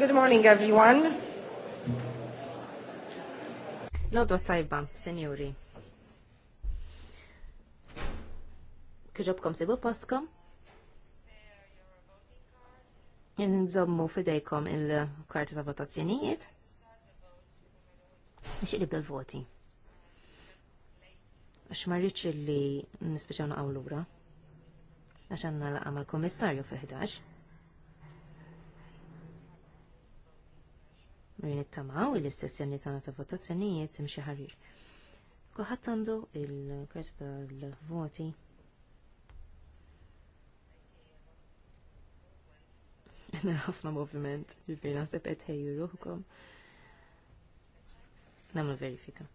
Good morning, everyone. Lodwa tajba, senjuri. Kġobkom sibu poskom? Nżommu fidejkom il-karti ta' votazzjonijiet. li bil-voti. Għax marriċ li nispeċawna għawlura. Għax għanna laqa mal-komissarju fi 11. it-tamaw il-istessjoni tagħna ta' votazzjonijiet imxi ħarir. Kuħat għandu il-karta l voti Għanna ħafna moviment, ġifir naħseb qed ħejju ruħkom. Namlu verifika.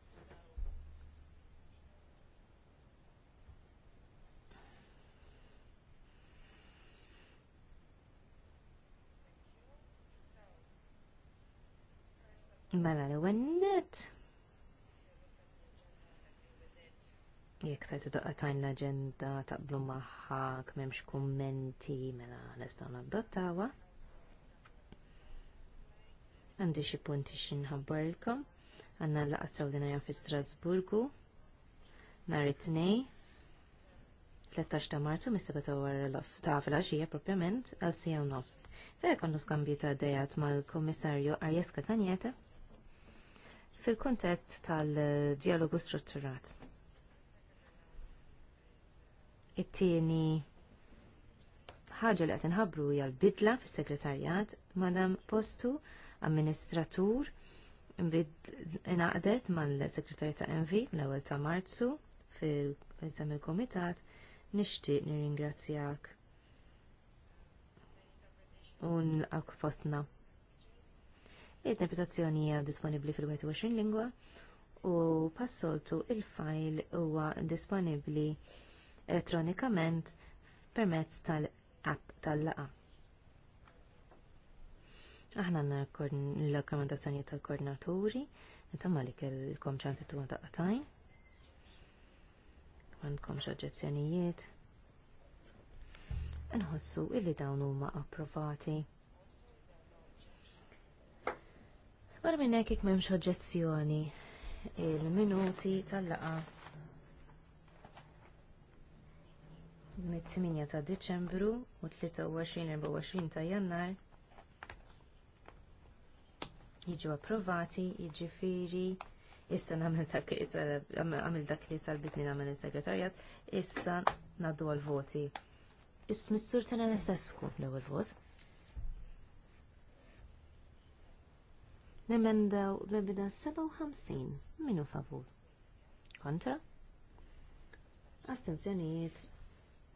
Mela l-ewwel net. Jekk tajtu tajn l-aġenda taqblu magħha m'hemmx kummenti mela nistgħu nabdottawa. Għandi xi punti xin ħabbarilkom. Għandna l straordinarja fi Strasburgu nhar it-tnejn 13 ta' marzu mis-seba ta' wara filgħaxija propjament għal sija u nofs. Fejn konnu skambju ta' dejat mal-Kummissarju Arjeska Kanjeta fil-kontest tal-dialogu strutturat. It-tieni ħaġa li qed inħabbru hija l-bidla fis-segretarjat madam postu amministratur bid inaqdet mal segretarja ta' Envi l-ewwel ta' Marzu fil-eżam il-Kumitat nixtieq nirringrazzjak u nilqak fostna. L-interpretazzjoni hija disponibbli fil-21 lingwa u passoltu il-file huwa disponibbli elettronikament permezz tal-app tal laqgħa Aħna għandna l-akkomandazzjoni tal-koordinaturi, inta malik il-kom ċansi tu għanda għatajn. Għandkom xaġġezzjonijiet. Nħossu illi dawn huma approvati. Barra minn hekk jekk m'hemmx oġġezzjoni il-minuti tal-laqa mit-8 ta' Deċembru u 23-24 ta' Jannar jiġu approvati, jiġifieri issa nagħmel dak li tal-bitni nagħmel is-segretarjat, issa naddu għal-voti. Is-missur tana l-ewwel vot. Nemendaw bebida 57 minu favur. Kontra? Astenzjoniet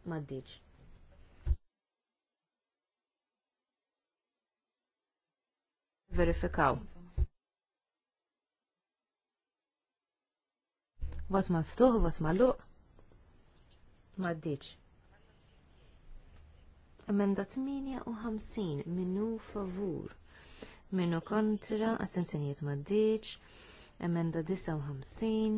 maddiċ. Verifikaw. Vot maftuħ, ma maluq. Maddiċ. Emendat 58 minu favur. Minu kontra, astensjonijiet maddiċ, emenda 59,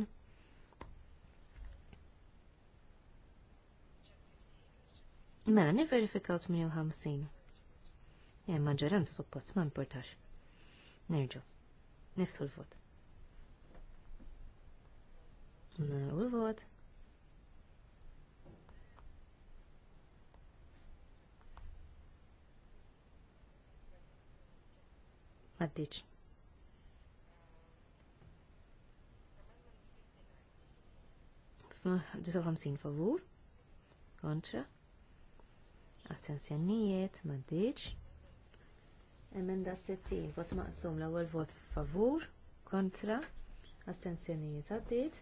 Mela, niverifikaw 58. Jem, e, maġġoranza suppost, ma importax. Nerġu. Nifsu l-vot. u l-vot. Maddiċ. Disaw favur. Kontra. Assenzjonijiet. Maddiċ. Emenda 60. Vot maqsum l-ewwel vot favur. Kontra. Astenzjonijiet għaddit.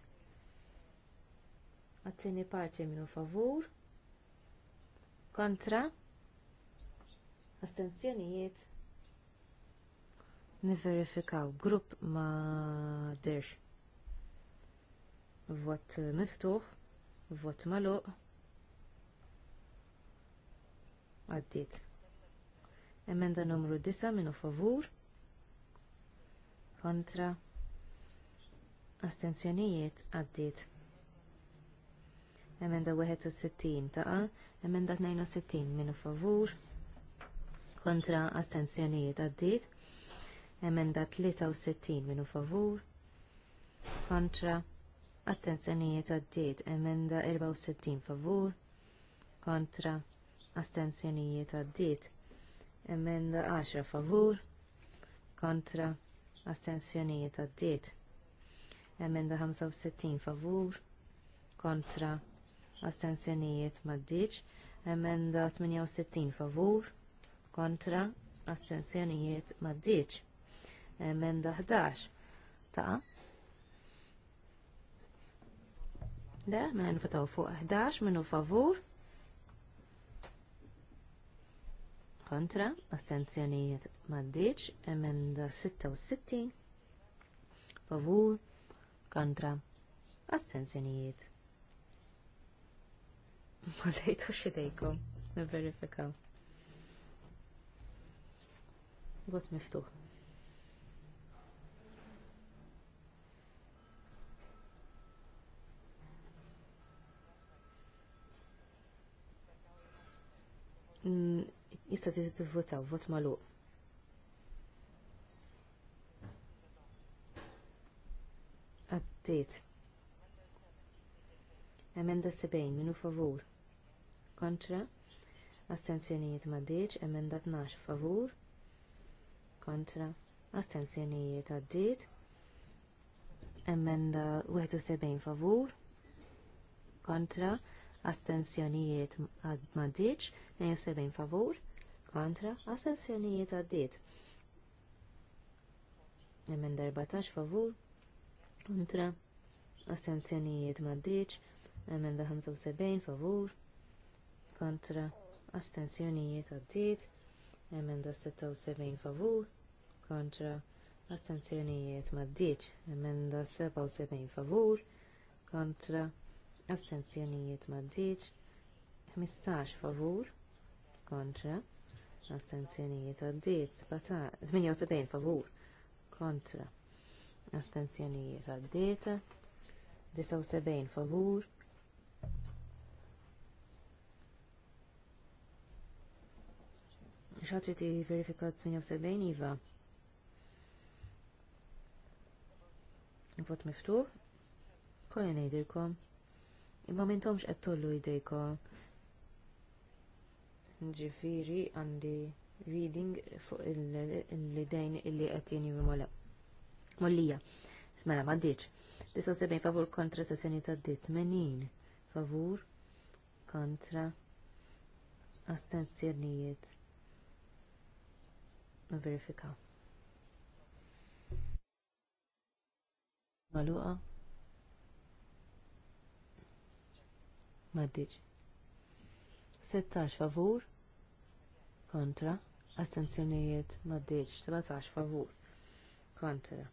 Għattini parti minu favur. Kontra. Astenzjonijiet niverifikaw grupp ma derx Vot miftuħ, vot magħluq. għaddit Emenda numru 9 minu favur. Kontra. Astenzjonijiet għaddit Emenda 61 taqa. Emenda 62 minu favur. Kontra astenzjonijiet għaddit Emenda 63 minu favur kontra astenzjonijiet għaddiet. Emenda 64 favur kontra astensjonijiet għaddiet. Emenda 10 favur kontra astenzjonijiet għaddiet. Emenda 65 favur kontra astenzjonijiet maddiċ. Emenda 68 favur kontra astenzjonijiet maddiċ emenda 11. Ta' Le, mela nifutaw fuq 11 minnu favur. Kontra, astenzjonijiet maddiċ, emenda 66. Favur, kontra, astenzjonijiet. Ma dejtu xidejkom, verifikaw. Gott miftuħ. Mm, jista tiġi tivvotaw vot magħluq. Għaddiet. Emenda 70 minu favur. Kontra. Astenzjonijiet maddiċ. Emenda 12 favur. Kontra. Astenzjonijiet għaddiet. Emenda 71 favur. Kontra astensjonijiet għad maddiċ, 72 favur, kontra, astensjonijiet għad-diet. Emenda 14 favur, kontra, astensjonijiet maddiċ, emenda 75 favur, kontra, astensjonijiet għad għaddiet, emenda 76 favur, kontra, astensjonijiet maddiċ, emenda 77 favur, kontra, astenzjonijiet maddiċ, 15 favur kontra, astenzjonijiet għaddiet, 78 favur kontra, astenzjonijiet għaddiet, 79 favur ċaċi ti verifika 78 iva. Vot miftuħ. Kolja nejdilkom. Imma mintomx qed tollu jdejkom. Ġifiri għandi reading fuq il-lidejn illi qed jini mollija. Mela ma ddiċ. 79 favur kontra seni ta' d Menin, favur kontra astenzjonijiet. Verifika. Maluqa. Maddiċ. 16 favur kontra Astenzjonijiet maddiċ 17 favur kontra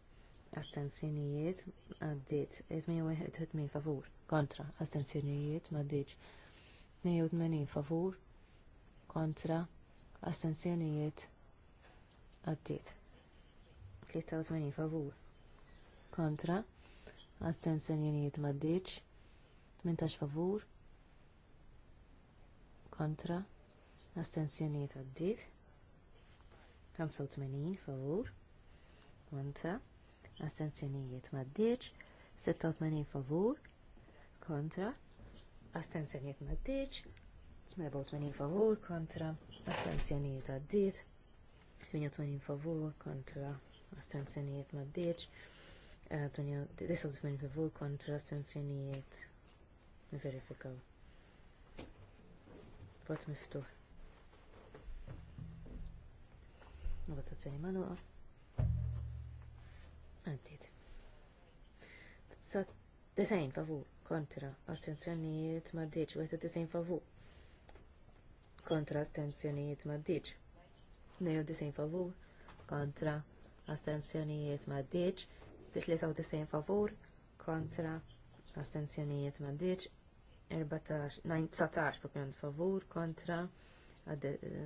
Astenzjonijiet għaddiet 81 favur kontra Astenzjonijiet maddiċ 82 favur kontra Astenzjonijiet għaddiet 83 favur kontra Astenzjonijiet maddiċ 18 favur kontra astensjoniet għaddit 85 favur kontra astensjonijiet maddiċ 86 favur kontra astensjonijiet maddiċ 87 favur kontra astensjonijiet għaddit 88 favur kontra astensjonijiet maddiċ 89 favur kontra astensjonijiet verifikaw vot miftuħ. Votazzjoni magħluqa. Għaddit. 90 favur kontra astenzjonijiet ma' diċ, 91 favur kontra astenzjonijiet ma' diċ. kontra astenzjonijiet ma' diċ, kontra astenzjonijiet ma' diċ, 19 propjant favur kontra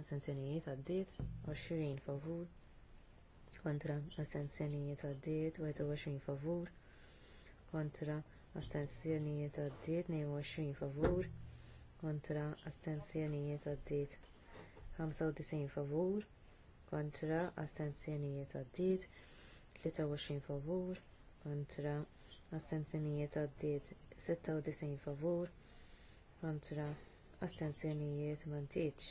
astensjonijiet għaddit, 20 favur kontra astensjonijiet għaddit, 21 favur kontra astensjonijiet għaddit, 22 favur kontra astensjonijiet għaddit, 95 favur kontra astensjonijiet għaddit, 23 favur kontra astensjonijiet għaddit, 96 favur kontra astenzjonijiet mantiċ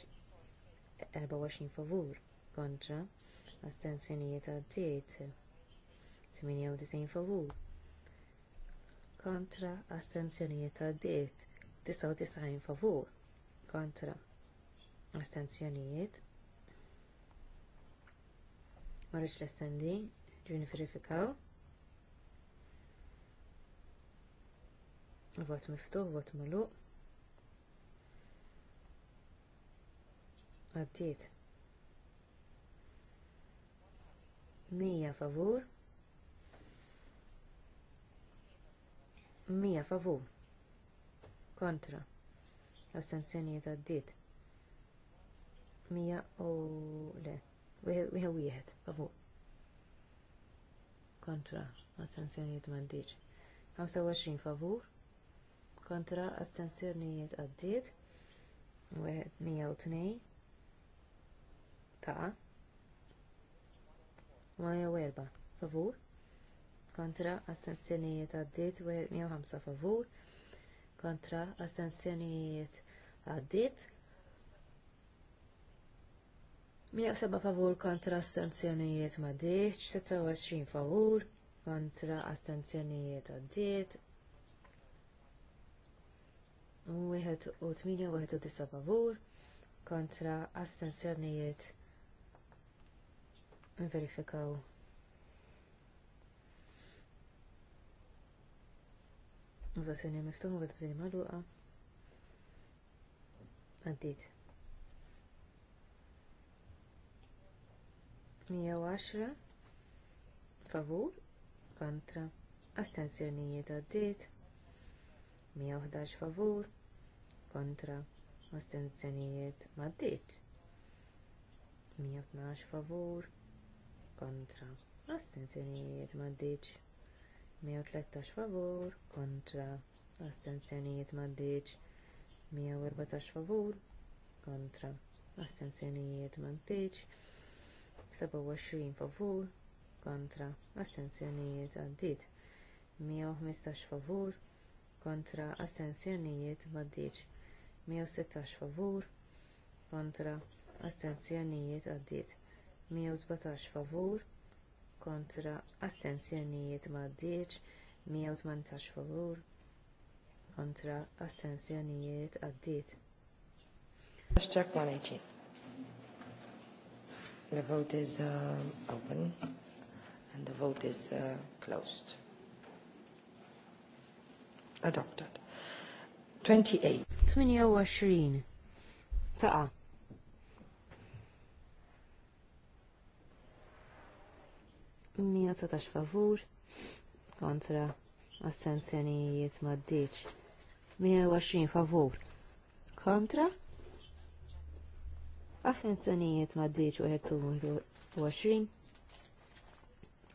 24 favur kontra astenzjonijiet għaddiet 98 favur kontra astensjonijiet għaddiet 99 favur kontra astensjonijiet marriċ l-estendi ġuni verifikaw vot miftuħ, vot maluq Għaddiet. Mija favur. Mija favur. Kontra. Astenzjonijiet għaddiet. Mija u le. Wieħed wieħed favur. Kontra. Astenzjonijiet m'għaddiex. 25 favur. Kontra astenzjonijiet għaddiet. 102 ta' ma' jew erba' favur kontra astenzjonijiet għaddit u 105 favur kontra astenzjonijiet għaddit 107 favur kontra astenzjonijiet ma' diċ 26 favur kontra astenzjonijiet għaddiet u 1 u 8 u 1 favur kontra astenzjonijiet verifikaw. Votazzjoni miftuħa, votazzjoni magħluqa. Għaddit. 110 favur kontra astensjonijiet għaddit 111 favur kontra astensjonijiet maddit 112 favur kontra astenzjonijiet maddiċ 113 favur kontra astenzjonijiet maddiċ 114 favur kontra astenzjonijiet maddiċ 27 favur kontra astenzjonijiet għaddit 115 favur kontra astenzjonijiet maddiċ 116 favur kontra astenzjonijiet għaddit 117 favur kontra astensjonijiet maddiċ 118 favur kontra astensjonijiet għaddit. Let's check 118. The vote is uh, open and the vote is uh, closed. Adopted. 28. 28. Taqa. 117 favur kontra astenzjonijiet maddiċ 120 favur kontra astenzjonijiet maddiċ u 21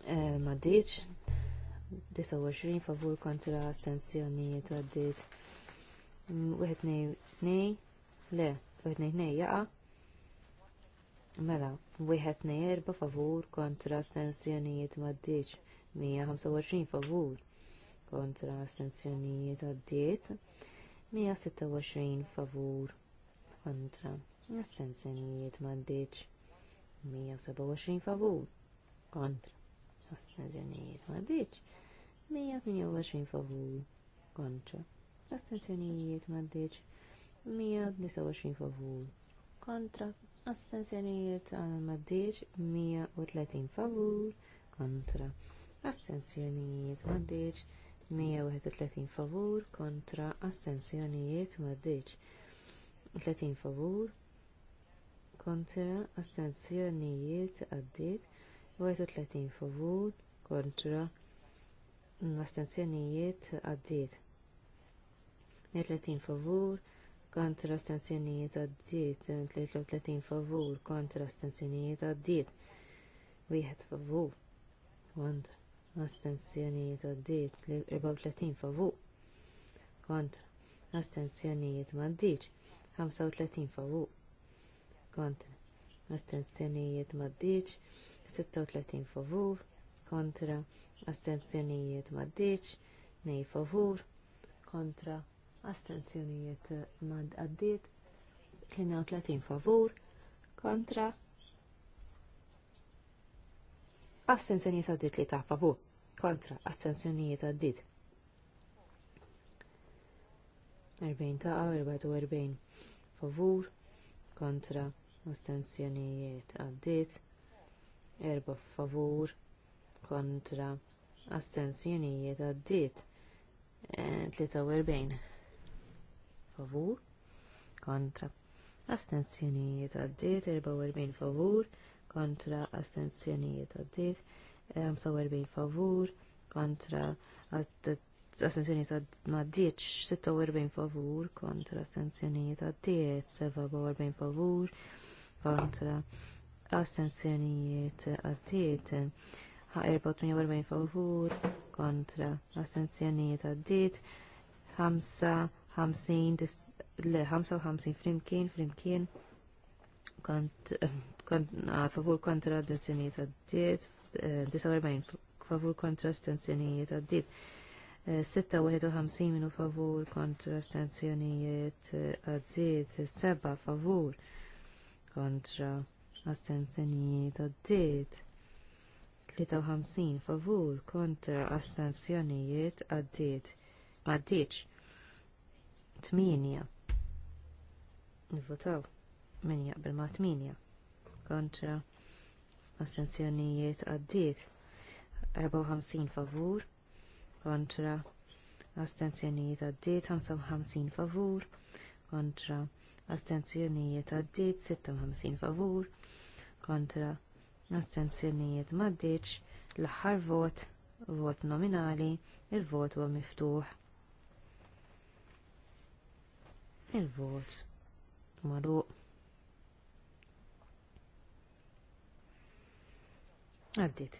eh, maddiċ 29 favur kontra astenzjonijiet maddiċ 1-2 le 1-2 jaqa mela Wieħed erba' favur kontra astensjonijiet maddiċ. 125 favur kontra astensjonijiet għaddiet. 126 favur kontra astensjonijiet maddiċ. 127 favur kontra astensjonijiet maddiċ. 128 favur kontra astensjonijiet maddiċ. 129 favur kontra Astenzjonijiet għal maddiċ 130 favur kontra. Astenzjonijiet maddiċ 131 favur kontra. Astenzjonijiet maddiċ 30 favur kontra. Astenzjonijiet għaddit 31 favur kontra. Astenzjonijiet għaddit 30 favur kontra kontra stanzjonijiet għaddiet, 33 favur kontra stanzjonijiet għaddiet, wieħed favur kontra astenzjonijiet għaddiet, 34 favur kontra astenzjonijiet maddiċ, 35 favur kontra astenzjonijiet maddiċ, 36 favur kontra astenzjonijiet maddiċ, 2 favur kontra astenzjonijiet mad għaddiet 30 favur kontra astenzjonijiet għaddiet li ta' favur kontra astenzjonijiet għaddiet 40 ta' 44 favur kontra astenzjonijiet għaddiet 4 favur kontra astenzjonijiet għaddiet 43 eh, favur kontra astenzjonijiet għaddiet 44 favur kontra astenzjonijiet għaddiet 45 favur kontra astenzjonijiet għaddiet 46 favur kontra astenzjonijiet għaddiet 47 favur kontra astenzjonijiet għaddiet 48 favur kontra astenzjonijiet għaddiet 5 55 flimkien flimkien kont favur kontra d-denzjonijiet diet 49 favur kontra d-dezzjoni stenzjonijiet diet 56 eh, minu favur kontra d-dezzjoni stenzjonijiet eh, diet 7 favur kontra d-dezzjoni astenzjonijiet diet 53 favur kontra d-dezzjoni astenzjonijiet għaddiet. diet Tminja. Nivvotaw min jaqbel ma' tminja. Kontra astenzjonijiet għaddiet 54 favur. Kontra astenzjonijiet għaddiet 55 favur. Kontra astenzjonijiet għaddiet 56 favur. Kontra astenzjonijiet maddiċ l-aħħar vot, vot nominali, il-vot huwa miftuħ. il-vot maru għaddit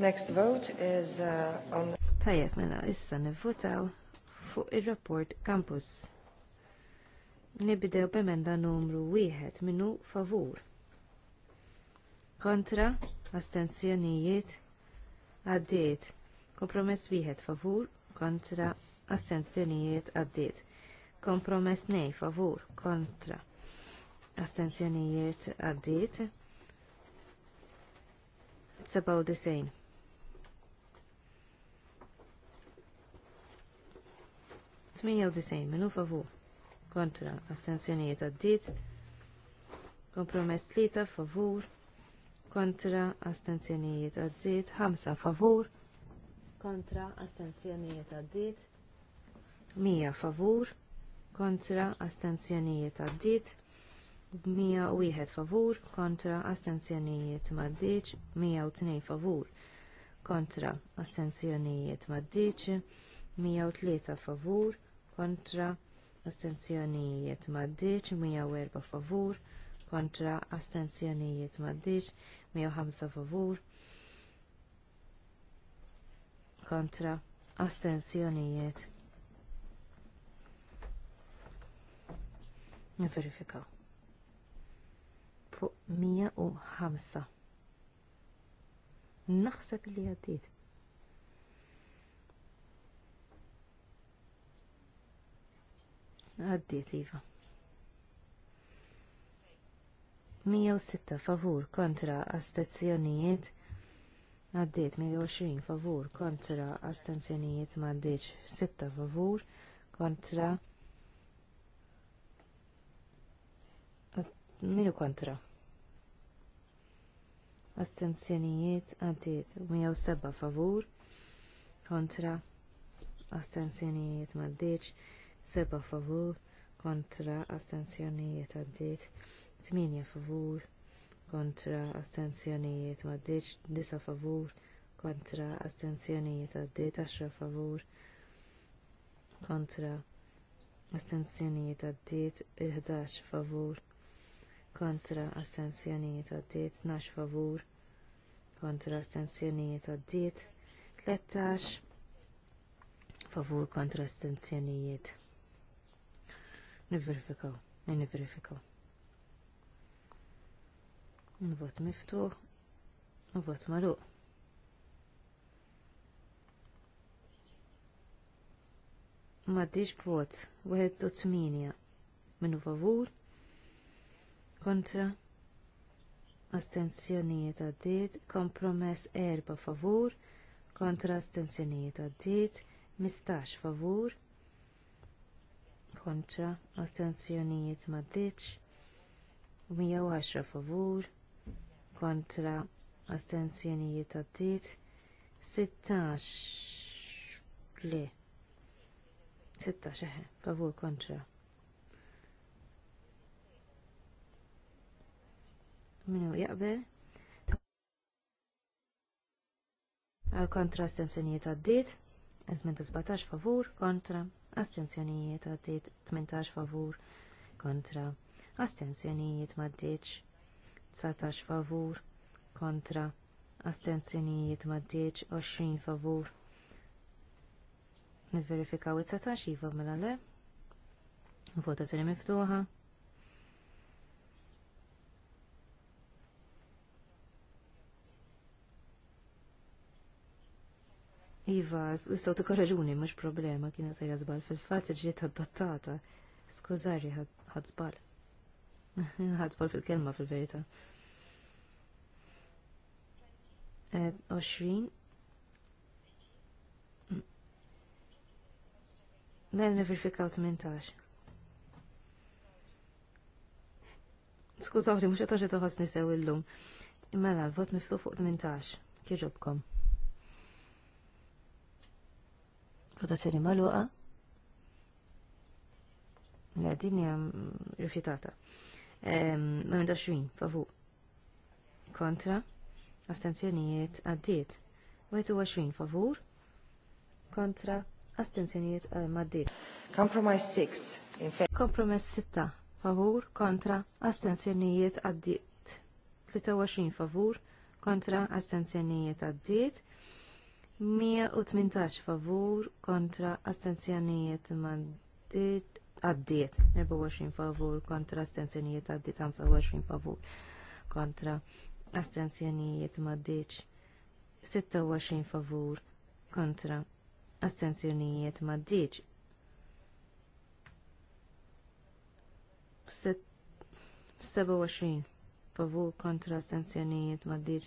Next vote is uh, on Tajjeb mela issa nivvotaw fuq il rapport Campus. Nibdew b'emenda numru wieħed minnu favur. Kontra, astensjonijiet, għaddiet. Kompromess wieħed favur, kontra, astensjonijiet, għaddiet. Kompromess nej favur, kontra, astensjonijiet, għaddiet. 97. Tminja u disajn, minu favur kontra astensjonijiet għaddit. Kompromess tlieta favur kontra astenzjonijiet għaddit. Ħamsa favur kontra astensjonijiet għaddit. Mija favur kontra astensjonijiet għaddit. 101 favur kontra astensjonijiet maddiċ, tnej favur kontra astensjonijiet maddiċ, tlieta favur kontra astenzjonijiet maddiċ, 104 favur, kontra astenzjonijiet maddiċ, 105 favur, kontra astenzjonijiet. Nifirifika. Fuq 105. Naħseb li għaddit. Għaddiet iva. 106 favur kontra astenzjonijiet għaddiet 120 favur kontra astenzjonijiet ma għaddiet 6 favur kontra minu kontra astenzjonijiet għaddiet 107 favur kontra astenzjonijiet ma għaddiet 7 favur kontra astensjonijiet għaddit 8 favur kontra astensjonijiet maddiċ 9 favur kontra astensjonijiet għaddit 10 favur kontra astensjonijiet għaddit 11 favur kontra astensjonijiet għaddit 12 favur kontra astensjonijiet għaddit 13 favur kontra astensjonijiet Niverifikaw, niverifikaw. Vot miftuħ, vot maluq. Maddiġ b'vot, 81 minu favur, kontra, astensjonijiet għaddiet, kompromess erba' favur, kontra astensjonijiet għaddiet, mistax favur, kontra astensjonijiet maddiċ 110 favur kontra astensjonijiet għaddit 16 li 16 eħe favur kontra minu jaqbel għal kontra astensjonijiet għaddit 17 favur kontra astenzjonijiet għaddit 18 favur kontra astenzjonijiet maddiċ 19 favur kontra astenzjonijiet maddiċ 20 favur Nivverifikaw it-19 jiva mela le votazzjoni miftuħa direttiva, istaw tika raġuni, mux problema, kienu sajra zbal fil-fat ġiet adottata. Skużari, għad zbal. għad zbal fil-kelma fil-verita. 20. Eh, mela niverifikaw 18. Skużawni, mux għataġet toħasni sew il-lum. Imma mela, l-vot għal miftu fuq 18. Kieġobkom. Votazzjoni maluqa. Le, din hija mm, rifjutata. Emenda 20, favu. Kontra. Astenzjonijiet għaddiet. 21 favur. Kontra. Astenzjonijiet għaddiet. Eh, Compromise 6. Kompromess 6. Favur. Kontra. Astenzjonijiet għaddiet. 23 favur. Kontra. Astenzjonijiet għaddiet. 118 favur kontra astenzjonijiet mandit għaddiet 24 favur kontra astenzjonijiet għaddiet 25 favur kontra astenzjonijiet maddiċ 26 favur kontra astenzjonijiet maddiċ 27 favur kontra astenzjonijiet maddiċ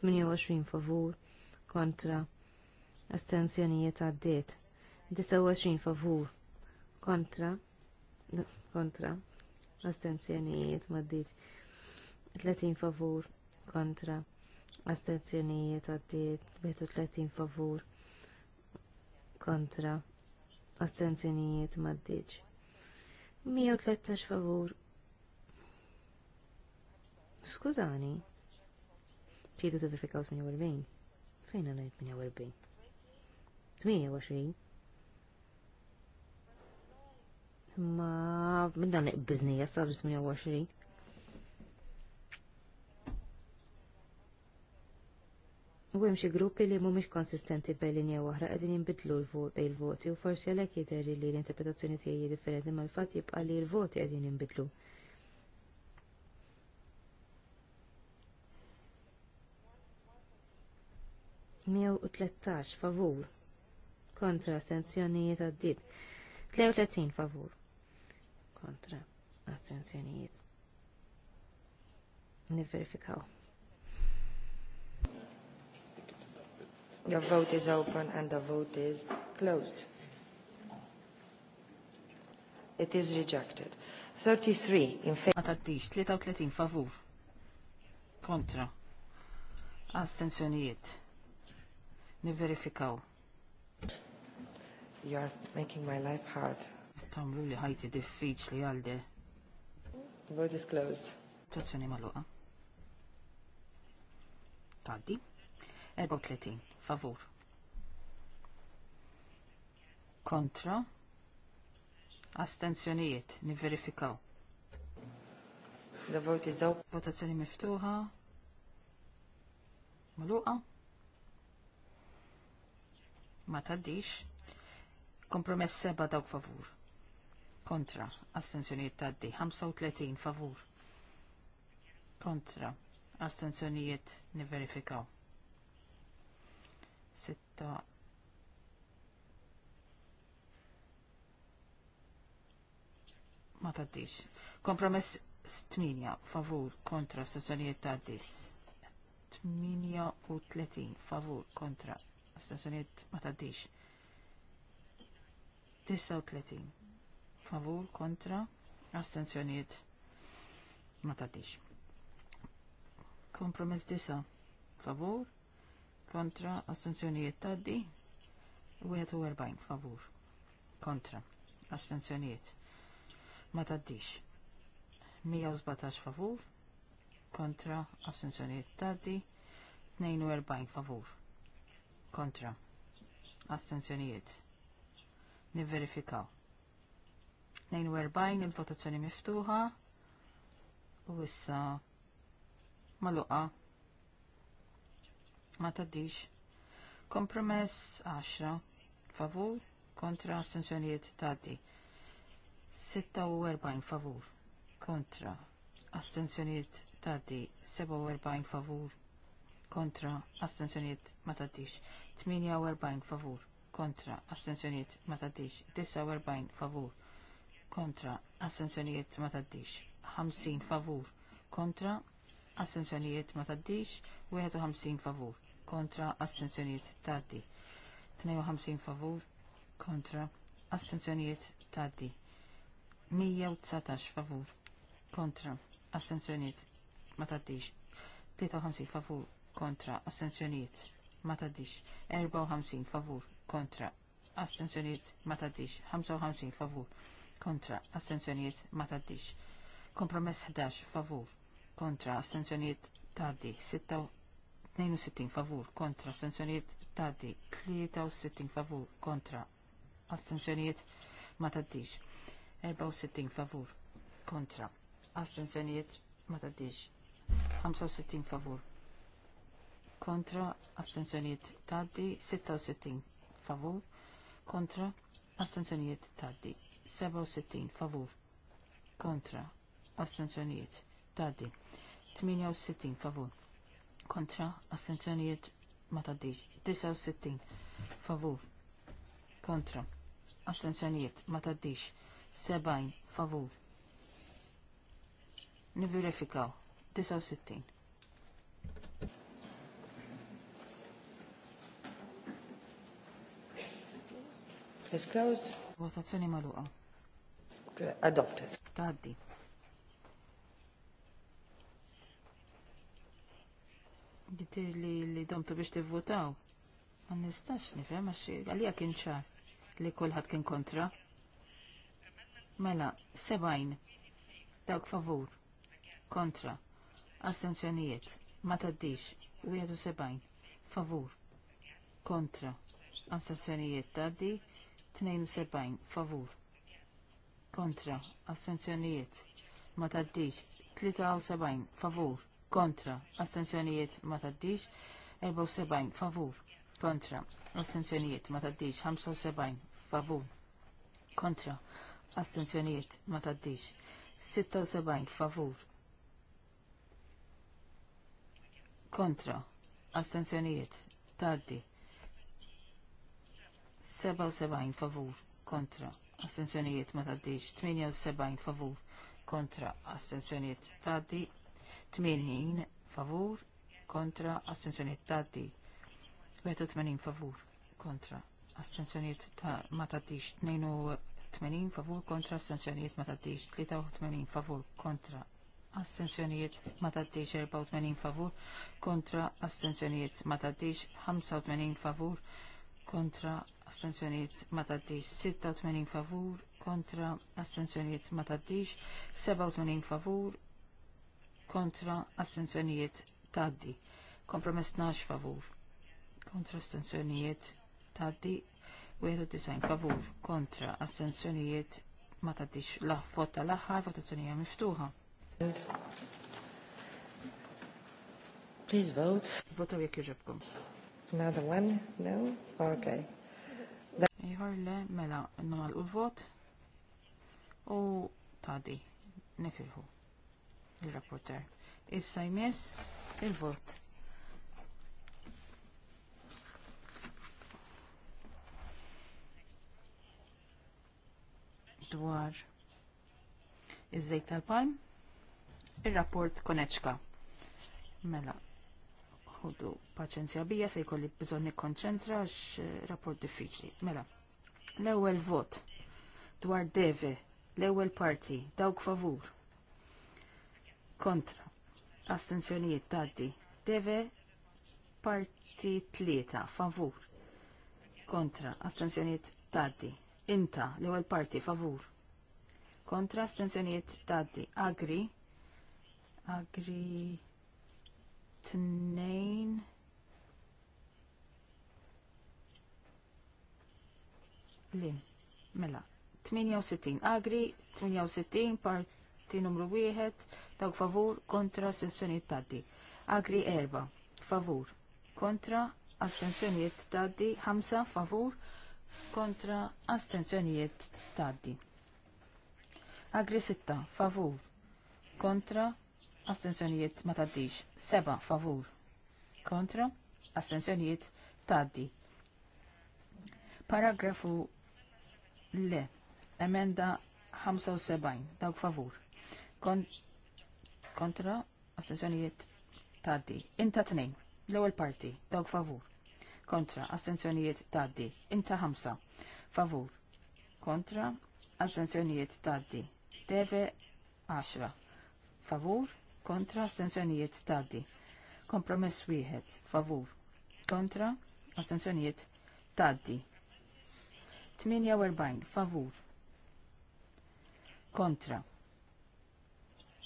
28 favur kontra astensjonijiet għaddiet 29 favur kontra kontra astensjonijiet maddiċ 30 favur kontra astensjonijiet għaddiet 30 favur kontra astensjonijiet maddiċ 113 favur Skużani, ċidu t-verifikaw 48. Fejna najt 48? 28. Ma minn dan iqbiżni jasab 28. U hemm xi gruppi li mhumiex konsistenti bejn-linja waħra qegħdin jinbidlu l-voti u forsi għalhekk jidher li l-interpretazzjoni tiegħi differenti mal-fatt jibqa' li l-voti qegħdin jinbidlu. Miew u tlettax favur kontra astensjonijiet għaddit. 33 favur kontra astenzjonijiet. Niverifikaw. The vote is open and the vote is closed. It is rejected. 33 in favor. Għatattix, 33 favur. Kontra. Astenzjonijiet. Niverifikaw. verifikaw You are making my life hard. really li the diffiċli Lialde. Vote is closed. Tazzjoni maluqa. Taddi. Favor. Favur. Kontra. Astenzjonijiet. Niverifikaw. The vote is open. Votazzjoni miftuħa. Maluqa. Ma taddix. Kompromess seba dawk favur. Kontra. Astenzjonijiet taddi. 35 favur. Kontra. astensjonijiet niverifikaw. 6. Ma taddix. Kompromess 8 favur kontra astenzjonijiet taddi. 38 favur kontra astensjonijiet ma taddix. 39 favur kontra astensjonijiet ma tatix. Kompromess disa favur kontra astensjonijiet taddi 41 favur kontra astensjonijiet ma taddix 117 favur kontra astensjonijiet taddi 42 favur kontra astensjonijiet Nivverifikaw. 42 il-votazzjoni miftuħa u issa maluqa ma taddix. Kompromess 10 favur kontra astensjonijiet taddi. 46 favur kontra astensjonijiet taddi 47 favur kontra astensjonijiet ma taddix 48 favur kontra astenzjoniet ma taddix 49 favur kontra astenzjoniet ma taddix 50 favur kontra astenzjoniet ma taddix 51 favur kontra astenzjoniet taddi 52 favur kontra astenzjoniet taddi 119 favur kontra astenzjoniet ma taddix 53 favur kontra astenzjoniet ma taddix 54 favur kontra Astenzjoniet ma taddix 55 favur kontra Astenzjoniet ma taddix kompromess 11 favur kontra Astenzjoniet taddi 62 favur kontra Astenzjoniet taddi 63 favur kontra Astenzjoniet ma taddix 64 favur kontra Astenzjoniet ma taddix 65 favur kontra Astenzjoniet taddi 66 favur kontra astenzjonijiet taddi 67 favur kontra astenzjonijiet taddi 68 favur kontra astenzjonijiet ma taddix 69 favur kontra astenzjonijiet ma taddix 70 favur niverifikaw 69 Is closed. Votazzjoni maluqa. Adopted. Taddi. Gittir li li domtu biex tivvotaw. Ma nistax nifhem xie għalija kien ċar li kulħadd kien kontra. Mela, sebajn. Dawk favur. Kontra. assenzjonijiet. Ma taddix. sebajn. Favur. Kontra. assenzjonijiet taddi. 72 favur kontra astenzjonijiet ma taddix 73 favur kontra astenzjonijiet ma taddix 74 favur kontra astenzjonijiet ma taddix 75 favur kontra astenzjonijiet ma taddix 76 favur kontra astenzjonijiet taddi 77 favur kontra astenzjonijiet ma taddix 78 favur kontra astenzjonijiet taddi 80 favur kontra astenzjonijiet taddi 81 favur kontra astenzjonijiet ta ma taddix 82 favur kontra astenzjonijiet ma taddix 83 favur kontra astenzjonijiet ma taddix 84 favur kontra astenzjonijiet ma taddix 85 favur kontra astenzjoniet ma taddix 86 favur kontra astenzjoniet ma taddix 87 favur kontra astenzjoniet taddi kompromess 12 favur kontra astenzjoniet taddi 91 favur kontra astenzjoniet ma taddix la vota l-aħħar votazzjonija miftuħa. Please vote. Votaw jekk jġibkom. Another one? No? Okay ieħor le mela nagħlqu l-vot u tadi nifirħu il-rapporter. Issa jmiss il-vot. Dwar iż-żejt tal-palm, ir-rapport koneċka. Mela, ħudu paċenzja bija se jkolli bżonn nikkonċentra x rapport diffiċli. Mela, L-ewwel vot dwar deve, l-ewwel parti, dawk favur. Kontra. Astenzjonijiet taddi. Deve parti tlieta, favur. Kontra. astensjonijiet taddi. Inta, l-ewwel parti, favur. Kontra. astensjonijiet taddi. Agri. Agri. Tnejn li, mela, 68 agri, 68 parti numru 1, taw favur kontra sezzjoni taddi. Agri 4, favur kontra astensjonijiet taddi, 5 favur kontra astensjonijiet taddi. Agri 6, favur kontra astensjonijiet ma taddix, 7 favur kontra astensjonijiet taddi. Paragrafu Le. Emenda 75. Dawk favur. Kon kontra astenzjonijiet taddi. Inta tnejn. L-ewwel parti. Dawk favur. Kontra astenzjonijiet taddi. Inta ħamsa. Favur. Kontra astenzjonijiet taddi. Teve 10. Favur. Kontra astenzjonijiet taddi. Kompromess wieħed. Favur. Kontra astenzjonijiet taddi. 48 favur kontra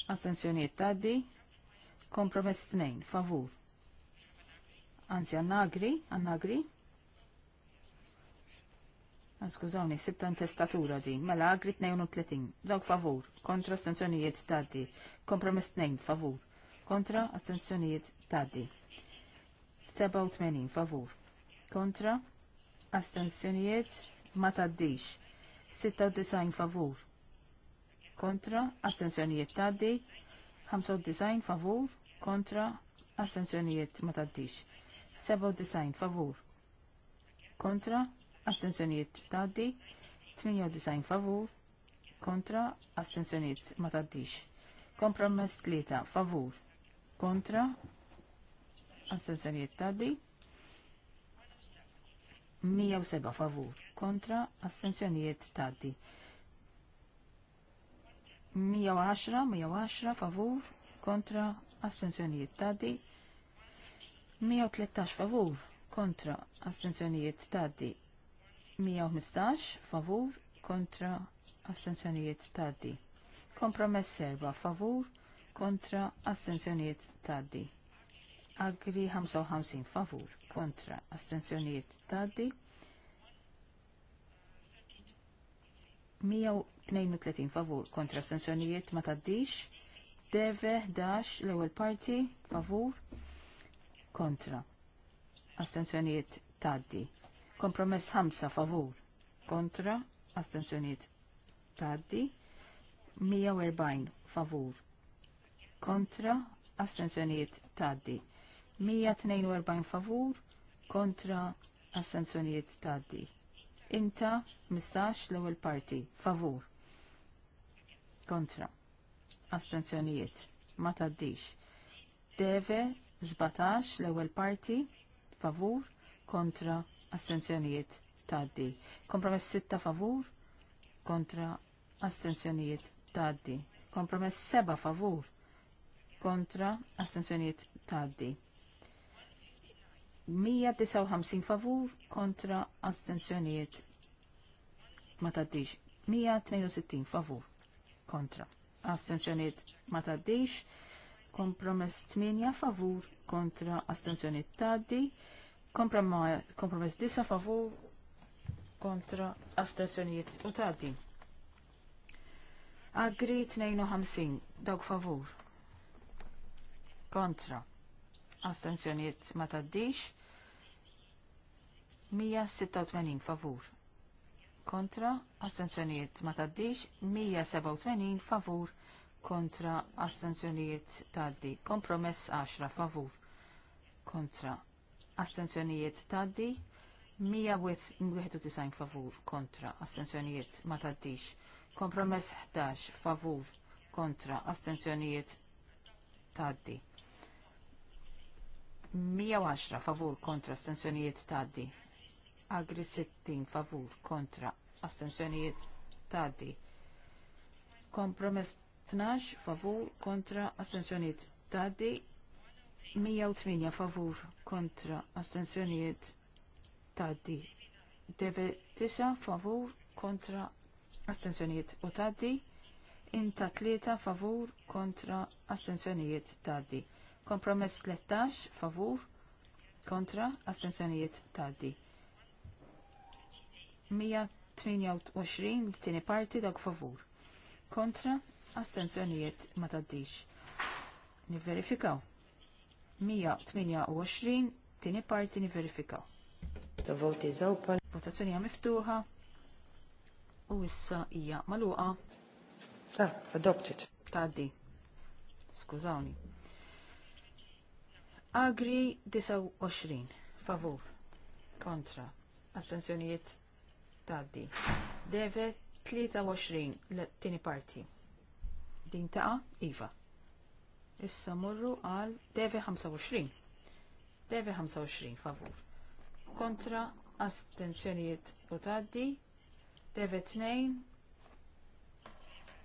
Assenzjoniet taddi kompromess 2 favur anzi annagri, annagri. Skużawni, sibta intestatura di, mela agri 32, dawk favur, kontra astensjonijiet taddi, kompromess 2 favur, kontra astensjonijiet taddi, 87 favur, kontra astensjonijiet ma taddix. 96 favur. Kontra, astensjonijiet taddi. 95 favur. Kontra, assenzjonijiet ma taddix. 97 favur. Kontra, assenzjonijiet taddi. 98 favur. Kontra, assenzjonijiet ma taddix. Kompromess tlieta favur. Kontra, assenzjonijiet taddi. 107 favur kontra assenzjonijiet taddi. 110, 110 favur kontra assenzjonijiet taddi. 113 favur kontra assenzjonijiet taddi. 115 favur kontra astenzjonijiet taddi. Kompromess serba favur kontra assenzjonijiet taddi. Agri 55 favur kontra astensjonijiet taddi 132 favur kontra astensjonijiet ma taddix deve 11 l-ewwel parti favur kontra astensjonijiet taddi kompromess 5 favur kontra astensjonijiet taddi 140 favur kontra astensjonijiet taddi 142 favur kontra assenzjonijiet taddi. Inta 15 l-ewwel parti favur kontra astenzjonijiet ma taddix. Deve 17 l-ewwel parti favur kontra assenzjonijiet taddi. Kompromess 6 favur kontra assenzjonijiet taddi. Kompromess 7 favur kontra assenzjonijiet taddi. 159 favur kontra astenzjonijiet ma taddix. 162 favur kontra astenzjonijiet ma taddix. Kompromess 8 favur kontra astenzjonijiet taddi. Kompromess 9 favur kontra astenzjonijiet u taddi. Agri 52 dawk favur kontra astenzjonijiet ma taddix. 186 favur. Kontra astenzjoniet ma taddix 187 favur. Kontra astenzjoniet taddi. Kompromess 10 favur. Kontra astenzjonijiet taddi 191 favur. Kontra astenzjonijiet ma taddix. Kompromess 11 favur. Kontra astenzjonijiet taddi. 110 favur kontra astenzjonijiet taddi agri 60 favur kontra astensjonijiet tgħaddi. Kompromess 12 favur kontra astensjonijiet tgħaddi, 108 favur kontra astensjonijiet taddi. Deve 9 favur kontra astensjonijiet u taddi. Inta 3 favur kontra astensjonijiet tgħaddi. Kompromess 13 favur kontra astensjonijiet tgħaddi. 128 b'tieni parti dak favur. Kontra astenzjonijiet ma taddix. Niverifikaw. 128 tieni parti niverifikaw. The vote is open. Votazzjoni hija miftuħa. U issa hija magħluqa. Ah, adopted. Taddi. Skużawni. Agri 29. Favur. Kontra. Astenzjonijiet taddi. Deve 23 l-tini parti. Din taqa Iva. Issa morru għal Deve 25. Deve 25 favur. Kontra astenzjonijiet u taddi. Deve 2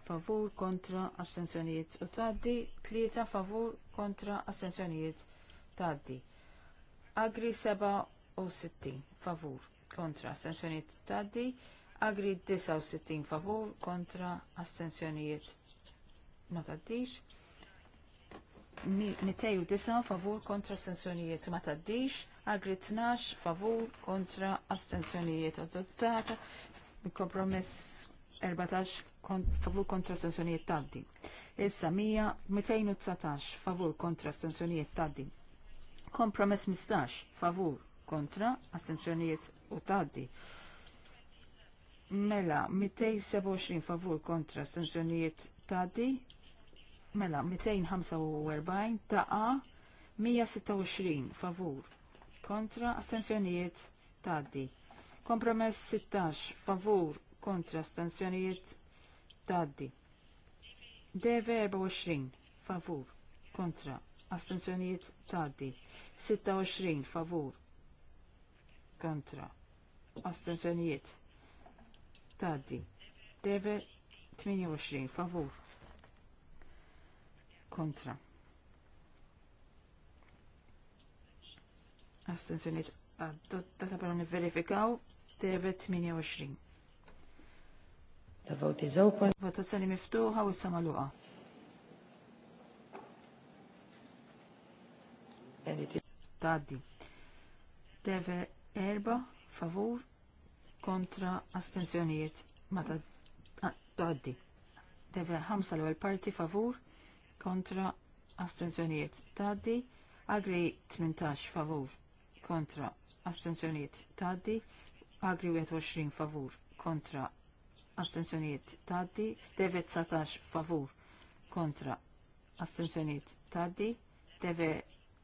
favur kontra astenzjonijiet u taddi. 3 favur kontra astenzjonijiet taddi. Agri 67 favur kontra astensjoniet taddi, agri 69 favur kontra astensjoniet ma taddix, 209 favur kontra astensjoniet ma taddix, agri 12 favur kontra astensjoniet adottata, kompromess 14 favur kontra astensjoniet taddi. Issa mija 219 favur kontra astensjoniet taddi. Kompromess 15 favur kontra astensjoniet u tgħaddi. Mela, 227 favur kontra stanzjonijiet taddi. Mela, 245 taqa, 126 favur kontra astensjonijiet taddi. Kompromess 16 favur kontra stanzjonijiet taddi. D24 favur kontra astenzjonijiet taddi 26 favur kontra astensjonijiet taddi deve 28 favur kontra astensjonijiet adottata per verifikaw deve 28 The vote is open. Votazzjoni miftuħa u s-samaluqa. Taddi. Deve erba favur kontra astenzjonijiet ma ah, taddi. Deve ħamsa l-ewwel parti favur kontra astenzjonijiet taddi. Agri 18 favur kontra astenzjonijiet taddi. Agri 21 favur kontra astenzjonijiet taddi. Deve 19 favur kontra astenzjonijiet taddi. Deve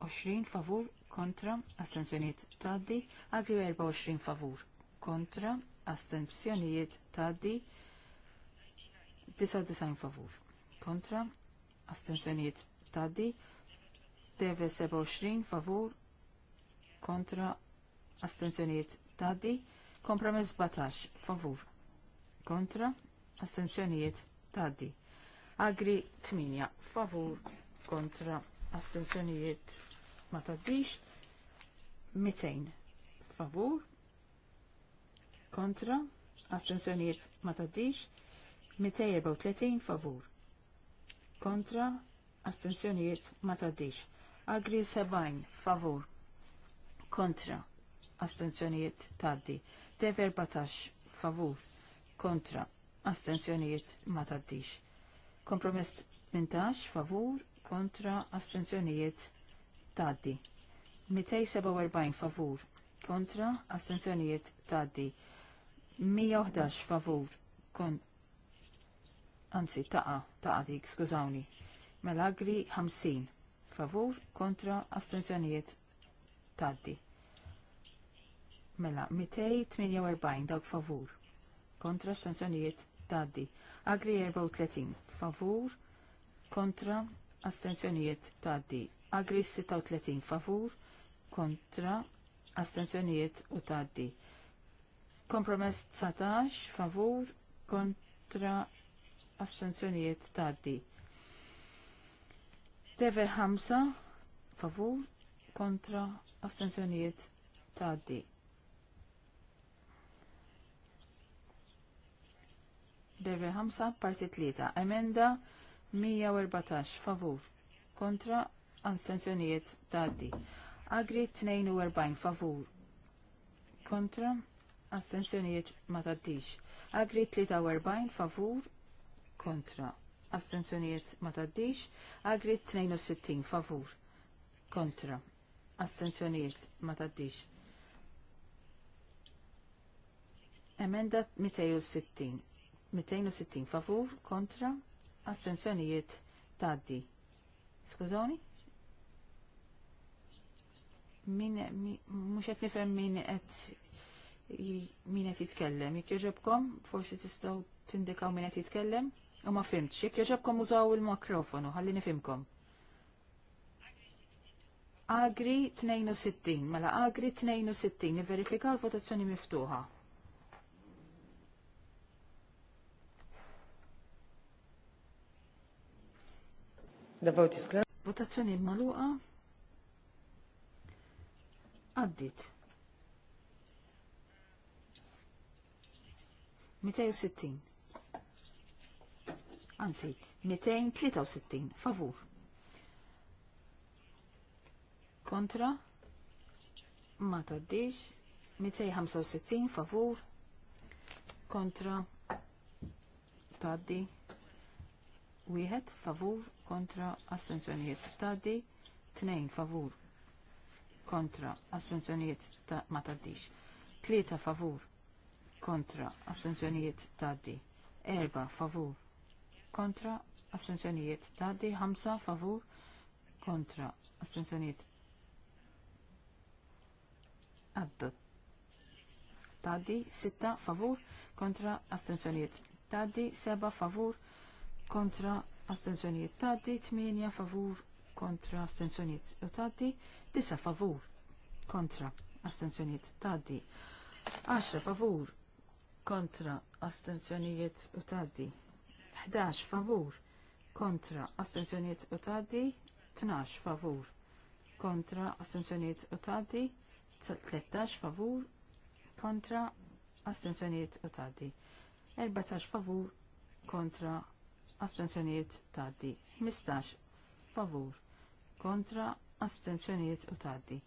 20 favur kontra, astenzjoniet taddi, agri 24 favur, kontra, astenzjoniet taddi, 99 favur, kontra, astenzjoniet taddi, deve 27 favur, kontra, astenzjoniet taddi, kompromess 17 favur, kontra, astenzjoniet taddi, agri 8 favur, kontra, astenzjoniet taddi ma taddix 200 favur kontra astenzjonijiet ma taddix 234 favur kontra astenzjonijiet ma taddix agri 70 favur kontra astenzjonijiet taddi dev 14 favur kontra astenzjonijiet ma taddix kompromess 18 favur kontra taddi taddi. 247 favur kontra astensjonijiet taddi. 111 favur kon anzi taqa taqa dik skużawni. Melagri 50 favur kontra astensjonijiet taddi. Mela 248 dawk favur kontra astensjonijiet taddi. Agri 34 favur kontra astensjonijiet taddi. Agri 36 favur kontra astenzjonijiet u taddi. Kompromess 19 favur kontra astenzjonijiet taddi. Deve 5 favur kontra astenzjonijiet taddi. Deve 5 parti lita. emenda 114 favur kontra Ansenzjonijiet taddi. Agri 42 favur. Kontra. Astenzjonijiet ma taddix. Agri 43 favur. Kontra. Astenzjonijiet ma taddix. Agri 62 favur. Kontra. Astenzjonijiet ma taddix. Emenda 260. 260 favur. Kontra. Astenzjonijiet taddi. Skużoni? min mhux qed nifhem min qed min qed jitkellem. Jekk jogħġobkom, forsi tistgħu tindikaw min qed jitkellem. U ma fimtx, jekk jogħġobkom użaw il-mikrofonu, ħalli nifhimkom. Agri 62, mela Agri 62, niverifika l-votazzjoni miftuħa. The vote is closed. Votazzjoni maluqa. Għaddit. 260. Anzi, 263. Favur. Kontra. Ma taddix. 265. Favur. Kontra. Taddi. Wieħed favur kontra assenzjonijiet. Taddi. Tnejn favur kontra astenzjonijiet ta' ma taddix. Tlieta favur kontra astenzjonijiet taddi. Erba favur kontra astenzjonijiet taddi. Hamsa favur kontra astenzjonijiet għaddat. Taddi sitta favur kontra astenzjonijiet. Taddi seba favur kontra astenzjonijiet. Taddi 8 favur kontra astensjoniet u taddi, disa favur kontra astensjoniet taddi, 10 favur kontra astensjonijiet u taddi, 11 favur kontra astensjoniet u taddi, 12 favur kontra astensjoniet u taddi, 13 favur kontra astensjoniet u taddi, 14 favur kontra astensjoniet taddi, 15 favur kontra, astenzjonijiet u taddi.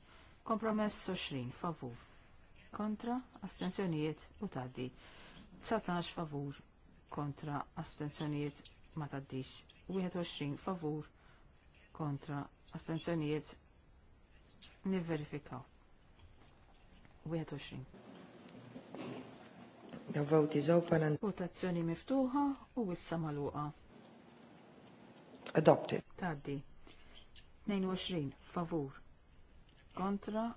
Kompromess 20 favur, kontra, astenzjonijiet u taddi. 19 favur, kontra, astenzjonijiet ma taddix. 21 favur, kontra, astenzjonijiet nivverifikaw. 21. The Votazzjoni miftuħa u issa maluqa. Adopted. Taddi. 22 favur kontra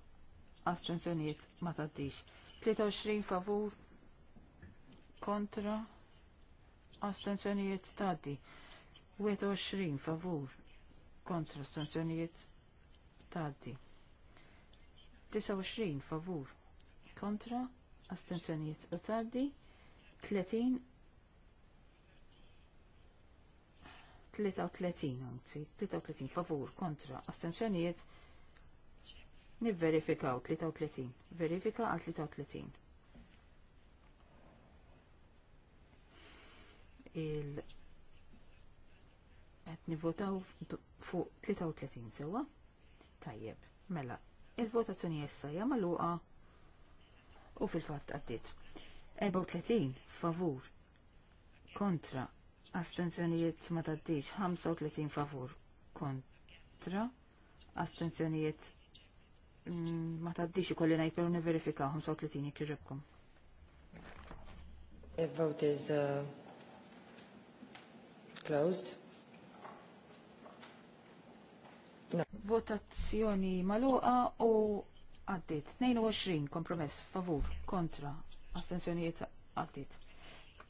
astenzjoniet ma taddix 23 favur kontra astenzjoniet taddi 21 favur kontra astenzjoniet taddi 29 favur kontra astenzjoniet taddi 30 33 anzi, 33 favur kontra astensjonijiet nivverifikaw 33. Verifika għal 33. Il għet nivvotaw fuq 33 sewwa. Tajjeb, mela, il-votazzjoni issa hija magħluqa u fil-fatt għaddit. 34 favur kontra astenzjonijiet ma taddix 35 favur kontra astenzjonijiet mm, ma taddix ikolli per però verifika 35 jekk The vote is uh, closed. No. Votazzjoni maluqa u għaddit 22 kompromess favur kontra astenzjonijiet għaddit.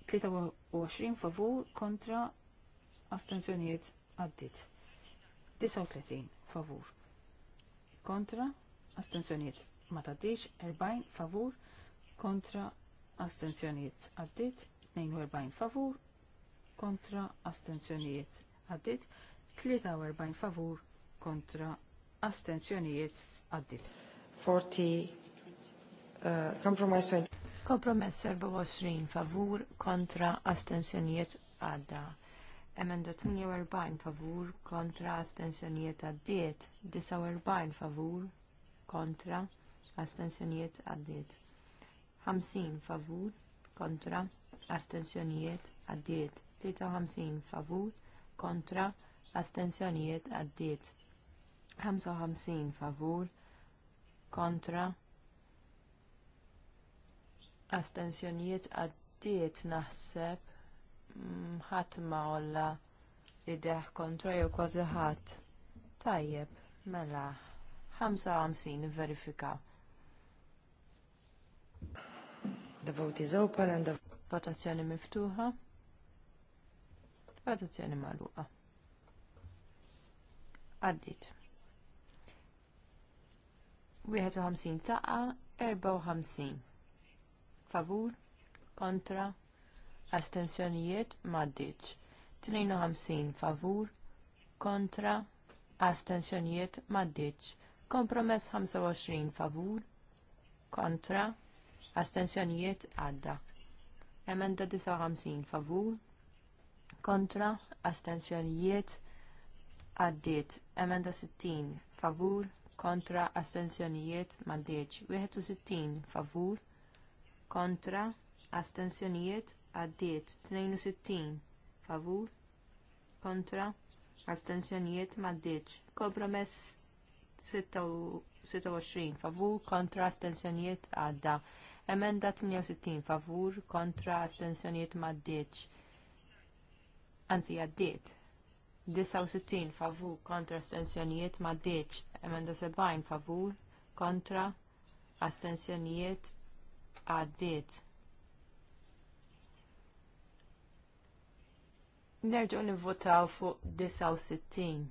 23 favur kontra astenzjoniet għaddit. 39 favur kontra astenzjoniet ma taddix 40 favur kontra astenzjonijiet għaddit 42 favur kontra astenzjonijiet għaddit 43 favur kontra astenzjoniet għaddit. 40 uh, compromise 20. Kompromess 24 favur kontra astensjonijiet għadda. Emenda 48 favur kontra astensjonijiet għaddiet. 49 favur kontra astensjonijiet għaddiet. 50 favur kontra astensjonijiet għaddiet. 53 favur kontra astensjonijiet għaddiet. 55 favur kontra astensjonijiet għaddiet naħseb mm, ħadd ma olla ideħ kontra jew kważi ħadd. Tajjeb, mela, 55 verifika. The vote is open and the votazzjoni miftuħa. Votazzjoni magħluqa. Għaddit. 51 taqa, 54 favur, kontra, astensjonijiet maddiċ. 52 favur, kontra, astensjonijiet maddiċ. Kompromess 25 favur, kontra, astensjonijiet għadda. Emenda 59 favur, kontra, astensjonijiet għaddiet. Emenda 60 favur, kontra, astensjonijiet maddiċ. 61 favur, kontra, astensjonijiet għaddiet 62 favur, kontra, astensjonijiet maddiċ. Kompromess 26 favur, kontra, astensjonijiet għadda. Emenda 68 favur, kontra, astensjonijiet maddiċ. Anzi għaddiet. 69 favur, kontra, astensjonijiet maddiċ. Emenda 70 favur, kontra, astensjonijiet għaddiet. Nerġu nivvotaw fuq 69.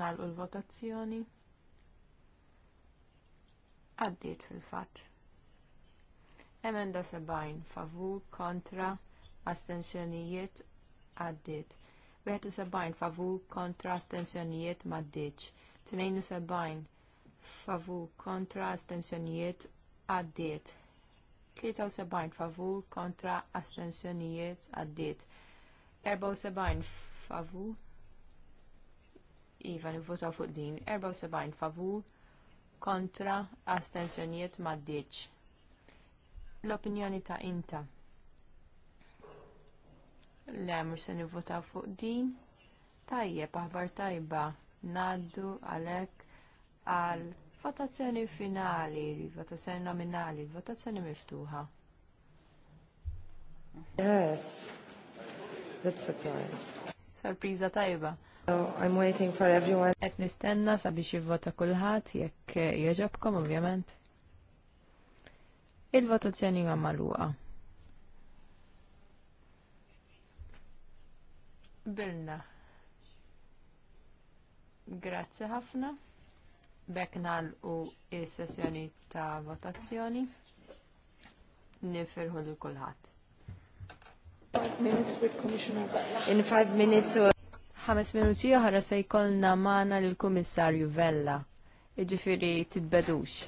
Nalqu l-votazzjoni. Għaddiet fil-fatt. Emenda 70 favur kontra astensjonijiet għaddiet. 71 favur kontra astensjonijiet maddiċ. 72 favur kontra astensjonijiet għaddiet. 73 favur kontra astensjonijiet għaddiet. 74 favur Iva nivvotaw fuq din. 74 favur kontra astensjonijiet maddiċ. L-opinjoni ta' inta. l mhux se nivvotaw fuq din. Tajje, paħbar tajba naddu għalhekk għal votazzjoni finali, votazzjoni nominali, votazzjoni miftuħa. Yes, a surprise. Sorpriza tajba. So I'm waiting for everyone. Et nistenna sabiex jivvota kulħadd jekk jogħġobkom ovvjament. Il-votazzjoni ma magħluqa. Bilna. Grazzi ħafna. Beknal u s-sessjoni ta' votazzjoni. Nifirħu li kulħadd. In five minutes or... Uh, Ħames minuti oħra se jkollna magħna lill-Kummissarju Vella. Jiġifieri titbedux.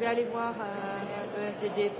vais aller voir euh, le FDD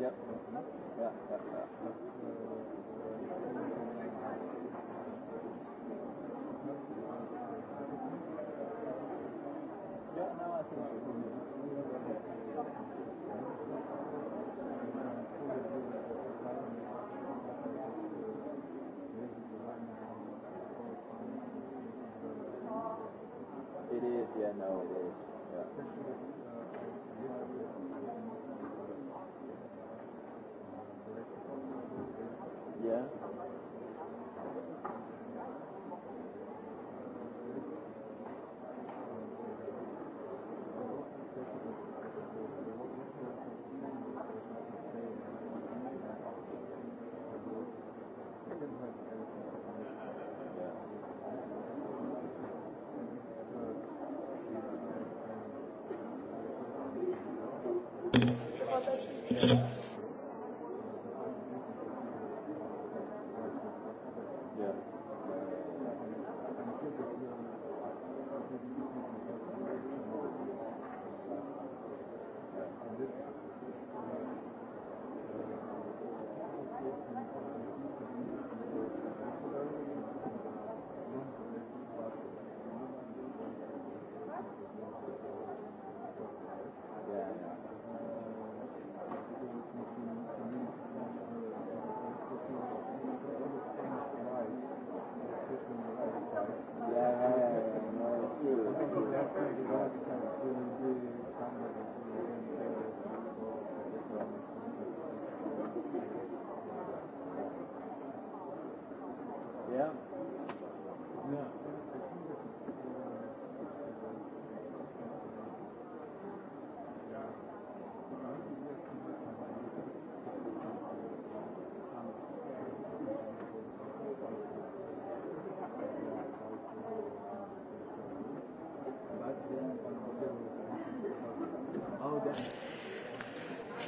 Yeah. Yeah. I think. Thanks.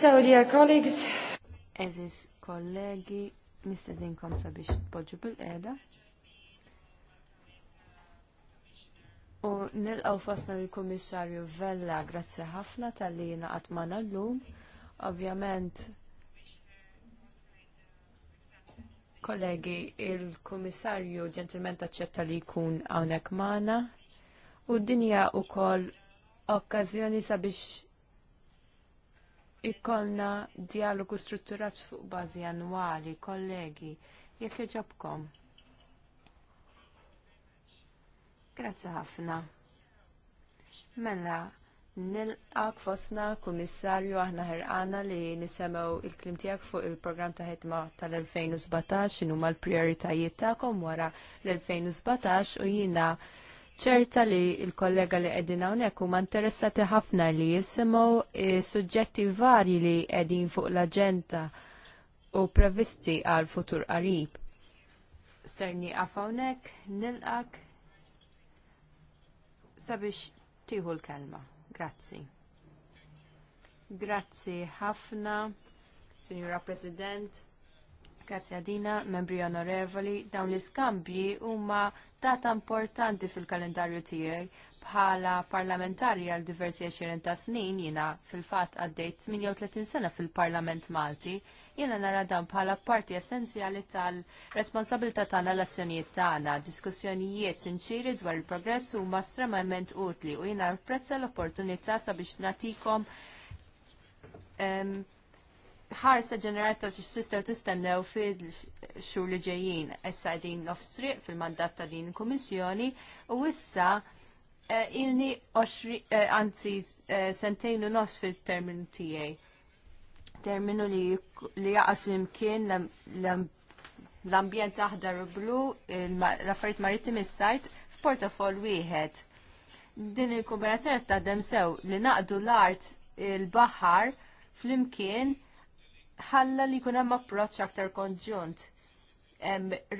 So, dear colleagues. Eżis kollegi, mistedinkom sabiex tpoġġu bil-qeda. U nilqaw fosna l-Kummissarju Vella, grazzi ħafna tal-li naqat mana l-lum. Ovvjament, kollegi, il-Kummissarju ġentilment taċċetta li jkun hawnhekk mana. U dinja u koll okkazjoni sabiex ikollna dialogu strutturat fuq bażi annwali, kollegi, jekk iġobkom. Grazzi ħafna. Mela, nilqak fosna kummissarju aħna ħerqana li nisemgħu il-klim tiegħek fuq il-programm ta' ħidma tal-2017 x'inhuma l-prijoritajiet tagħkom wara l-2017 u jiena ċerta li il-kollega li qegħdin hawnhekk huma interessati ħafna li jisimgħu eh, suġġetti varji li qegħdin fuq l-aġenda u previsti għal futur qarib. Serni hawnhekk nilqak sabiex tieħu l-kelma. Grazzi. Grazzi ħafna, Signora President. Grazzi għadina, membri onorevoli, dawn l-iskambji huma data importanti fil-kalendarju tiegħi bħala parlamentari għal diversi 20 ta' snin jiena fil-fatt għaddejt 38 sena fil-Parlament Malti, jiena nara dan bħala parti essenzjali tal-responsabilità tagħna l-azzjonijiet tagħna, diskussjonijiet sinċiri dwar il-progress huma stremament utli u jiena apprezza l-opportunità sabiex natikom ħarsa ġenerata tistaw tistennew fil-xhur li ġejjin. Issa din nofstriq fil-mandat ta' din kummissjoni u issa eh, ilni eh, anzi eh, sentejn u nofs fil-terminu tiegħi. Terminu li jaqa' flimkien l-ambjent aħdar u blu, l-affarijiet marittimi s-sajt f'portafol wieħed. Din il-kombinazzjoni ta' sew li naqdu l-art il-baħar flimkien ħalla li jkun hemm approċċ aktar konġunt.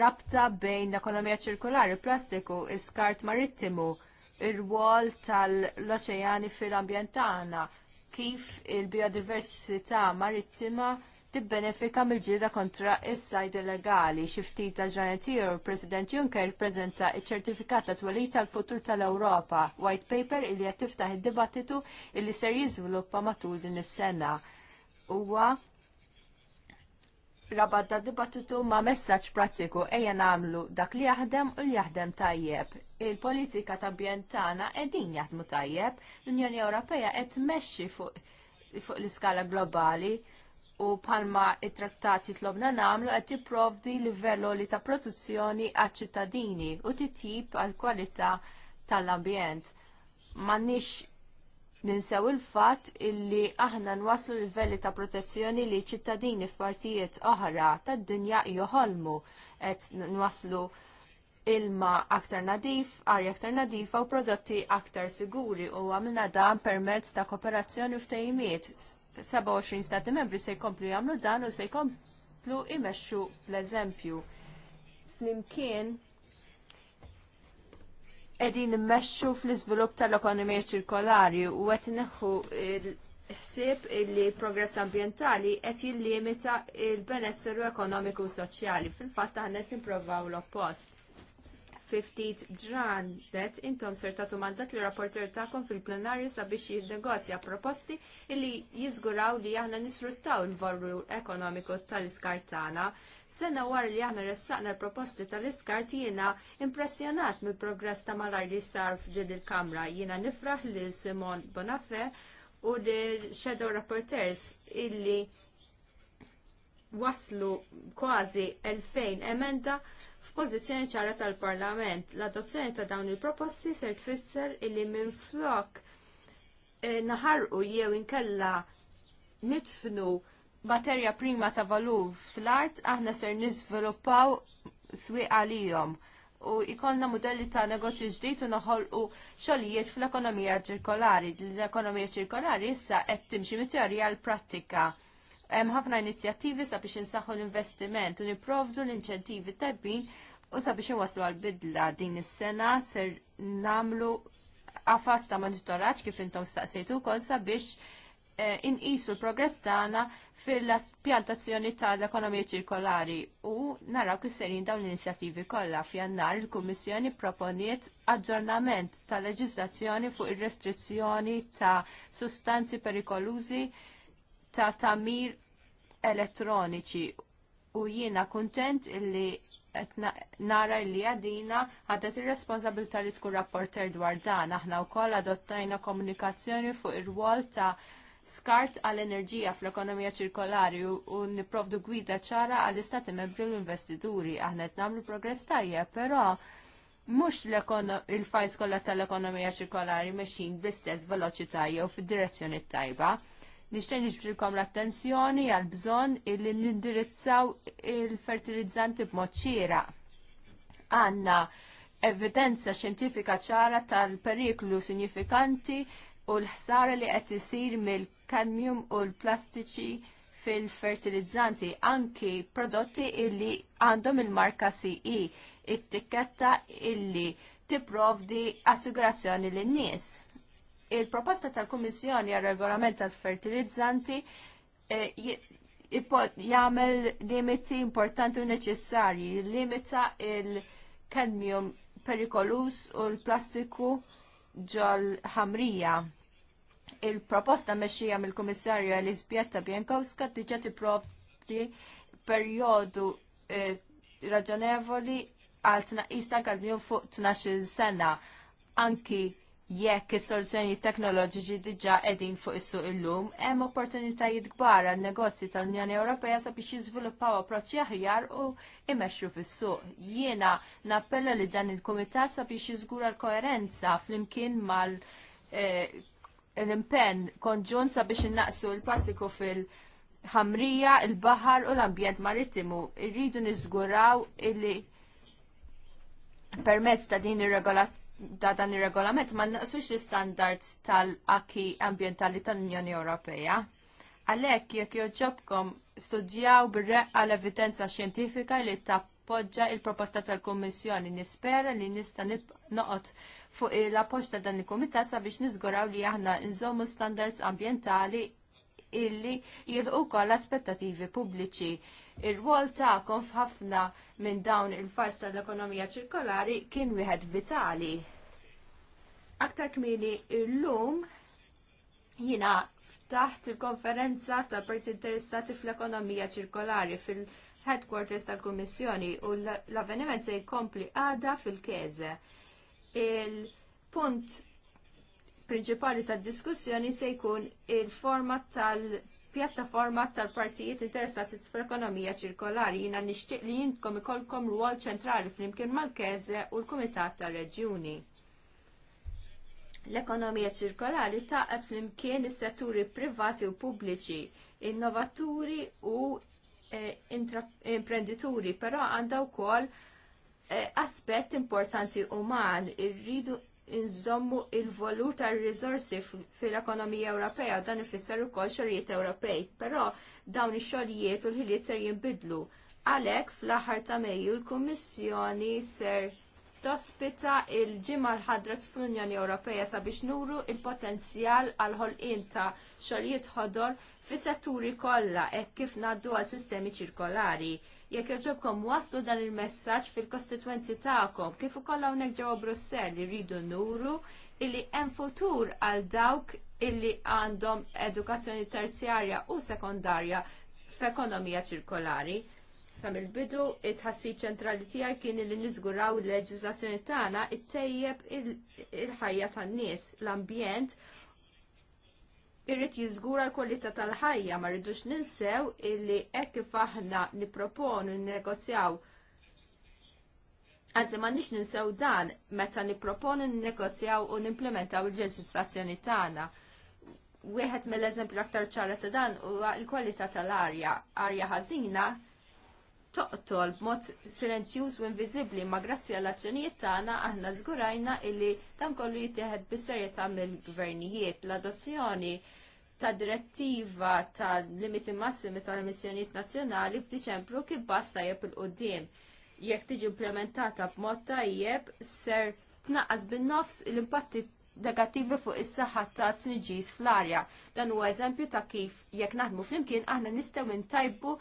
rabta bejn l-ekonomija ċirkolari, plastiku, iskart marittimu, ir-wol tal oċejani fil-ambjent tagħna, kif il-biodiversità marittima tibbenefika mill-ġilda kontra is-sajd illegali. Xi ftit ta' ġranetir, President Juncker ppreżenta ċ-ċertifikat ta' twelid tal-futur tal-Ewropa, white paper illi qed tiftaħ id-dibattitu illi ser jiżviluppa matul din is-sena. Huwa rabadda dibattitu ma' messaġġ prattiku ejja nagħmlu dak li jaħdem u li jaħdem tajjeb. Il-politika ta' bjentana qegħdin jaħdmu tajjeb, l-Unjoni Ewropea qed tmexxi fuq l-iskala globali u palma it-trattati tlobna nagħmlu qed tipprovdi livello li ta' produzzjoni għaċ ċittadini u titjib għall kwalità tal-ambjent. M'għandniex ninsew il-fatt illi aħna nwaslu livelli ta' protezzjoni li ċittadini f'partijiet oħra tad-dinja joħolmu qed nwaslu ilma aktar nadif, arja aktar nadifa u prodotti aktar siguri u għamilna dan permezz ta' kooperazzjoni u ftejimiet. 27 stati membri se jkomplu jagħmlu dan u se jkomplu imexxu l-eżempju. Flimkien edin immexxu fl-iżvilupp tal-ekonomija ċirkolari u qed neħu ħsieb li progress ambjentali qed jillimita il benesseru ekonomiku u soċjali. Fil-fatt aħna qed l-oppost ftit ġranet, intom ser tagħtu mandat li rapporter tagħkom fil-plenarju sabiex jinnegozja proposti illi jiżguraw li aħna nisfruttaw il-valur ekonomiku tal-iskar tagħna. Sena wara li aħna ressaqna l-proposti tal iskart jiena impressjonat mill-progress ta' malar li sar f'din il-Kamra. Jiena nifraħ li Simon Bonafè u li shadow rapporters illi waslu kważi 2000 emenda f'pożizzjoni ċara tal-Parlament. L-adozzjoni ta' dawn il-proposti ser tfisser illi minn flok eh, naħarqu jew inkella nitfnu materja prima ta' valur fl-art aħna ser niżviluppaw swieqa' għalihom u ikonna modelli ta' negozju ġdid u noħolqu xogħlijiet fl-ekonomija ċirkolari. L-ekonomija ċirkolari issa qed timxi mit-teorija l-prattika. Hemm ħafna inizjattivi sabiex insaħħu l-investiment u nipprovdu l-inċentivi tajbin u sabiex iwaslu għal-bidla din is-sena ser namlu għafas ta' monitoraġġ kif intom staqsejtu wkoll sabiex eh, inqisu l-progress tagħna fil-pjantazzjoni tal-ekonomija ċirkolari u naraw kif serin dawn l-inizjattivi kollha f'jannar il-Kummissjoni proponiet aġġornament tal leġiżlazzjoni fuq ir-restrizzjoni ta' sustanzi perikolużi ta' tamir elettroniċi u jiena kuntent illi nara li għadina għadet il li tkun rapporter dwar dan. Aħna wkoll adottajna komunikazzjoni fuq ir-rwol ta' skart għall-enerġija fl-ekonomija ċirkolari u niprovdu gwida ċara għall-istati membri l-investituri. Aħna qed nagħmlu progress tajjeb, però mhux il-fajs kollha tal-ekonomija ċirkolari mexjin bl-istess veloċità jew fid-direzzjoni tajba. Nixtieq niġbrilkom l-attenzjoni għal bżonn illi nindirizzaw il-fertilizzanti b'mod ċira. Għandna evidenza xjentifika ċara tal-periklu sinifikanti u l-ħsara li qed isir mill-kadmium u l-plastiċi fil-fertilizzanti anki prodotti illi għandhom il-marka CE, it-tikketta illi tipprovdi assigurazzjoni lin nies il-proposta tal-Kummissjoni għal regolament tal-fertilizzanti eh, jagħmel limiti importanti u neċessarji, limita il-kadmium perikolus u l-plastiku ġol ħamrija. Il-proposta mexxija mill-Kummissarju Elisbietta Bienkowska tiġet tipprovdi perjodu eh, raġonevoli għal tnaqista ta' kadmium fuq 12 sena anki jekk is-soluzzjoni teknoloġiċi diġà qegħdin fuq is-suq illum, hemm opportunitajiet kbar għan-negozji tal-Unjoni Ewropea sabiex jiżviluppaw approċċi aħjar u imexxu fis-suq. Jiena nappella li dan il-kumitat sabiex jiżgura l-koerenza flimkien mal eh, l-impenn konġun sabiex innaqsu l-passiku fil- ħamrija, il-baħar u l-ambjent marittimu. Irridu niżguraw illi permezz ta' din ir regolazzjoni da dan ir-regolament ma naqsux l standard tal-aki ambientali tal-Unjoni Ewropea. Għalhekk jekk joġobkom studjaw bir-reqqa l-evidenza xjentifika li tappoġġa il-proposta tal-Kummissjoni nispera li nista' noqot fuq il apposta dan il-Kumitat sabiex niżguraw li aħna nżommu standards ambientali illi jilqu l aspettativi pubbliċi Ir-rwol tagħkom f'ħafna minn dawn il-fajs tal-ekonomija ċirkolari kien wieħed vitali. Aktar kmini illum jina ftaħt il-konferenza tal parti interessati fl-ekonomija ċirkolari fil-headquarters tal-Kummissjoni u l-avveniment se jkompli għada fil-keze. Il-punt prinċipali tad diskussjoni se jkun il-format tal- pjattaforma tal-partijiet interessati fl-ekonomija ċirkolari jina nixtieq li jintkom ikolkom rwol ċentrali flimkien mal-Keze u l-Kumitat tar-Reġjuni. L-ekonomija ċirkolari taqet flimkien is-setturi privati u pubbliċi, innovaturi u eh, imprendituri, però għandha wkoll eh, aspett importanti uman irridu Inżommu il-volur ta' rizorsi fil-ekonomija Ewropea dan ifisser ukoll xorijiet Ewropej, però dawn ix-xogħlijiet u l-ħiliet ser jinbidlu. Għalhekk fl-aħħar ta' Mejju l-Kummissjoni ser tospita il-ġimgħa l-ħadra fl-Unjoni Ewropea sabiex nuru l potenzjal għal ħolqien ta' xogħlijiet ħodor fis-setturi kollha hekk kif ngħaddu għal sistemi ċirkolari jekk joġobkom waslu dan il-messaġġ fil-kostituenzi tagħkom kif ukoll hawnhekk ġewwa Brussell jridu nuru illi hemm futur għal dawk illi għandhom edukazzjoni terzjarja u sekondarja f'ekonomija ċirkolari. Sam il-bidu, it-ħassib ċentrali tijaj kien li nizguraw il leġiżlazzjoni tagħna ittejjeb il-ħajja tan-nies, l-ambjent irrid jiżgura l-kwalità tal-ħajja ma rridux ninsew illi hekk kif aħna nipproponu nnegozjaw Għanzi ma nix ninsew dan meta nipproponu nnegozjaw u nimplementaw il-leġislazzjoni tagħna. Wieħed mill-eżempju aktar ċara ta' dan huwa l-kwalità tal-arja. Arja ħażina toqtol b'mod silenzjuż u inviżibbli ma grazzi għall azzjonijiet tagħna aħna żgurajna illi dan kollu jittieħed bis-serjetà mill-gvernijiet. L-adozzjoni ta' direttiva ta' limiti massimi tal-emissjonijiet nazzjonali f'Diċembru kif basta jeb il-qudiem. Jekk tiġi implementata b'mod tajjeb ser tnaqqas bin-nofs l-impatti negattivi fuq is-saħħa ta' tniġis fl-arja. Dan huwa eżempju ta' kif jekk naħdmu flimkien aħna nistgħu ntajbu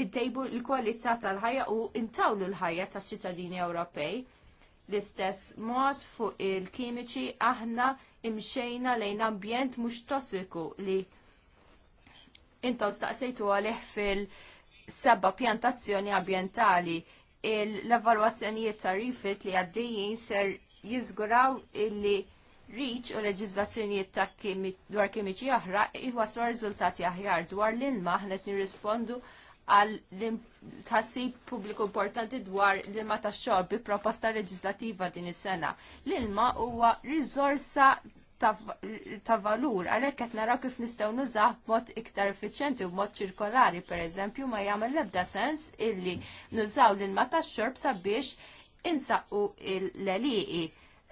iddejbu l-kwalità tal-ħajja u intawlu l-ħajja taċ ċittadini Ewropej. L-istess mod fuq il-kimiċi aħna imxejna lejn ambjent mhux tossiku li intom staqsejtu għalih fil-seba pjantazzjoni ambjentali l-evalwazzjonijiet ta' rifit li għaddejjin ser jizguraw illi riċ u leġizlazzjonijiet ta' dwar kimiċi oħra iwaslu riżultati aħjar dwar l-ilma ħnet nirrispondu għal tħassib pubbliku importanti dwar l-ilma ta' xogħol bi proposta legislativa din is-sena. L-ilma huwa rizorsa ta' valur, għalhekk qed naraw kif nistgħu nużah b'mod iktar effiċjenti u b'mod ċirkolari, pereżempju, ma jagħmel l-ebda sens illi nużaw l-ilma tax-xorb sabiex insaqqu l-eliqi.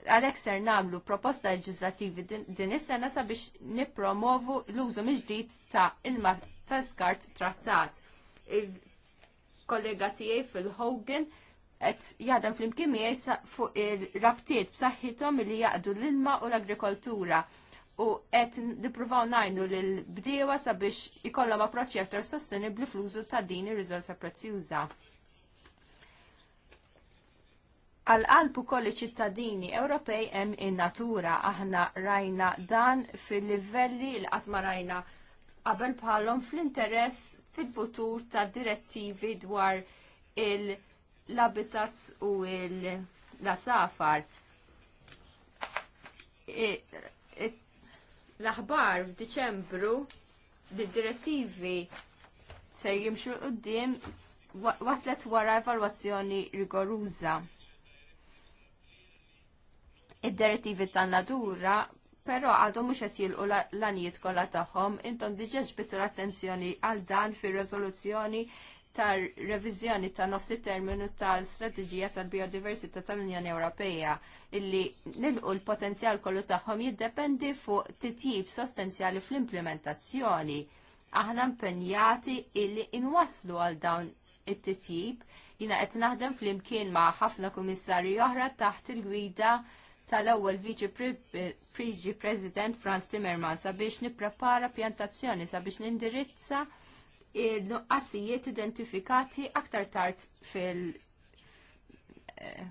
Għalhekk ser nagħmlu proposta leġislativi din is-sena sabiex nippromovu l-użu miġdid ta' ilma ta' skart trattat il-kollega tiegħi fil-Hogan qed jaħdem flimkien miegħi fuq ir-rabtiet b'saħħithom li jaqdu l-ilma u l-agrikoltura u qed nippruvaw ngħinu l bdiewa sabiex ikollhom approċċ aktar sostenibbli fl-użu ta' din ir-riżorsa prezzjuża għal-qalb ukoll ċittadini Ewropej hemm in-natura aħna rajna dan fil-livelli l qatt ma rajna qabel bħalhom fl-interess fil-futur ta' direttivi dwar il-habitats u il-lasafar. E, e, l-aħbar f'Diċembru li direttivi se jimxu qoddim waslet wara evalwazzjoni rigoruża id-direttivi tan natura Pero għadhom mhux qed jilqu l-anijiet kollha tagħhom, intom diġà bittu l-attenzjoni għal dan fir-riżoluzzjoni tar reviżjoni ta' nofsi terminu tal-strateġija tal biodiversita tal-Unjoni Ewropea illi nilqu l-potenzjal kollu tagħhom jiddependi fuq titjib sostenzjali fl-implementazzjoni. Aħna impenjati illi inwaslu għal dawn it-titjib jina qed naħdem fl-imkien ma' ħafna kummissarji oħra taħt il-gwida il gwida tal-ewwel Viċi Priġi President Franz Timmermans sabiex nipprepara pjantazzjoni sabiex nindirizza il-nuqqasijiet identifikati aktar tard fil- eh,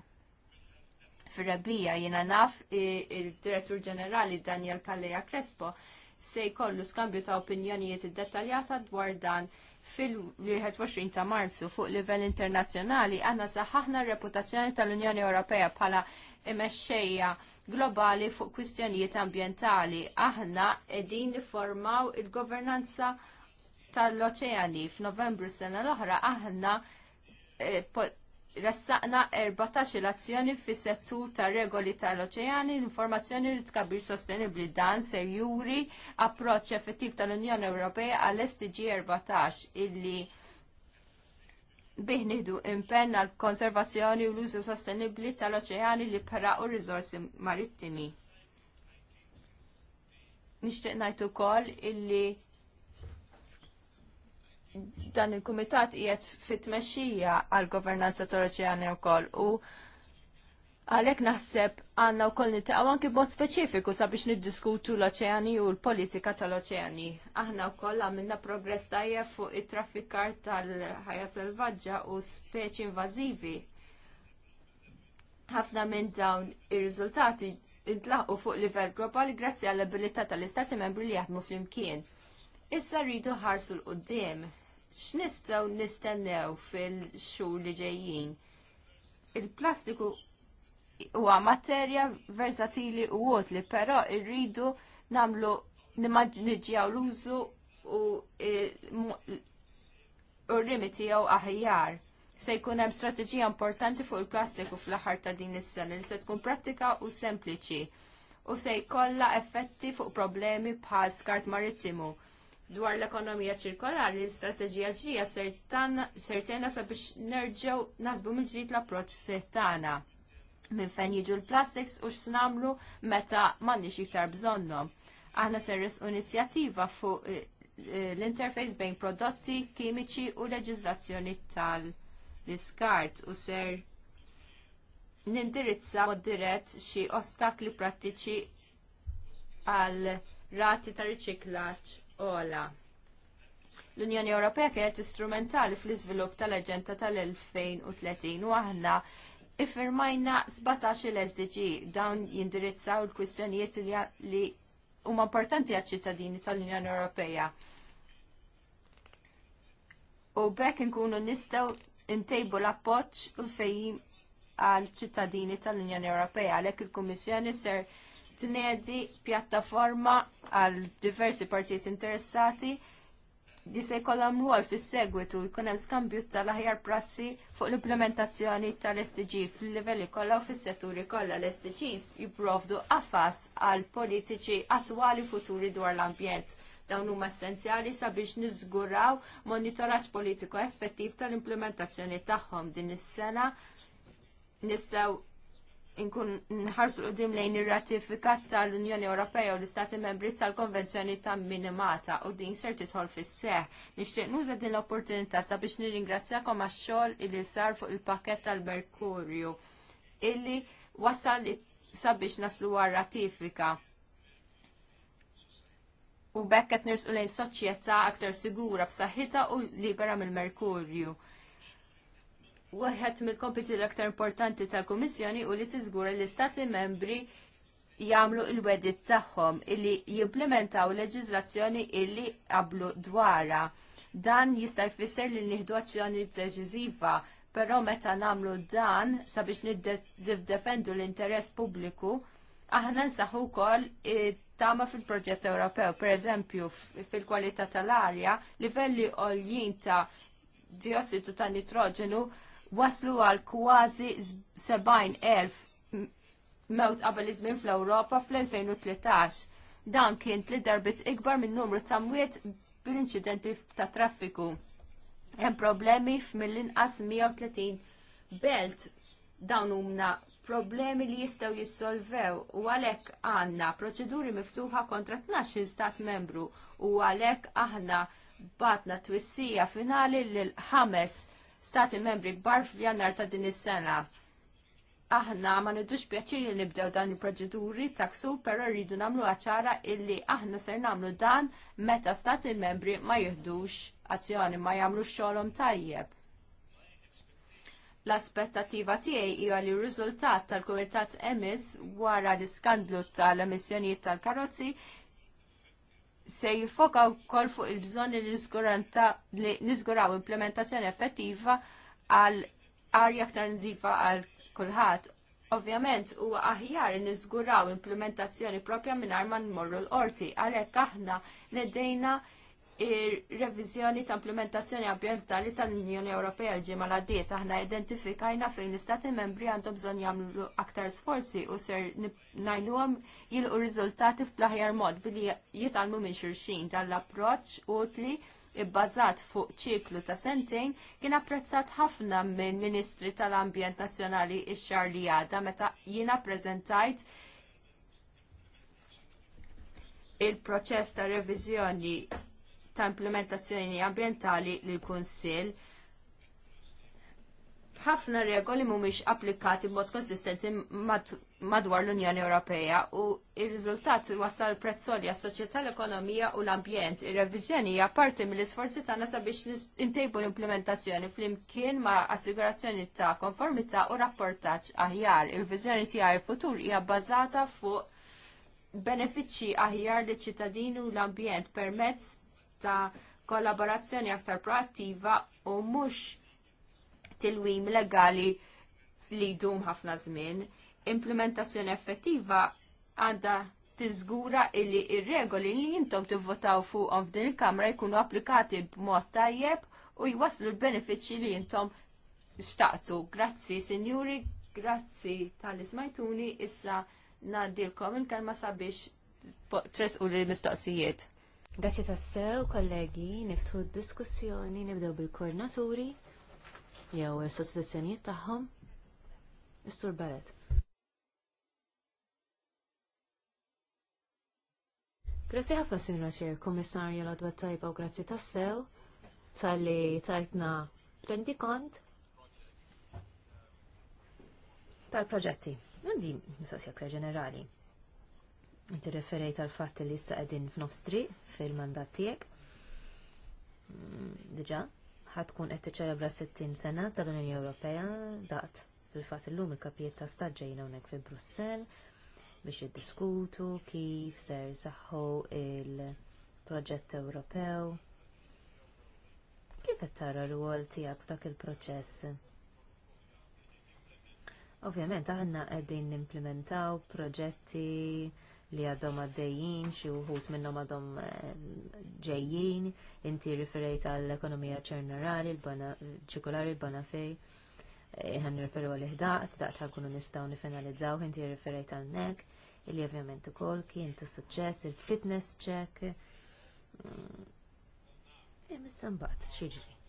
fil-rabija naf il-Direttur Ġenerali Daniel Kalleja Crespo se jkollu skambju ta' opinjonijiet iddettaljata dwar dan fil-21 ta' Marzu fuq livell internazzjonali għanna saħħna reputazzjoni tal-Unjoni Ewropea bħala imexxejja globali fuq kwistjonijiet ambjentali. Aħna qegħdin niformaw il-governanza tal-oċeani. F'Novembru sena l-oħra aħna eh, ressaqna 14 il-azzjoni fis settur ta' regoli tal-oċeani, l-informazzjoni li tkabbir sostenibli dan se juri approċċ effettiv tal-Unjoni Ewropea għall stg 14 illi bih nieħdu impenn għal konservazzjoni u l-użu sostenibli tal-oċeani li para u rizorsi marittimi. Nixtieq ngħid ukoll illi dan il-kumitat qiegħed fit-tmexxija għal governanza toroċjani wkoll u għalhekk naħseb għandna wkoll nitaqgħu anki b'mod speċifiku sabiex niddiskutu l-oċeani u l-politika tal-oċeani. Aħna wkoll għamilna progress tajjeb fuq it-traffikar tal-ħajja selvaġġa u speċi invażivi. Ħafna minn dawn ir-riżultati intlaqqu fuq livell globali grazzi għall-abilità tal-istati membri li jaħdmu flimkien. Issa rridu ħarsu l-qoddim x'nistgħu nistennew fil-xhur li ġejjin. Il-plastiku huwa materja versatili u utli, però rridu nagħmlu nimmaġniġjaw l-użu u e, r-rimiti jew aħjar. Se jkun hemm strateġija importanti fuq il-plastiku fl-aħħar ta' din is-sena li se tkun prattika u sempliċi u se jkollha effetti fuq problemi bħal skart marittimu dwar l-ekonomija ċirkolari, l-istrateġija ġija sertena sabiex nerġew nasbu minn ġdid l-approċ tagħna minn fejn jiġu l-plastics u x'namlu meta m'għandniex iktar bżonnhom. Aħna serres inizjattiva fuq eh, eh, l-interface bejn prodotti kimiċi u leġiżlazzjoni tal diskart u ser nindirizza mod dirett xi ostakli prattiċi għal rati ta' riċiklaġġ ola. L-Unjoni Ewropea kienet istrumentali fl-iżvilupp tal-Aġenda tal-2030 u aħna iffirmajna 17 il sdg dawn jindirizzaw l-kwistjonijiet li huma importanti għaċ-ċittadini tal-Unjoni Ewropea. U bekk inkunu nistgħu ntejbu l-appoġġ u l-fejjim għal ċittadini tal-Unjoni Ewropea għalhekk il-Kummissjoni ser t-nedi pjattaforma għal diversi partijiet interessati li se jkollhom rwol fis-segwitu jkun hemm skambju tal-aħjar prassi fuq l-implementazzjoni tal-SDG fil-livelli kollha u fis-setturi kollha l-SDGs jipprovdu qafas għal politiċi attwali futuri dwar l-ambjent. Dawn huma essenzjali sabiex niżguraw monitoraġġ politiku effettiv tal-implementazzjoni tagħhom din is-sena nistgħu inkun nħarsu l-qdim lejn ir-ratifikat tal-Unjoni Ewropea u l-Istati Membri tal-Konvenzjoni ta' Minimata u din ser titħol fis-seħ. Nixtieq nuża din l-opportunità sabiex nirringrazzjakom għax-xogħol li sar fuq il-pakett tal-Merkurju illi wasal sabiex naslu għar ratifika. U bekk qed nirsu lejn soċjetà aktar sigura b'saħħitha u libera mill-Merkurju. Waħed mill-kompiti l-aktar importanti tal-Kummissjoni u li tiżgura li stati membri jagħmlu l-wedit tagħhom illi jimplementaw leġiżlazzjoni illi qablu dwara. Dan jista' jfisser li nieħdu azzjoni deċiżiva, però meta nagħmlu dan sabiex niddefendu l-interess pubbliku, aħna nsaħu wkoll tama fil-proġett Ewropew, per eżempju, fil-kwalità tal-arja, livelli għoljin ta' diossidu ta' nitrogenu waslu għal kważi 70,000 mewt qabel iż-żmien fl-Ewropa fl-2013. Dan kien tli darbit ikbar minn numru ta' mwiet bil-inċidenti ta' traffiku. Hemm problemi f'mill-inqas 130 belt dawn humna problemi li jistgħu jissolvew u għalhekk għandna proċeduri miftuħa kontra 12 stat membru u għalhekk aħna batna twissija finali lil ħames stati membri kbar f'jannar ta' din is-sena. Aħna ma nidux pjaċiri li nibdew dan il-proċeduri ta' ksur, però rridu nagħmlu ċara illi aħna ser nagħmlu dan meta stati membri ma jihdux azzjoni ma jamlu xolom tajjeb. L-aspettattiva tiegħi hija li r-riżultat tal-Kumitat emis wara l-iskandlu tal-emissjonijiet tal-karozzi se jifoka wkoll fuq il-bżonn li niżguraw implementazzjoni effettiva għal arja aktar ndifa għal kulħadd. Ovvjament huwa aħjar niżguraw implementazzjoni propja mingħajr ma nmorru l-qorti għalhekk aħna nedejna ir-reviżjoni ta' implementazzjoni ambjentali tal-Unjoni Ewropea l-ġimgħa l-għaddiet aħna identifikajna fejn l-istati membri għandhom bżonn jagħmlu aktar sforzi u ser ngħidluhom jilqu riżultati f'laħjar mod billi jitalmu minn xulxin tal-approċċ utli ibbażat fuq ċiklu ta' sentejn kien apprezzat ħafna minn Ministri tal-Ambjent Nazzjonali ix-xahar li għadha meta jiena ppreżentajt il-proċess ta' reviżjoni ta' implementazzjoni ambjentali lill kunsill ħafna regoli mhumiex applikati b'mod konsistenti madwar l-Unjoni Ewropea u ir-riżultat wasal prezzoli għas soċjetà l-ekonomija u l-ambjent. Ir-reviżjoni hija parti mill-isforzi tagħna sabiex intejbu l-implementazzjoni flimkien ma' assigurazzjoni ta' konformità u rapportaġġ aħjar. il viżjoni tiegħi futur hija bbażata fuq benefiċċji aħjar liċ ċittadini u l-ambjent permezz ta' kollaborazzjoni aktar proattiva u mhux tilwim legali li jdum ħafna żmien. Implementazzjoni effettiva għandha tiżgura illi ir-regoli li jintom tivvotaw fuqhom f'din il-Kamra jkunu applikati b'mod tajjeb u jwaslu l-benefiċċji li jintom xtaqtu. Grazzi, sinjuri, grazzi tal-ismajtuni, issa nadilkom il-kelma sabiex tresqu u l-mistoqsijiet. Grazie tassew, kollegi, niftu diskussjoni, nibdew bil-koordinaturi, jew il-sostituzzjonijiet tagħhom. Mistur Barrett. Grazie ħafna Sinra Ċer, Kummissarju l-Adwa Tajba u grazzi tassew tal-li tajtna rendikont tal-proġetti. Għandi mistoqsija aktar ġenerali. Inti referejt għal fatt li issa qegħdin f'nofstri fil-mandat tiegħek. Mm, diġà, ħatkun qed tiċċelebra 60 sena tal-Unjoni Ewropea daqt fil-fatt illum il-kapijiet ta' stat ġejjin hawnhekk fi Brussell biex jiddiskutu kif ser saħħu il-proġett Ewropew. Kif qed tara l-wol tiegħek f'dak il-proċess? Ovvjament aħna qegħdin nimplementaw proġetti li għadhom għaddejjin, xi wħud minnhom għadhom eh, ġejjin, inti riferejt għall ekonomija ċernarali, ċikolari, l-bana fej, eh, ħan riferu għal ħdaqt daqt kunu nistgħu nifinalizzaw, inti riferejt għal nek, il-li ovvjament ukoll kien ta' suċċess, il-fitness check. Imissa mm. mbagħad xiġri.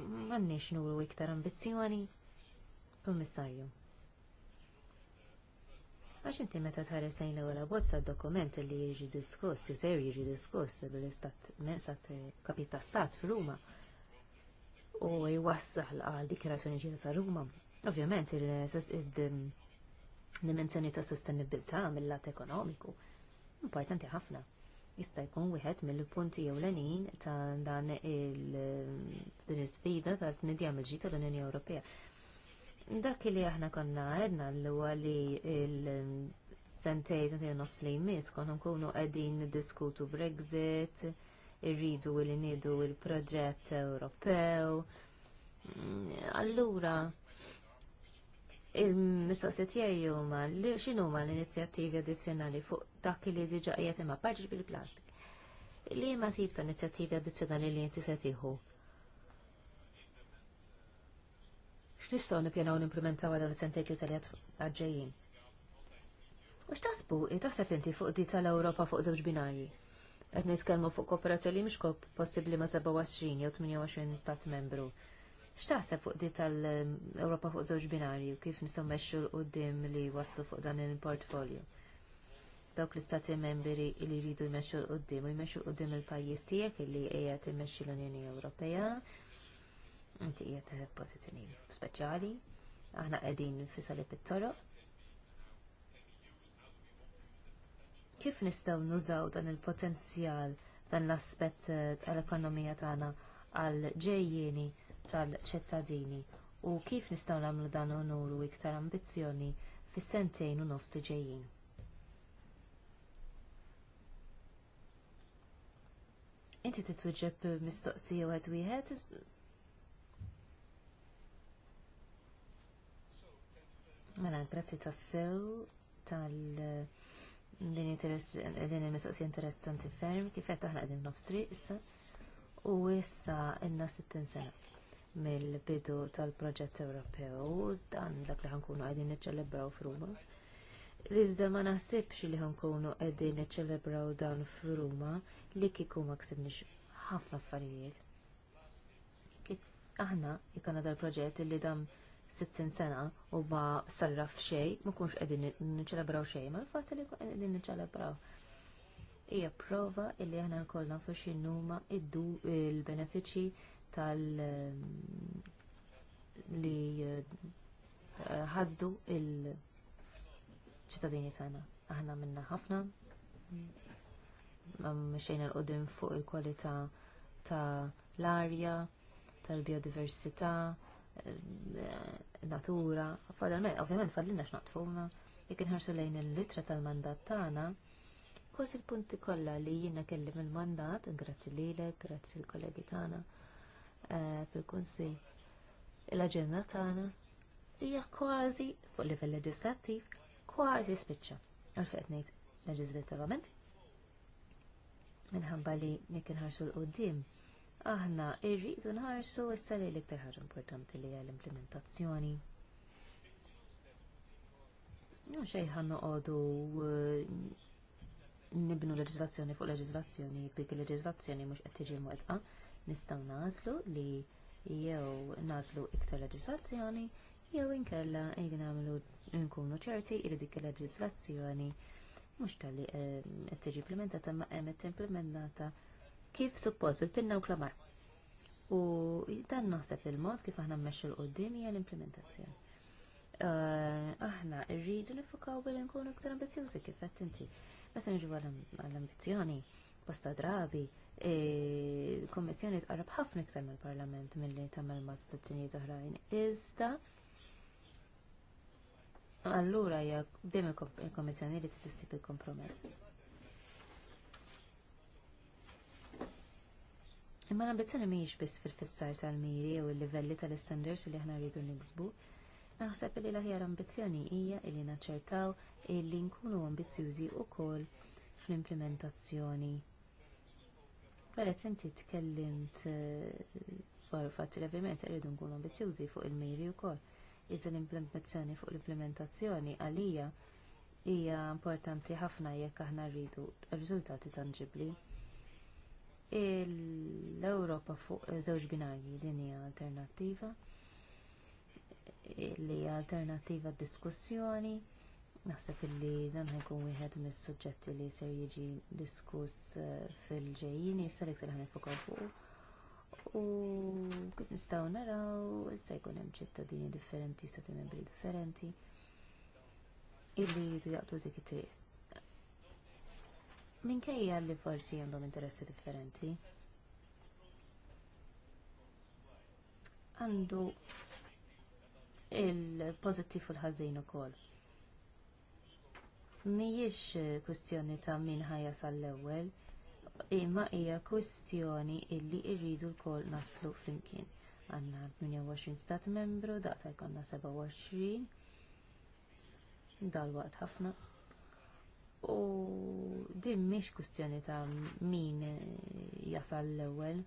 M'għandniex nuru iktar ambizzjoni, Kummissarju. Għax inti meta tħares lejn l-ewwel d dokument li jiġi diskuss, ser jiġi diskuss bil-istat mesat eh, stat f'Ruma u jwassaħ għal dikjarazzjoni ġiet ta' Ruma. Ovvjament il-dimensjoni ta' sostenibilità mill-lat ekonomiku importanti ħafna. Jista' jkun wieħed mill-punti ewlenin ta' dan il isfida sfida ta' tnedija mill-ġita l-Unjoni Ewropea Dak li aħna konna għedna l li il-sentej, sentej nofs li jmiss, konna nkunu għedin diskutu Brexit, irridu il nidu il-proġett Ewropew. Allura, il-mistoqsijiet jgħu li xinu ma l-inizjattivi addizzjonali fuq dak li diġa qiegħed imma bil-plastik. Li ma tip ta' inizjattivi addizzjonali li inti x'nistgħu nippjanaw nimplementaw għal sentejn li tal għaġġejjin. U x'tasbu e taħseb inti fuq di tal-Ewropa fuq żewġ binarji? Qed nitkellmu fuq kooperati li mhux possibbli ma' 27 jew 28 stat membru. X'taħseb fuq di tal-Ewropa fuq żewġ binarji u kif nisommexxu l qudiem li waslu fuq dan il-portfolio? dawk l-istati membri li jridu jmexxu l qudiem u jmexxu l qudiem il-pajjiż tiegħek illi qiegħed immexxi l-Unjoni Ewropea inti qiegħed pożizzjoni speċjali, aħna qegħdin fi salib it-toroq. Kif nistgħu nużaw dan il-potenzjal dan l-aspett eh, tal-ekonomija tagħna għal ġejjieni tal-ċittadini u kif nistgħu nagħmlu dan onuru iktar ambizzjoni fis-sentejn u nofs li ġejjin. Inti titwiġġeb mistoqsija wieħed wieħed Mela, grazzi tassew tal- din il-mistoqsija interessanti ferm, kifet qed aħna nofstri issa u issa inna 60 sena mill-bidu tal-proġett Ewropew dan dak li ħankunu għedin neċelebraw f'Ruma. Iżda ma naħsibx li ħankunu għedin neċelebraw dan f'Ruma li kiku ma ksibniex ħafna affarijiet. Aħna jkun dal proġett li dam 60 sena u ba sarraf xej, ma kunx qegħdin niċċelebraw xejn, ma l-fatt li qegħdin niċċelebraw. Hija prova illi aħna lkoll nafu x'inhuma iddu il-benefiċċji tal ehm, li eh, ħasdu il-ċittadini tagħna. Aħna minna ħafna xejn l qudiem fuq il-kwalità ta' l-arja, tal-biodiversità, natura, ovvjament fallina x'naqtfu ma jekk inħarsu lejn il-litra tal-mandat tagħna, kważi l-punti kollha li jiena kellim il-mandat, grazzi lilek, grazzi l-kollegi tagħna eh, fil-kunsill. L-aġenda tagħna hija kważi fuq livell leġislattiv kważi spiċċa. Għalfejn qed ngħid leġislattivament minħabba li jekk inħarsu l-qudiem aħna irridu nħarsu issa li l-iktar ħaġa importanti li hija l-implementazzjoni. Xejn xejn noqogħdu uh, nibnu leġislazzjoni fuq leġislazzjoni dik il-leġislazzjoni mhux qed tiġi mwettqa, nistgħu nażlu li jew nażlu iktar leġislazzjoni jew inkella jgħamlu nkunu ċerti li dik il-leġislazzjoni mhux tal-li eh, qed tiġi implementata ma' qed implementata kif suppost bil-pinna u klamar. U dan naħseb il-mod kif aħna mmexxu l qoddim hija l-implementazzjoni. Eh, aħna rridu nifukaw billi nkunu aktar ambizjużi kif qed inti. Meta niġu għall-ambizzjoni, posta drabi, eh, kommissjoni tqarrab ħafna iktar mill-Parlament milli tagħmel ma' istituzzjonijiet oħrajn. Iżda allura hija dejjem il-Kommissjoni li tissib il-kompromess. Imma l-ambizzjoni mhijiex biss fil-fissar tal-miri jew il-livelli tal-istandards li aħna rridu niksbu. Naħseb li l-aħjar ambizzjoni hija li naċċertaw illi nkunu ambizzjużi wkoll fl-implementazzjoni. Għalet mela, inti tkellimt dwar eh, fatt li ovvjament irridu nkunu ambizzjużi fuq il-miri wkoll. Iżda l-implementazzjoni fuq l-implementazzjoni għalija hija importanti ħafna jekk aħna rridu riżultati tangibbli l-Ewropa fuq żewġ binarji din hija alternattiva li hija alternattiva diskussjoni naħseb illi dan ħajkun wieħed mis-suġġetti li ser jiġi diskuss eh, fil-ġejjin issa li ktar ħanifokaw fuq u kif nistgħu naraw issa jkun hemm ċittadini differenti, stati membri differenti illi jaqdu dik it-triq minkejja li forsi għandhom interessi differenti. Għandu il-pozittif u l-ħazin u kol. Mijiex kustjoni ta' min ħajja sal-ewel, imma hija kwistjoni illi l lkoll naslu flimkien. Għandna 28 stat membru, daqta jkollna 27, dal-waqt ħafna. U din mhix kwistjoni ta' min eh, jasal l-ewwel.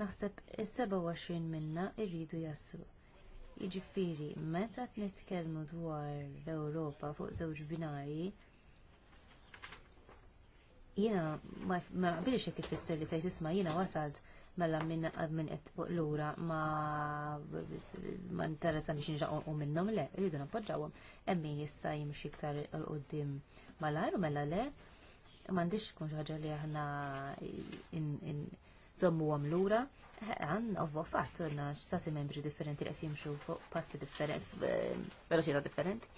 Naħseb is-27 minna irridu jaslu. Jiġifieri meta qed nitkellmu dwar l-Ewropa fuq żewġ binarji, jiena ma qabilx hekk ifisser li tgħid isma' jiena wasalt mela minn minn qed fuq lura ma ma interessa nix u minnhom le, irridu nappoġġawhom. Hemm min jista' jimxi iktar qudiem malajr u mela le, m'għandix tkun xi ħaġa li aħna nżommu għam lura. Eh, għan, ovvo, fatt, għanna stati membri differenti li qed jimxu fuq passi differenti, veloċità differenti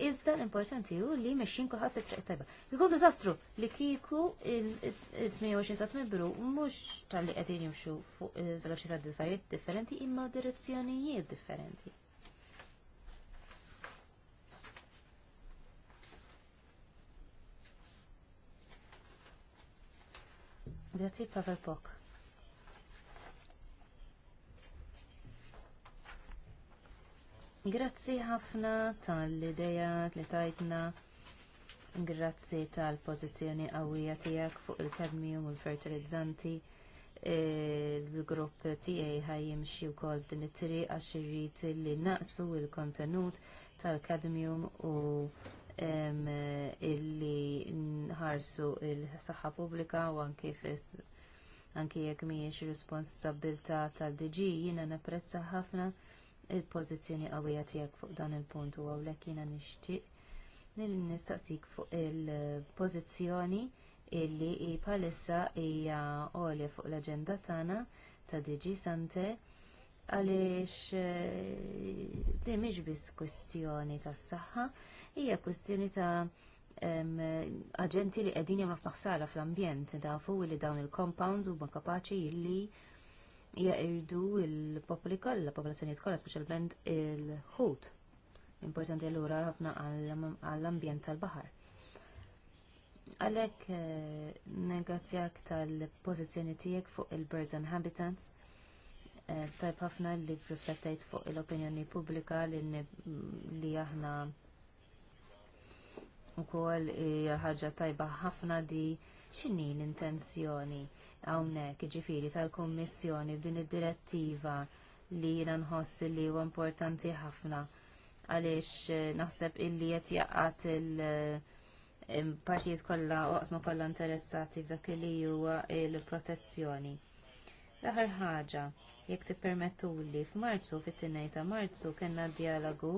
iżda l-importanti hu li mexxin kulħadd fit-triq tajba. Ikun diżastru li kieku il-28 sat membru mhux tal-li għedin jimxu fuq il-veloċità differenti differenti imma direzzjonijiet differenti. Grazie, Pavel Pok. Grazzi ħafna tal-ideja li tajtna. Grazzi tal-pozizjoni qawwija tiegħek fuq il-kadmium u l-fertilizzanti. Il-grupp tiegħi ħajjimxi wkoll din it-triq għax irrid li naqsu l kontenut tal-kadmium u illi nħarsu il-saħħa pubblika u anki fis anki jekk mhijiex responsabilità tal-DG jiena napprezza ħafna il-pożizzjoni qawwija tiegħek fuq dan il-punt u hawnhekk jiena nixtieq li nistaqsik fuq il-pożizzjoni illi bħalissa hija għolja fuq l-aġenda tagħna ta' Diġi Sante għaliex eh, din mhix biss kwistjoni tas-saħħa, hija kwistjoni ta' aġenti li qegħdin jagħmlu f'maħsara fl-ambjent nafu li dawn il-compounds huma kapaċi illi jaqirdu il-popoli kollha, popolazzjoni kollha, speċjalment il-ħut. Importanti allura ħafna għall-ambjent tal-baħar. Għalhekk eh, negozjak tal-pożizzjoni tiegħek fuq il-birds and habitants, eh, tajb ħafna li riflettajt fuq l-opinjoni pubblika li aħna u kol ħagġa tajba ħafna di x'inhi l-intenzjoni hawnhekk ġifiri tal-Kummissjoni b'din id-direttiva li jiena nħoss li huwa importanti ħafna għaliex eh, naħseb illi qed jaqgħat il eh, partijiet kollha oqsma kollha interessati f'dak li huwa l protezzjoni L-aħħar ħaġa, jekk tippermettuli f'Marzu fit tinnej ta' Marzu kellna dialogu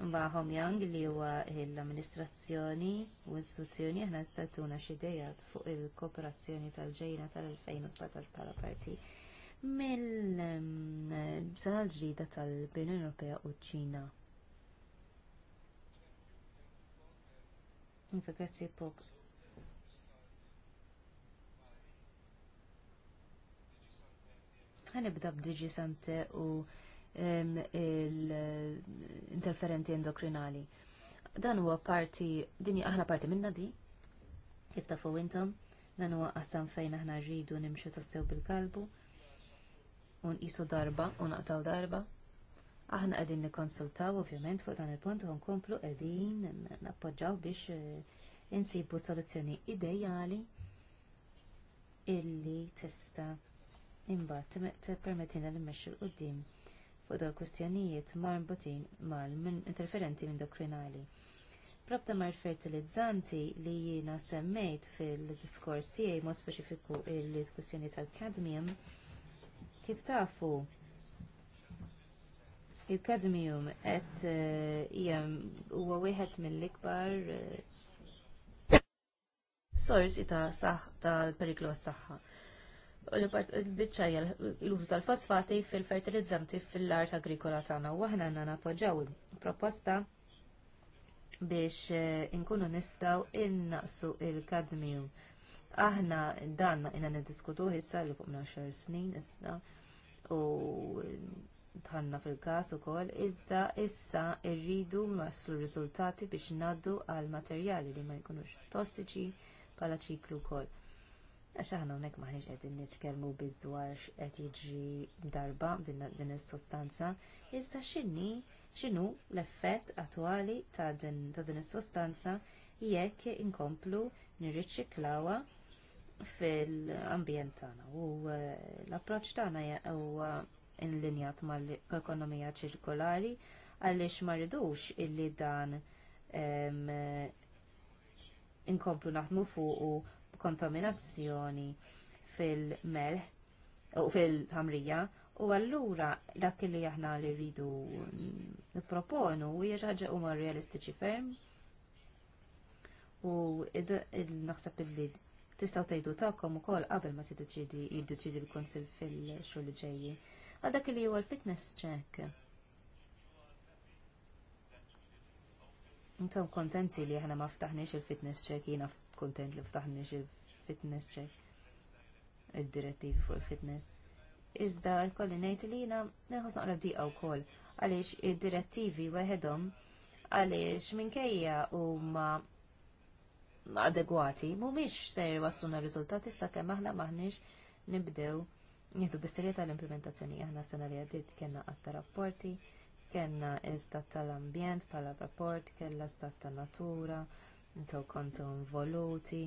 Mba Homjang li huwa l-amministrazzjoni u istituzzjoni aħna statuna xidejat fuq il-kooperazzjoni tal-ġejna tal-2017 tal parti mill-sena l-ġdida tal-Bini Ewropea u ċina. Infekazzi iva, pok. Għanibda b'Diġi Sante u l-interferenti endokrinali. Dan huwa parti, din aħna parti minna di, kif tafu intom, dan huwa qasam fejn aħna rridu nimxu tassew bil-kalbu, un isu darba, un aqtaw darba. Aħna qegħdin nikkonsultaw ovvjament fuq dan il-punt u nkomplu qegħdin nappoġġaw biex eh, insibu soluzzjoni ideali illi tista' imbagħad permettina li mmexxu l qoddim fuq dawk kwistjonijiet marbutin mal minn interferenti endokrinali. Rabta mar fertilizzanti li jiena semmejt fil-diskors tiegħi mod speċifiku il-diskussjoni tal-kadmium, kif tafu il-kadmium qed eh, jem huwa wieħed mill-ikbar eh, sorsi ta' tal-periklu għas saħħa il bicċajja l-użu tal-fosfati fil-fertilizzanti fil-art agrikola tagħna u aħna għandna nappoġġaw proposta biex eh, inkunu nistgħu innaqsu il kadmiju Aħna dan inna niddiskutu issa li fuq xar snin issa u tħanna fil-każ ukoll iżda issa rridu naslu r riżultati biex ngħaddu għal materjali li ma jkunux tossiċi bħala ċiklu wkoll Għaxa aħna hawnhekk maħniġ qegħdin nitkellmu biż dwar x'qed jiġri darba din is-sostanza, iżda xinni, x'inhu l-effett attwali ta' din is-sostanza jekk inkomplu klawa fil-ambjent tagħna. U eh, l-approċċ tagħna huwa ma' mal-ekonomija ċirkolari għaliex ma rridux illi dan eh, inkomplu naħdmu fuq kontaminazzjoni fil-melħ u fil-ħamrija u allura dak li aħna li rridu nipproponu hija xi ħaġa huma realistiċi ferm u naħseb illi tistgħu tgħidu tagħkom ukoll qabel ma tiddeċidi jiddeċidi l-Kunsill fil-xogħol li ġejji. Għal dak li huwa l-fitness check. Intom kontenti li aħna ma ftaħniex il-fitness check jiena kuntent li ftaħniex il-fitness check, id-direttivi fuq il-fitness. Iżda kolli ngħid li jiena neħos naqra bdiqa wkoll għaliex id-direttivi weħedhom għaliex minkejja huma adegwati mhumiex se jwasluna riżultati sakemm aħna maħniex nibdew nieħdu bis-serjetà l-implementazzjoni aħna sena li għaddiet kellna qatta rapporti, kellna iżda tal-ambjent bħala rapport, kellha iżdat tan-natura, Intu kontu involuti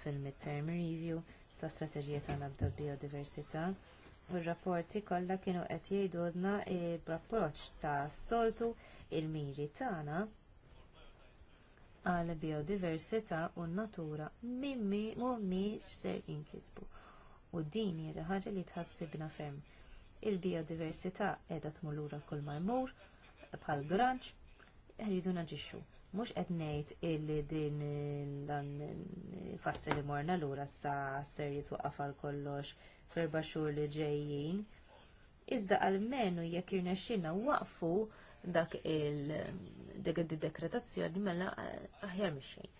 fil-midterm review ta' strategija tal-lab biodiversità. U r-rapporti kollha kienu qed jgħidulna l-approċċ ta' soltu il-miri tagħna għal biodiversità u n-natura mimmi mhumiex ser jinkisbu. U din hija ħaġa li tħassibna ferm. Il-biodiversità qiegħda tmur lura kull marmur bħal granċ rridu naġixxu Mhux qed ngħid illi din dan fassi li morna lura sa ser jitwaqqaf għal kollox f'erba' xhur li ġejjin. Iżda għalmenu jekk irnexxina waqfu dak il dik id-dekretazzjoni mela eh, aħjar mixejn.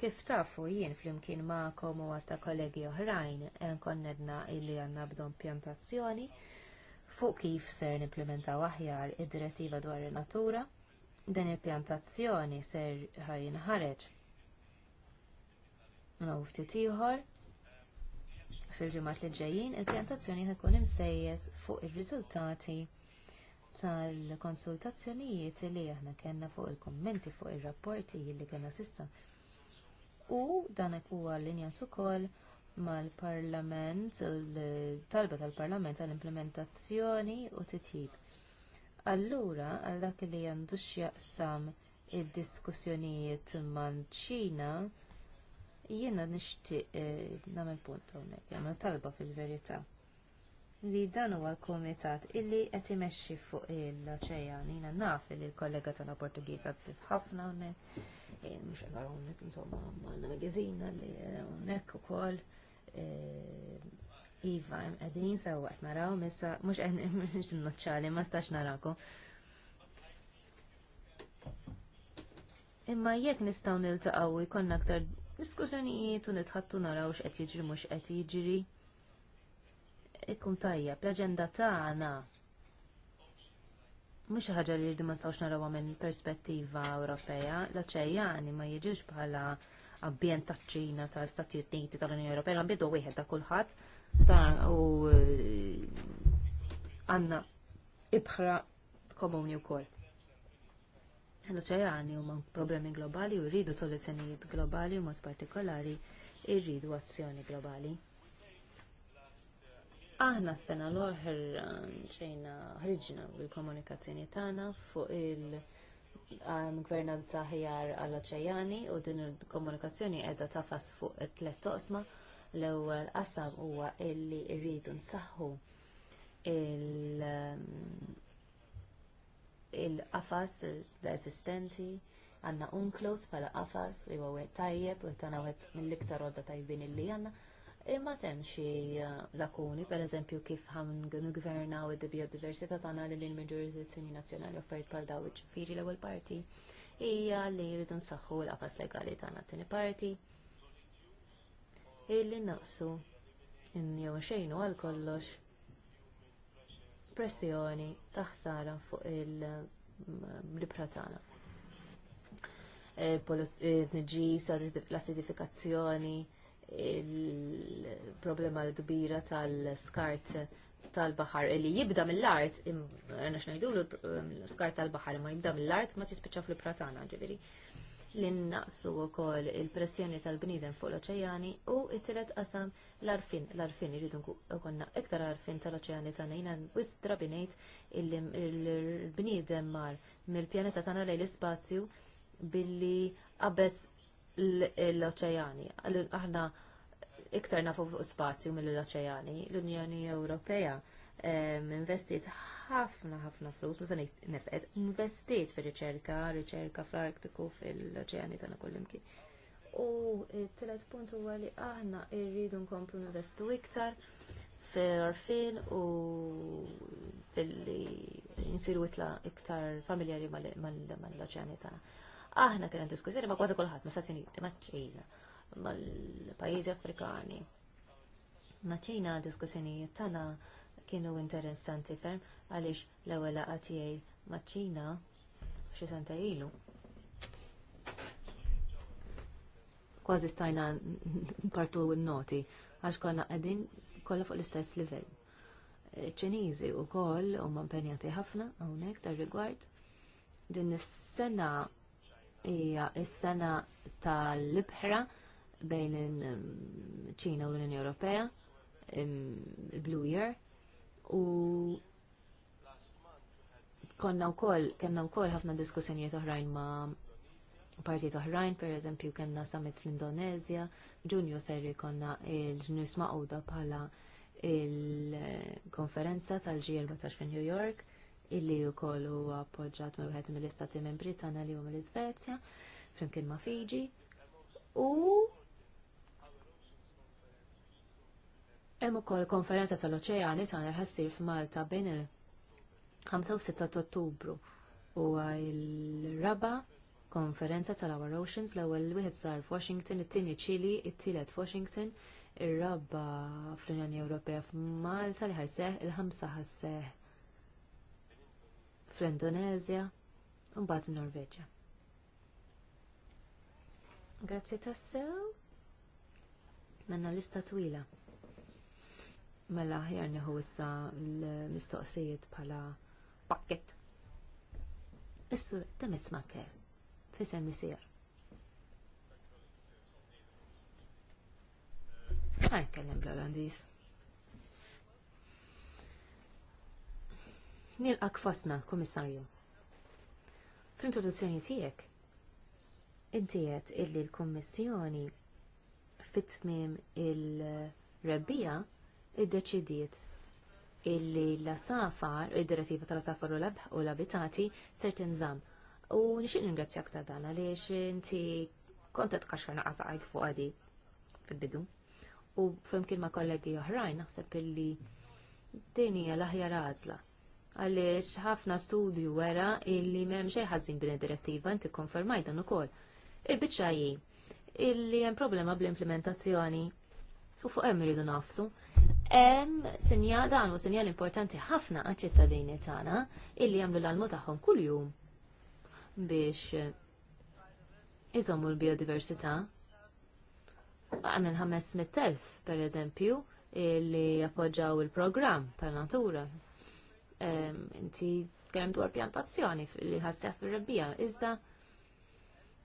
Kif tafu jien flimkien ma'kom u għatta kollegi oħrajn eh, konnedna illi għandna bżonn pjantazzjoni fuq kif ser nimplementaw aħjar id-direttiva dwar in-natura din il-pjantazzjoni ser ħajin ħareġ. U ftit ieħor fil-ġimgħat li ġejjin il-pjantazzjoni ħakun imsejjes fuq ir-riżultati tal-konsultazzjonijiet li aħna kellna fuq il kummenti fuq ir-rapporti li kellna sissa. U dan huwa allinjat ukoll mal-Parlament, talba tal-Parlament għall implementazzjoni u titjib. Allura, għal dak li għandu x'jaqsam id-diskussjonijiet mal-ċina, jiena nixtieq eh, nagħmel punt hawnhekk, jagħmel talba fil-verità li dan huwa l-kumitat illi qed imexxi fuq l-oċean. Jiena naf li l-kollega tagħna Portugiż attiv ħafna hawnhekk, eh, mhux qed hawnhekk insomma għandna magażina li eh, hawnhekk ukoll Iva, jem għedin sewa għet naraw, missa, mux għedin, mux ma stax narakom. Imma jekk nistaw nil-taqaw, jkonna aktar diskussjonijiet u nitħattu naraw x'qed jiġri mhux qed jiġri. Ikkun tajjeb, l-aġenda tagħna mhux ħaġa li jirdu ma nistgħux narawha minn perspettiva Ewropea, l ċejjani ma jiġux bħala ambjent taċ-Ċina tal-Stati Uniti tal-Unjoni Ewropea, l-ambjent wieħed ta' kulħadd dan u eh, għanna ibħra komuni u koll. L-oċeani huma problemi globali u rridu soluzzjonijiet globali u mod partikolari irridu azzjoni globali. Aħna s-sena l-oħra ċejna ħriġna bil-komunikazzjoni tagħna fuq il-gvernanza ħjar għall oċejani u din il-komunikazzjoni qiegħda tafas fuq it-tlet toqsma L-ewwel qasam huwa illi rridu nsaħħu um, il-qafas resistenti għandna unklos bħala qafas huwa wieħed tajjeb u tana wieħed mill-iktar għodda tajbin illi għandna. Imma temm xi uh, lakuni, pereżempju kif ħan gvernaw id-biodiversità tagħna li l mill-ġurisdizzjoni nazzjonali offert bħal daw ġifieri l-ewwel parti hija li jridu nsaħħu l-qafas legali tagħna t-tieni parti illi naqsu jew xejnu għal kollox pressjoni ta' ħsara fuq il tagħna. E, Il-nġis, e, l assidifikazzjoni il-problema l-kbira tal-skart tal-bahar li jibda mill-art, għanax najdu l-skart tal-bahar ma jibda mill-art ma tispiċċa fil-pratana ġiviri li naqsu wkoll il-pressjoni tal-bniedem fuq l-oċejani u it-tielet qasam l-arfin. L-arfin irridu konna iktar arfin tal-oċejani tagħna jiena wistra binejt il-bniedem mar mill-pjaneta tagħna lejn l-ispazju billi qabeż l-oċejani. Aħna iktar nafu fuq spazju mill-oċejani. L-Unjoni Ewropea ehm, investiet ħafna ħafna flus, musa nefqed, investiet fir riċerka, riċerka fl-Arktiku fil-oċeani tagħna kullimkien. U t-telet punt huwa li aħna irridu nkomplu investu iktar fil-orfin u fil-li nsiru itla iktar familjari mal-oċeani tagħna. Aħna kien diskussjoni ma' kważi kulħadd ma' Stati Uniti, ma' Ċina, mal-pajjiżi Afrikani. Ma' Ċina diskussjonijiet tagħna kienu interessanti ferm għaliex l-ewwel laqgħa tiegħi maċ-Ċina xi santa ilu. Kważi stajna partu n-noti għax konna qegħdin kollha fuq l-istess livell. Ċiniżi wkoll huma impenjati ħafna hawnhekk tar-rigward. Din is-sena hija s-sena tal-libħra bejn ċina u l-Unjoni Ewropea, il-Blue Year, u konna wkoll kellna wkoll ħafna diskussjonijiet oħrajn ma' partijiet oħrajn, per eżempju kellna summit fl-Indonezja, ġunju serri konna il-ġnus maqoda bħala il-konferenza tal-G14 fin New York, illi wkoll huwa appoġġjat mill wieħed mill-istati membri tagħna li huma l-Iżvezja, flimkien ma' Fiji. U Hemm ukoll konferenza tal-oċeani tagħna ħassir f'Malta bejn il-5 u 6 Ottubru u l-raba konferenza tal-Our Oceans l-ewwel wieħed sar f'Washington, it-tieni Chili, it-tielet f'Washington, ir-raba fl-Unjoni Ewropea f'Malta li ħajseħ il-ħamsa ħasseħ fl-Indonezja u mbagħad in-Norveġġja. Grazzi tassew. Manna lista twila. Mela ħjar neħu issa l-mistoqsijiet bħala pakket. Issu demet smaker, fisem misir. Għan kellem bl-Olandis. Nilqak fasna, komissarju. Fl-introduzzjoni tijek, intijet illi l-Kommissjoni fit il-rebbija iddeċidiet illi l-safar, id-direttiva tal-safar u l-abitati ser tinżam. U nixin ringrazzjak ta' dan għaliex inti kontet kaxħana naqasajk fuq għadi fil-bidu. U flimkien ma' kollegi oħrajn naħseb illi din hija l-aħjar għażla. Għaliex ħafna studju wera illi m'hemm xejn ħażin din id-direttiva inti konfermaj dan ukoll. Il-biċċa illi hemm problema bl-implementazzjoni u fuq hemm iridu nafsu Em sinja dan u sinjal importanti ħafna għaċ-ċittadini tagħna illi għamlu l-almu tagħhom kuljum biex eh, iżommu l-biodiversità. Għamil mit-telf, per eżempju li appoġġaw il-programm tal-natura. Ehm, inti għem dwar pjantazzjoni li ħassef fir rabbija iżda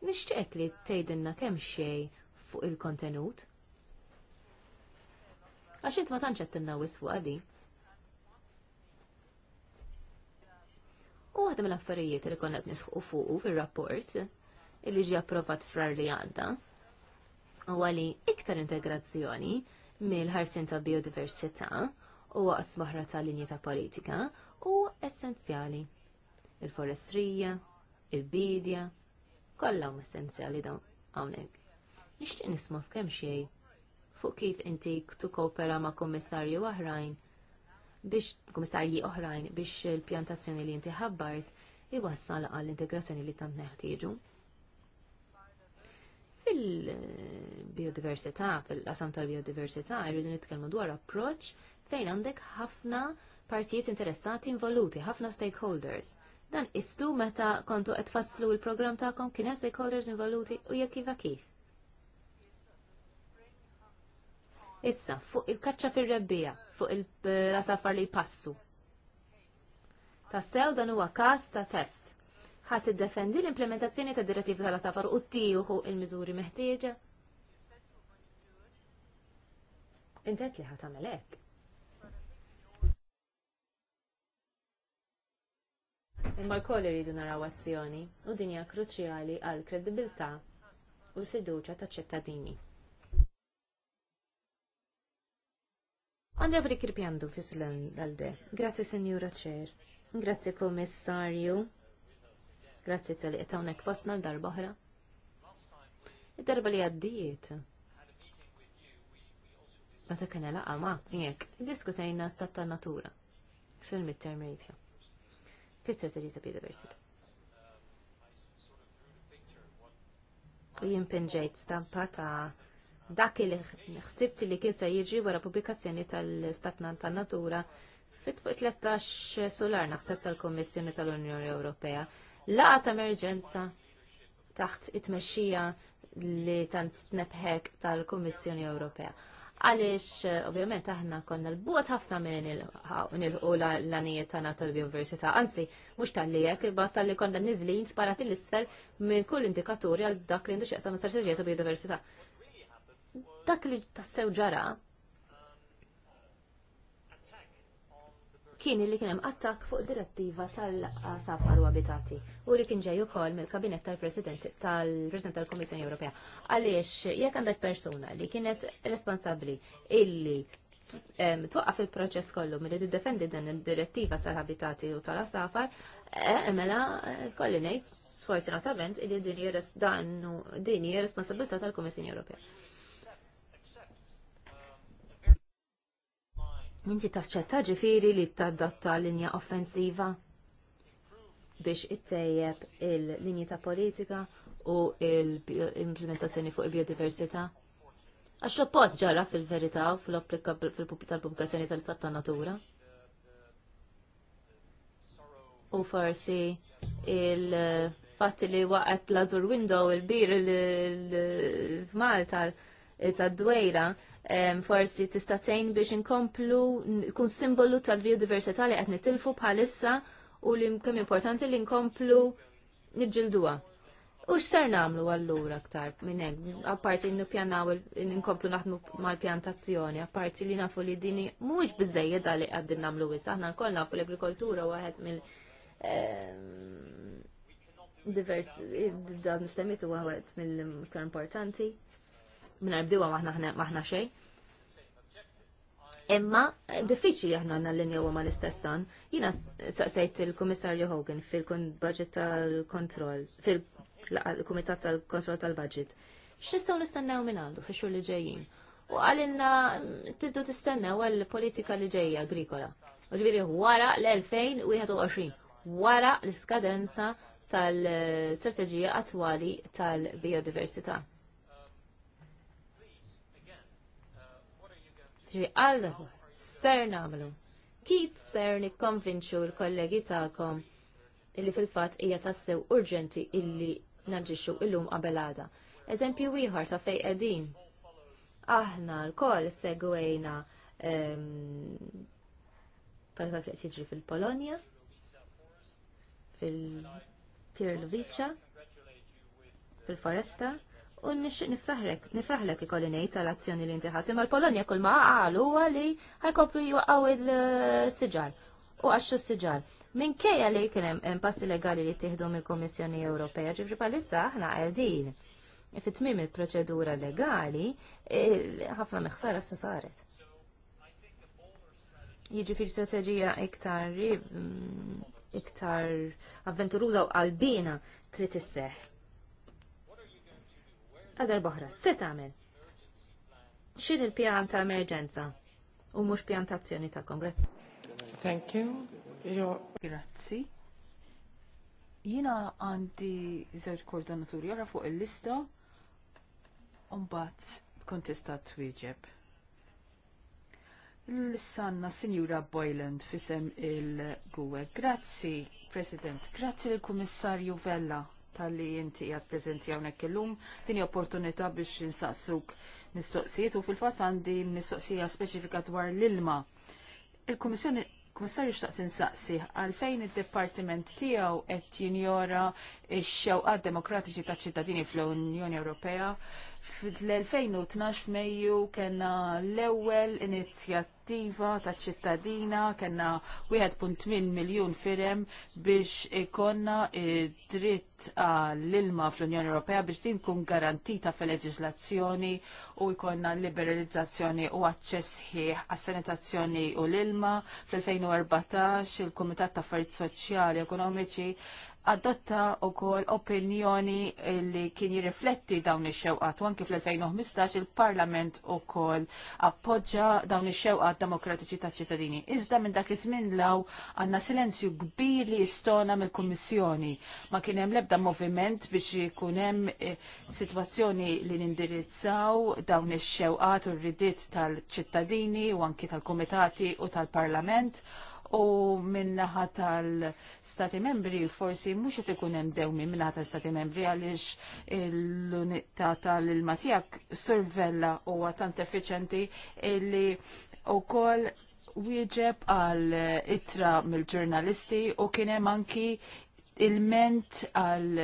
nixtieq li tgħidilna kemm xejn fuq il-kontenut għax int ma tantx qed tinnawis fuq għadi. U għadem l-affarijiet li konna nisħu fuq fil-rapport illi ġi approvat frar li għanda u għali iktar integrazzjoni mill-ħarsin ta' biodiversità u għasmaħra ta' linji ta' politika u essenzjali. Il-forestrija, il-bidja, kollha essenzjali dawn hawnhekk. Nixtieq nisma' f'kemm xejn fuq kif inti tukopera ma' kummissarju oħrajn biex kummissarji oħrajn biex il-pjantazzjoni li inti ħabbars iwassal għall integrazzjoni li tant neħtieġu. Fil-biodiversità, fil-qasam tal-biodiversità, irridu nitkellmu dwar approċċ fejn għandek ħafna partijiet interessati involuti, ħafna stakeholders. Dan istu meta kontu qed tfasslu l-programm tagħkom kien hemm stakeholders involuti u jekk iva kif kif Issa, fuq il-kaċċa fir-rebbija, fuq il rasafar li passu. Tassew dan huwa każ ta' test. Ħadd iddefendi l-implementazzjoni ta' direttiva tal rasafar u tieħu il-miżuri meħtieġa. Intet li ħat għamelek. hekk. Imma l kolli rridu naraw azzjoni u dinja kruċjali għal kredibilta u l-fiduċa ta' ċittadini. Andra Onorevoli Kirpjandu fislan dalde. Grazie, Senjura Ċer. Grazie, Komissarju. Grazie tal-li għetawnek fosna l darbohra Id-darba li għaddijiet. Ma ta' kena laqa ma, jek, diskutajna statta ta' natura. Fil-midterm review. Fil-strategija ta' biodiversita. U jimpinġejt stampa ta' dak li ħsibt li kien se jiġi wara pubblikazzjoni tal-Statnan tan-Natura fit fuq 13 solar naħseb tal-Kommissjoni tal-Unjoni Ewropea. Laqa ta' emerġenza taħt it-mexxija li tant tnebħek tal-Kommissjoni Ewropea. Għaliex, eh, ovvjament, aħna konna l-buħat ħafna minn il-ħu l-għanijiet tana tal-Università, anzi, mux tal-lijek, imma tal-li konna nizlin sparat l-isfel minn kull indikaturi għal dak li ndu xieqsa minn sarċeġieta biodiversità. biodiversità Dak li tassew ġara kien li kienem attak fuq direttiva tal-qasaf għal abitati u li kien ġej ukoll mill-kabinet tal-President tal-President tal komissjoni Ewropea. Għaliex jekk għandek persuna li kienet responsabbli illi twaqqaf il-proċess kollu milli tiddefendi dan id-direttiva tal habitati u tal asafar e, e, mela kolli ngħid sfortunatament illi din dan dini responsabilità tal komissjoni Ewropea. Inti taċċetta ġifiri li t-tadatta linja offensiva biex ittejjeb il-linji ta' politika u l-implementazzjoni fuq il-biodiversità? Għax l-oppost ġara fil-verità u fil-pubblikazzjoni tal-istat ta' natura. U forsi il-fatt li waqgħet l-Azur Window il-bir il-Malta il bir il malta tad-dwejra forsi tista' tgħin biex inkomplu kun simbolu tal-biodiversità li qed nitilfu bħalissa u li kemm importanti li nkomplu niġġilduha. U x'ser nagħmlu allura aktar minn hekk, apparti li nippjanaw inkomplu naħdmu mal-pjantazzjoni, apparti li nafu li dini mhuwiex biżejjed li qegħdin nagħmlu wisq, aħna nkoll nafu l-agrikoltura waħed mill divers eh, dan niftemitu għawet mill iktar importanti minn bdiwa maħna xejn. Imma diffiċli aħna għanna l-linja huwa mal istessan Jina Jiena il-Kummissarju Hogan fil-budget tal-kontroll, fil-Kumitat tal-Kontroll tal-Budget. Xistaw nistennew minn għandu fix li ġejjin? U għalinna tiddu tistennew għal politika li ġejja agrikola. ġviri wara l-2021, wara l-iskadenza tal-strateġija attwali tal-biodiversità. ġri għal ser namlu. Kif ser nikkonvinċu l-kollegi ta'kom illi fil-fat hija tassew urġenti illi naġġixxu illum qabelada. Eżempju ieħor ta' fej qegħdin. Aħna l-koll segwejna ehm, tal dak fil polonja fil pirlovica fil foresta fil fil fil foresta u nixtieq niftaħrek, nifraħlek ikolli ngħid tal-azzjoni li ntiħat, Imma l-Polonja kull ma qalu huwa li ħajkopru jwaqgħu il-siġar u għaxxu s-siġar. Minkejja li kien hemm passi legali li tieħdu mill-Kummissjoni Ewropea, ġifri palissa aħna qegħdin fit il-proċedura legali, ħafna meħsara s saret. Jiġi fi strategija iktar iktar avventuruza u qalbina trid isseħħ għadar boħra, se tagħmel. X'in il-pjan ta' emerġenza u mhux pjan ta' azzjoni ta' kongress. Thank you. Jo. Grazzi. Jina għandi żewġ koordinaturi oħra fuq il-lista u mbagħad kontista twieġeb. L-sanna Sinjura Boyland fisem il-Gwe. Grazzi, President. Grazzi l-Kummissarju Vella tal-li jinti għad prezenti għonek kellum, Dini opportunita biex nsaqsuk mistoqsijiet u fil-fat għandi mistoqsija speċifika dwar l-ilma. Il-Komissjoni Komissar xtaqt insaqsi, għalfejn id-Departiment tiegħu qed jinjora x-xewqat demokratiċi taċ ċittadini fl-Unjoni Ewropea fl-2012 f'Mejju kena l-ewwel inizjattiva ta' ċittadina kena 1.8 miljun firem biex ikonna dritt għall-ilma fl-Unjoni Ewropea biex din kun garantita fil-leġislazzjoni u jkollna liberalizzazzjoni u aċċess ħieħ għas-sanitazzjoni u l-ilma. Fl-2014 il-Kumitat ta' Affarijiet Soċjali Ekonomiċi adotta u kol opinjoni li kien jirrifletti dawn ix-xewqat u anki fl-2015 il-Parlament u kol appoġġa dawn ix-xewqat demokratiċi ta' ċittadini. Iżda minn dak iż-żmien law għandna silenzju kbir li jistona mill-Kummissjoni. Ma kien hemm l-ebda moviment biex jkun hemm eh, sitwazzjoni li nindirizzaw dawn ix-xewqat u rridiet tal-ċittadini u anki tal-Kumitati u tal-Parlament. tal ċittadini u anki tal kumitati u tal parlament u minnaħa tal-Stati membri forsi mhux qed ikun hemm dewmi minnaħa tal-Stati membri għaliex l-unità tal-ilma tiegħek survella huwa tant effiċenti li wkoll wieġeb għal itra mill-ġurnalisti u kien hemm anki il-ment għal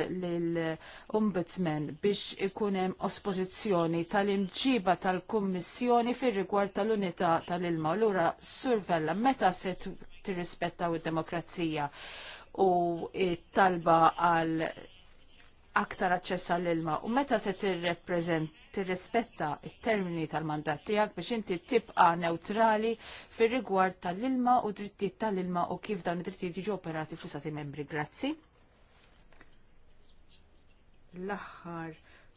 ombudsman biex ikunem ospożizzjoni tal-imġiba tal-Kummissjoni fir rigward tal-Unità tal-Ilma. Lura, survella, meta se tirrispettaw id-demokrazija u talba għal aktar aċċess għall-ilma u meta se tirrispetta il termini tal-mandat tiegħek biex inti tibqa neutrali fir-rigward tal-ilma u drittijiet tal-ilma u kif dawn id-drittijiet jiġu operati fl-istati membri. Grazzi. L-aħħar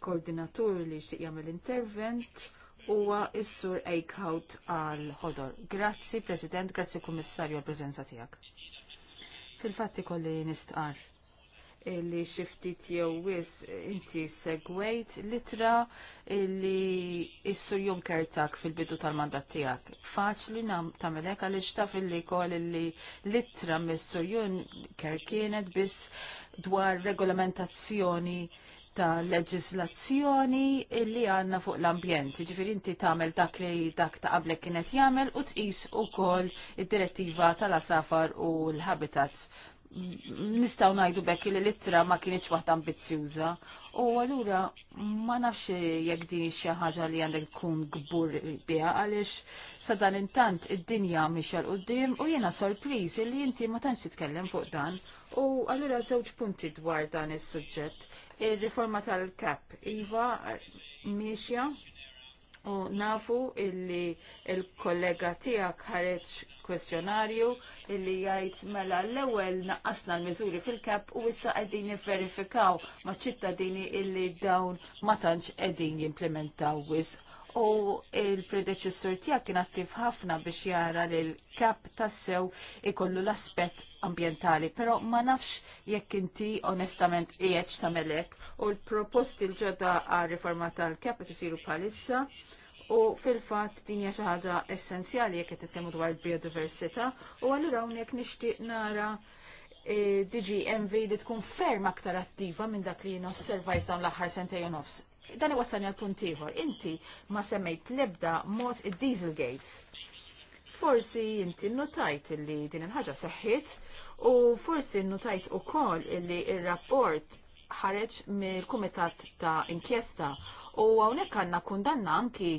koordinatur li xtiq jagħmel intervent huwa s-sur Eichhout għal ħodor. Grazzi, President, grazzi Kummissarju għal preżenza tiegħek. Fil-fatti kolli nistqar li xiftit jew wis inti segwejt litra li s-sur Juncker tak fil-bidu tal-mandat tiegħek. Faċli tagħmel hekk għaliex taf illi kol li litra mis-sur Junker kienet biss dwar regolamentazzjoni ta' leġislazzjoni li għanna fuq l-ambjent. Ġifiri inti tagħmel dak li dak ta' qablek kienet jagħmel u tqis ukoll id-direttiva tal-asafar u l-habitats. Nistaw najdu bekk li l-ittra ma kienieċ waħda ambizzjuża. U allura ma nafx jekk din xi ħaġa li għandek tkun gbur biha għaliex sa dan intant id-dinja mixel quddiem u jiena sorpriż li inti ma tantx titkellem fuq dan. U allura żewġ punti dwar dan is-suġġett il-riforma tal-kap. Iva, miexja, u nafu illi il-kollega tijak ħareċ kwestjonarju illi jgħid mela l-ewwel naqasna l-miżuri fil-kap u issa qegħdin nifverifikaw ma' ċittadini illi dawn ma tantx qegħdin jimplementaw wisq u il-predeċessur tiegħek kien attiv ħafna biex jara li l-kap tassew ikollu l-aspett ambjentali, però ma nafx jekk inti onestament qiegħed tamelek u l-proposti l-ġodda għal riforma tal-kap qed isiru bħalissa u fil-fatt din hija xi ħaġa essenzjali jekk qed nitkellmu dwar biodiversità u allura hawnhekk nixtieq nara eh, DGMV li tkun ferm aktar attiva minn dak li jinosservajt dawn l-aħħar sentejn nofs dan iwassalni għal punt ieħor. Inti ma semmejt lebda mod id-Dieselgate. Forsi inti notajt li din il-ħaġa seħħit u forsi notajt ukoll li ir-rapport ħareġ mill-Kumitat ta' Inkjesta u hawnhekk għandna kundanna anki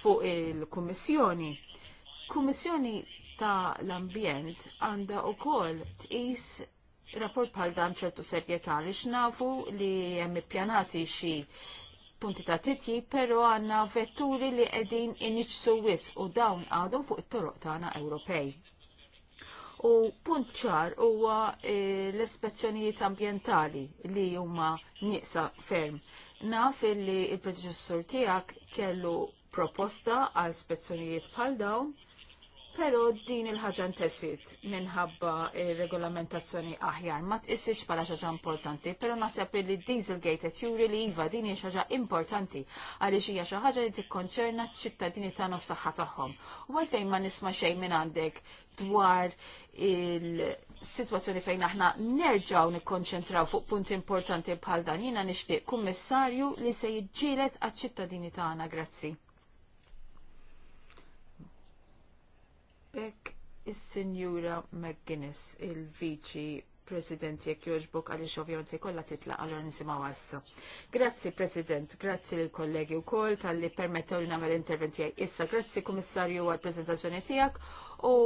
fuq il-Kummissjoni. Kummissjoni ta' l-ambjent għandha wkoll tqis rapport bħal dan ċertu serjetà li xnafu li hemm ippjanati xi punti ta' titji, pero għanna vetturi li qegħdin iniċsu wis u dawn għadhom fuq it-toroq tagħna Ewropej. U punt ċar huwa eh, l-ispezzjonijiet ambjentali li huma nieqsa ferm. Naf li il-predeċessur tiegħek kellu proposta għal spezzjonijiet bħal dawn Pero din il-ħagġa ntesit minħabba regolamentazzjoni aħjar ma tqisix bħala ħaġa importanti, pero naħseb li Dieselgate qed juri li iva din hija ħaġa importanti għaliex hija xi ħaġa li tikkonċerna ċ-ċittadini tagħna s-saħħa tagħhom. U għalfejn ma nisma' xejn minn għandek dwar il-sitwazzjoni fejn aħna nerġgħu nikkonċentraw fuq punti importanti bħal dan jiena nixtieq kummissarju li se jiġġieled għaċ-ċittadini tagħna. Grazzi. Bekk is-Sinjura McGuinness, il-Viċi President jekk jogħġbok għaliex ovvjament kollha titlaq għal nisimgħu għassa. Grazzi President, grazzi lill kollegi wkoll talli tal li nagħmel interventi għaj. Issa grazzi Kummissarju għall-preżentazzjoni tiegħek u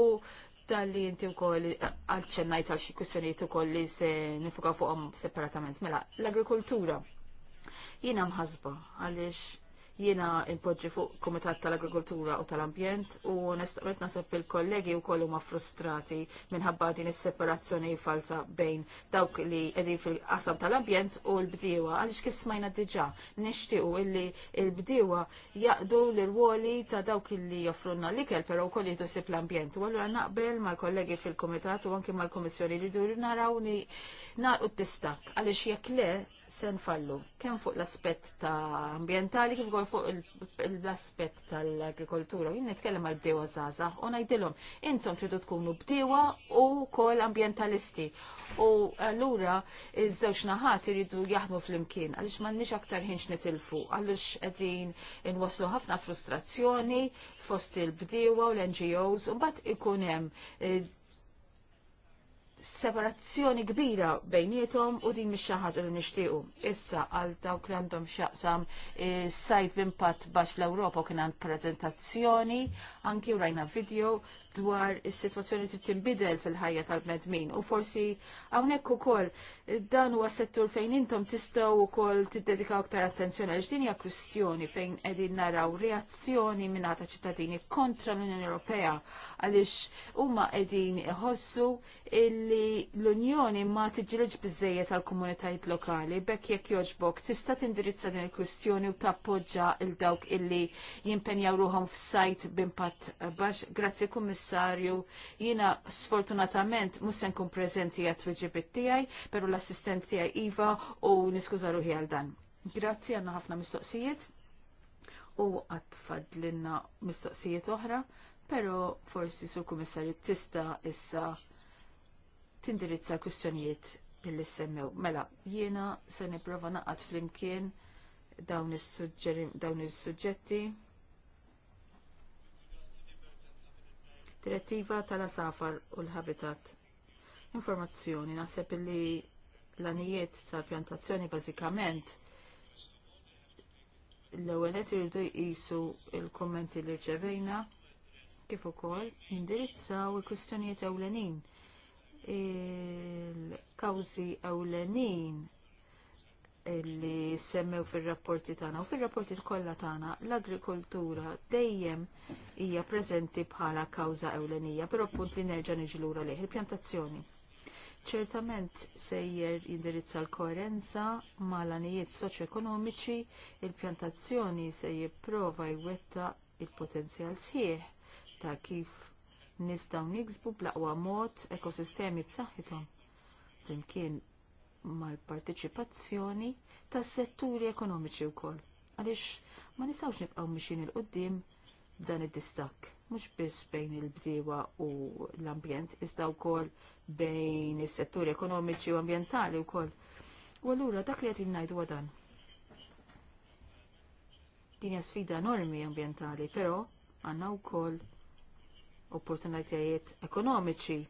tal-li inti u koll għalċennajt tal-xi kussjoni u kol li se nifuka fuqom separatament. Mela, l-agrikultura. Jina mħazba għalix Jiena impoġġi fuq Kumitat tal-Agrikoltura u tal-Ambjent u nistaqmet nasab il-kollegi u kollu ma frustrati minħabba din is-separazzjoni falsa bejn dawk li qegħdin fil-qasam tal-ambjent u l-bdiewa għaliex kismajna diġa diġà nixtiequ illi l-bdiewa jaqdu l-rwoli ta' dawk li joffrunna l-ikel però u jieħdu sib l-ambjent. U allura naqbel mal-kollegi fil-Kumitat u anke mal-Kummissjoni li jridu narawni naqqu t istak għaliex jekk le sen fallu, kem fuq l-aspet ta' ambientali, kif għol fuq l-aspet tal-agrikoltura, jinn nitkellem għal bdewa zaza, u najdilom, intom tridu tkunu bdewa u kol ambientalisti. U allura, iż-żewġ naħat iridu jaħdmu fl-imkien, għalix nix aktar ħinx nitilfu, għalix għedin inwaslu ħafna frustrazzjoni fost il-bdewa u l-NGOs, un bat ikunem separazzjoni kbira bejnietom u din mhix xi ħaġa li nixtiequ. Issa għal dawk li għandhom x'jaqsam eh, sajt b'impatt baxx fl-Ewropa kien għand prezentazzjoni, anki rajna video dwar is-sitwazzjoni li tinbidel fil-ħajja tal-bnedmin u forsi hawnhekk ukoll dan huwa settur fejn intom tistgħu wkoll tiddedikaw aktar attenzjoni għal din hija kwistjoni fejn qegħdin naraw reazzjoni mingħata ċittadini kontra l-Unjoni Ewropea għaliex huma qegħdin iħossu illi l-Unjoni ma tiġilġ biżejjed tal komunitajiet lokali bekk jekk jogħġbok tista' tindirizza din il-kwistjoni u tappoġġa il dawk illi jimpenjaw ruhom f'sajt b'impatt baxx. Grazzi kummiss Kummissarju. Jiena sfortunatament mhux se nkun preżenti għat tweġibit tiegħi, però l-assistent tiegħi Iva u niskuża ruħi għal dan. Grazzi għandna ħafna mistoqsijiet u għatfadlinna mistoqsijiet oħra, pero forsi sur kummissarju tista issa tindirizza l-kustjonijiet billi semmew. Mela, jiena se nipprova naqgħad flimkien dawn is-suġġetti direttiva tal-asafar u l-habitat. Informazzjoni, naħseb li l-anijiet tal-pjantazzjoni bażikament l-ewenet irridu jqisu l kummenti li rċevejna kif ukoll indirizzaw il-kwistjonijiet ewlenin il-kawżi ewlenin li semmew fil-rapporti tagħna u fil-rapporti kollha tagħna l-agrikoltura dejjem hija preżenti bħala kawża ewlenija, però punt li nerġa' niġi lura leh il-pjantazzjoni. Ċertament sejjer jindirizza l-koerenza mal-anijiet soċjoekonomiċi, il-pjantazzjoni se jipprova jwetta il-potenzjal sħiħ ta' kif nistgħu niksbu bl-aqwa mod ekosistemi b'saħħithom. Flimkien mal-partiċipazzjoni tas setturi ekonomiċi wkoll. Għaliex ma nistgħux nibqgħu mixin il qudiem dan id-distakk, mhux biss bejn il-bdiewa u l-ambjent, iżda wkoll bejn is-setturi ekonomiċi u ambjentali wkoll. U allura dak li qed ngħidu dan. Din hija sfida enormi ambjentali, però għandna wkoll opportunitajiet ekonomiċi.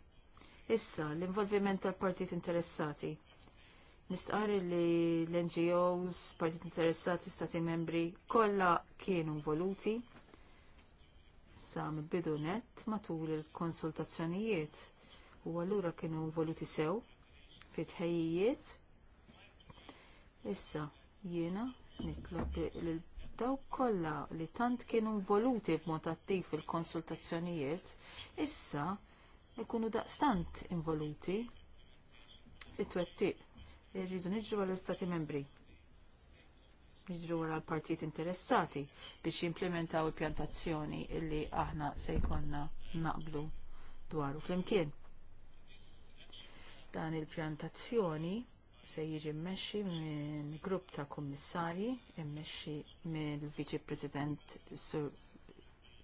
Issa, l-involviment tal-partit interessati Nistqari li l-NGOs, partit interessati, stati membri, kollha kienu voluti. sa bidu net matul il-konsultazzjonijiet u allura kienu involuti sew fit Issa jiena nitlob lil daw kollha li tant kienu involuti b'mod attiv fil-konsultazzjonijiet, issa ikunu daqstant involuti fit-twettiq irridu niġru għall-Istati membri. Niġru għal partijiet interessati biex jimplementaw il-pjantazzjoni illi aħna se jkollna naqblu dwaru flimkien. Dan il-pjantazzjoni se jiġi mmexxi minn grupp ta' kummissarji, immexxi mill viċi President Sur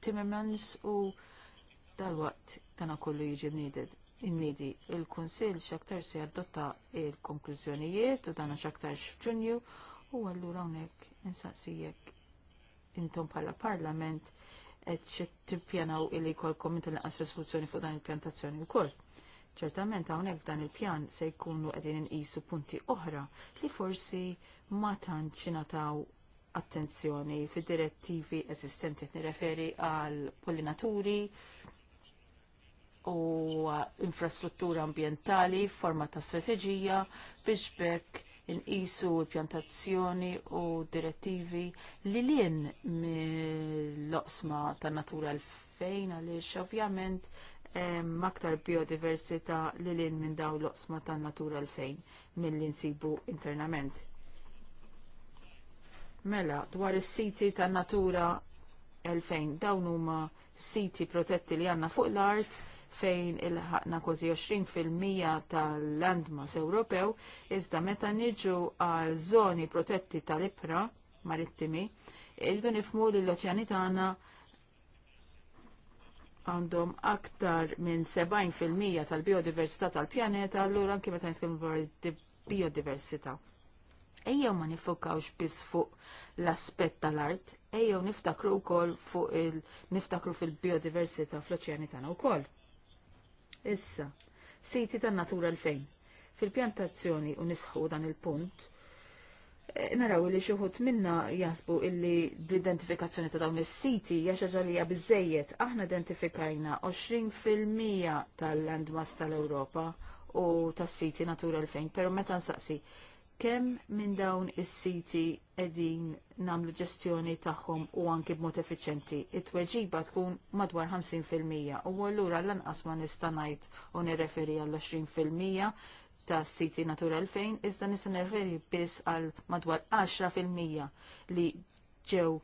Timmermans u dalwaqt dan kollu jiġi mnieded Innidi, il-Kunsil xaktar se jadotta il-konklużjonijiet u dana xaktar x'Ġunju u għallura hawnhekk insaqsijek intom bħala parlament qed tippjanaw li jkollkom inti naqas risoluzzjoni fuq dan il-pjantazzjoni wkoll. Ċertament hawnhekk dan il-pjan se jkunu qegħdin inqisu punti oħra li forsi ma tantx ingħataw attenzjoni fid-direttivi eżistenti nirreferi għal pollinaturi, u infrastruttura ambjentali forma ta' strateġija biex bekk inqisu isu pjantazzjoni u direttivi li lien mill-loqsma ta' natura l-fejn għaliex ovvjament aktar biodiversità li lien minn daw l-oqsma ta' natura l-fejn mill-li nsibu internament. Mela, dwar is-siti ta' natura l-fejn, dawn huma siti protetti li għandna fuq l-art fejn il-ħakna kważi 20% tal-landmass Ewropew, iżda meta niġu għal żoni protetti tal-ibra marittimi, irridu nifmu li l-oċjani tagħna għandhom aktar minn 70% tal-biodiversità tal-pjaneta, allura anke meta nitkellmu dwar biodiversità. Ejjew ma nifukawx biss fuq l-aspett tal-art, ejjew niftakru wkoll fuq il niftakru fil-biodiversità fl-oċjani wkoll. Issa, siti tan natura l-fejn. Fil-pjantazzjoni u nisħu dan il-punt, eh, naraw li xuħut minna jasbu illi bl-identifikazzjoni ta' dawn is-siti jaxaġa li jabizzejiet aħna identifikajna 20% tal-landmass tal-Ewropa u tas-siti natura l-fejn, pero meta nsaqsi kemm minn dawn is-siti qegħdin nagħmlu ġestjoni tagħhom u anki b'mod effiċjenti. It-tweġiba tkun madwar 50% u allura lanqas ma nista' ngħid u nirreferi għal 20% ta' siti Natura 2000 iżda nista' nirreferi biss għal madwar 10% li ġew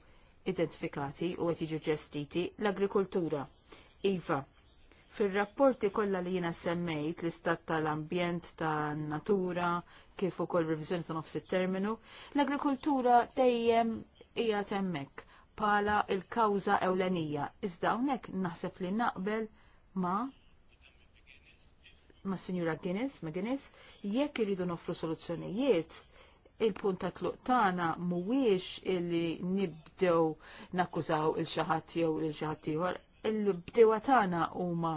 identifikati u qed jiġu ġestiti l-agrikoltura. Iva, Fil-rapporti kollha li jiena semmejt l-istat tal-ambjent tan-natura kif ukoll revizjoni ta' nofs terminu l-agrikoltura dejjem hija temmek bħala il-kawża ewlenija. Iżda hawnhekk naħseb li naqbel ma' ma' Sinjura Guinness, ma' Guinness, jekk irridu nofru soluzzjonijiet, il-punt ta' tluq tagħna mhuwiex illi nibdew nakkużaw il xi ħadd jew il xi ħadd ieħor il-bdewa tagħna huma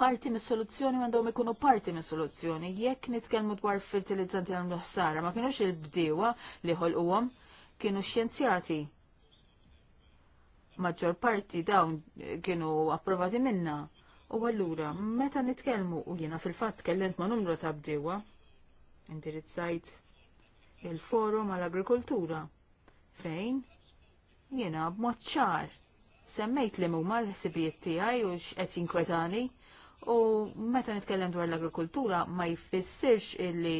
parti mis soluzzjoni għandhom ikunu parti mis soluzzjoni jekk nitkellmu dwar fertilizzanti għandhom ħsara ma kienux il-bdewa li ħolquhom kienu xjenzjati maġġor parti dawn kienu approvati minna u allura meta nitkellmu u jiena fil-fatt kellent ma' numru ta' bdewa indirizzajt il-forum għall agrikoltura fejn jiena b'mod ċar Semmejt li huma l-ħsibijiet tiegħi u x'qed jinkwetani u meta nitkellem dwar l-agrikoltura ma jfissirx illi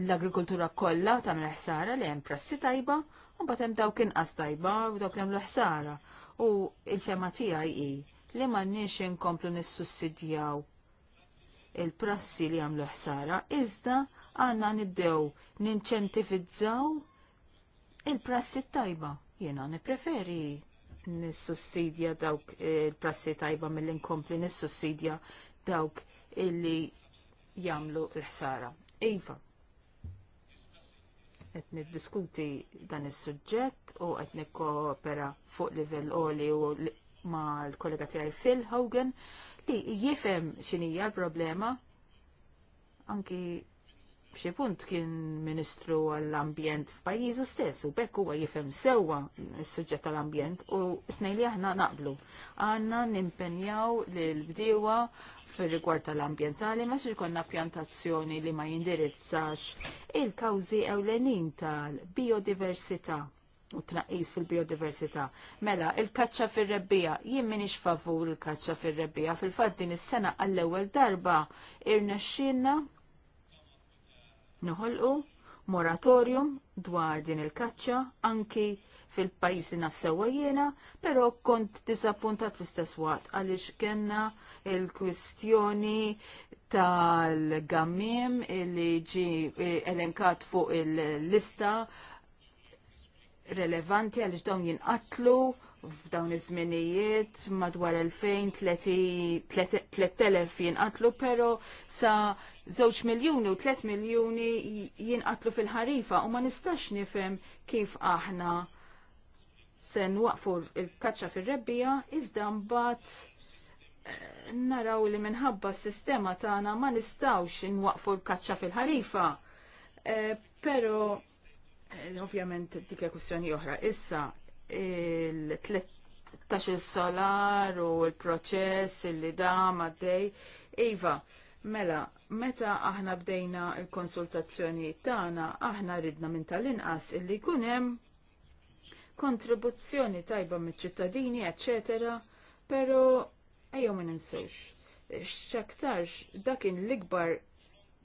l-agrikoltura kollha tagħmel ħsara li hemm prassi tajba u mbagħad hemm dawk inqas tajba u dawk li ħsara. U l-fema tiegħi hi li m'għandniex inkomplu nissussidjaw il-prassi li għamlu ħsara, iżda għanna nibdew ninċentifizzaw il-prassi tajba. Jena nipreferi nissussidja dawk eh, il-prassi tajba mill-inkompli nissussidja dawk illi jamlu l-ħsara. Iva, qed niddiskuti dan is-suġġett u qed nikkoopera fuq livell oli u ma' l-kollega tiegħi Phil Hogan li jifhem x'inija l-problema anki b'xi punt kien ministru għall-ambjent f'pajjiżu stess u bekk huwa jifhem sewwa s-suġġett tal-ambjent u tnejn li aħna naqblu. Għandna nimpenjaw lil bdiewa fir-rigward tal-ambjentali ma konna pjantazzjoni li ma jindirizzax il-kawżi ewlenin tal-biodiversità u tnaqqis fil-biodiversità. Mela, il-kaċċa fil-rebbija, jien minix favur il-kaċċa fil-rebbija, fil-fatt din is-sena għall-ewwel darba irnexxielna noħolqu moratorium dwar din il-kaċċa anki fil-pajjiżi nafsewwa jiena, però kont disappuntat fl-istess waqt għaliex kellna il-kwistjoni tal-gammim li ġi eh, elenkat fuq il-lista relevanti għaliex dawn jinqatlu f'dawn iż-żminijiet madwar 2000-3000 jinqatlu, pero sa 2 miljuni u 3 miljuni jinqatlu fil-ħarifa u ma nistax nifhem kif aħna se nwaqfu il-kaċċa fir-rebbija iżda mbagħad eh, naraw li minħabba s-sistema tagħna ma nistgħux nwaqfu l-kaċċa fil-ħarifa. Eh, pero eh, ovvjament dik kwistjoni oħra. Issa il-13 solar u l-proċess il li da maddej. Iva, mela, meta aħna bdejna il-konsultazzjoni tagħna, aħna ridna minn tal-inqas il jkun hemm kontribuzzjoni tajba mit-ċittadini, eccetera, pero ejjew minn ninsewx xaktarx dakin l-ikbar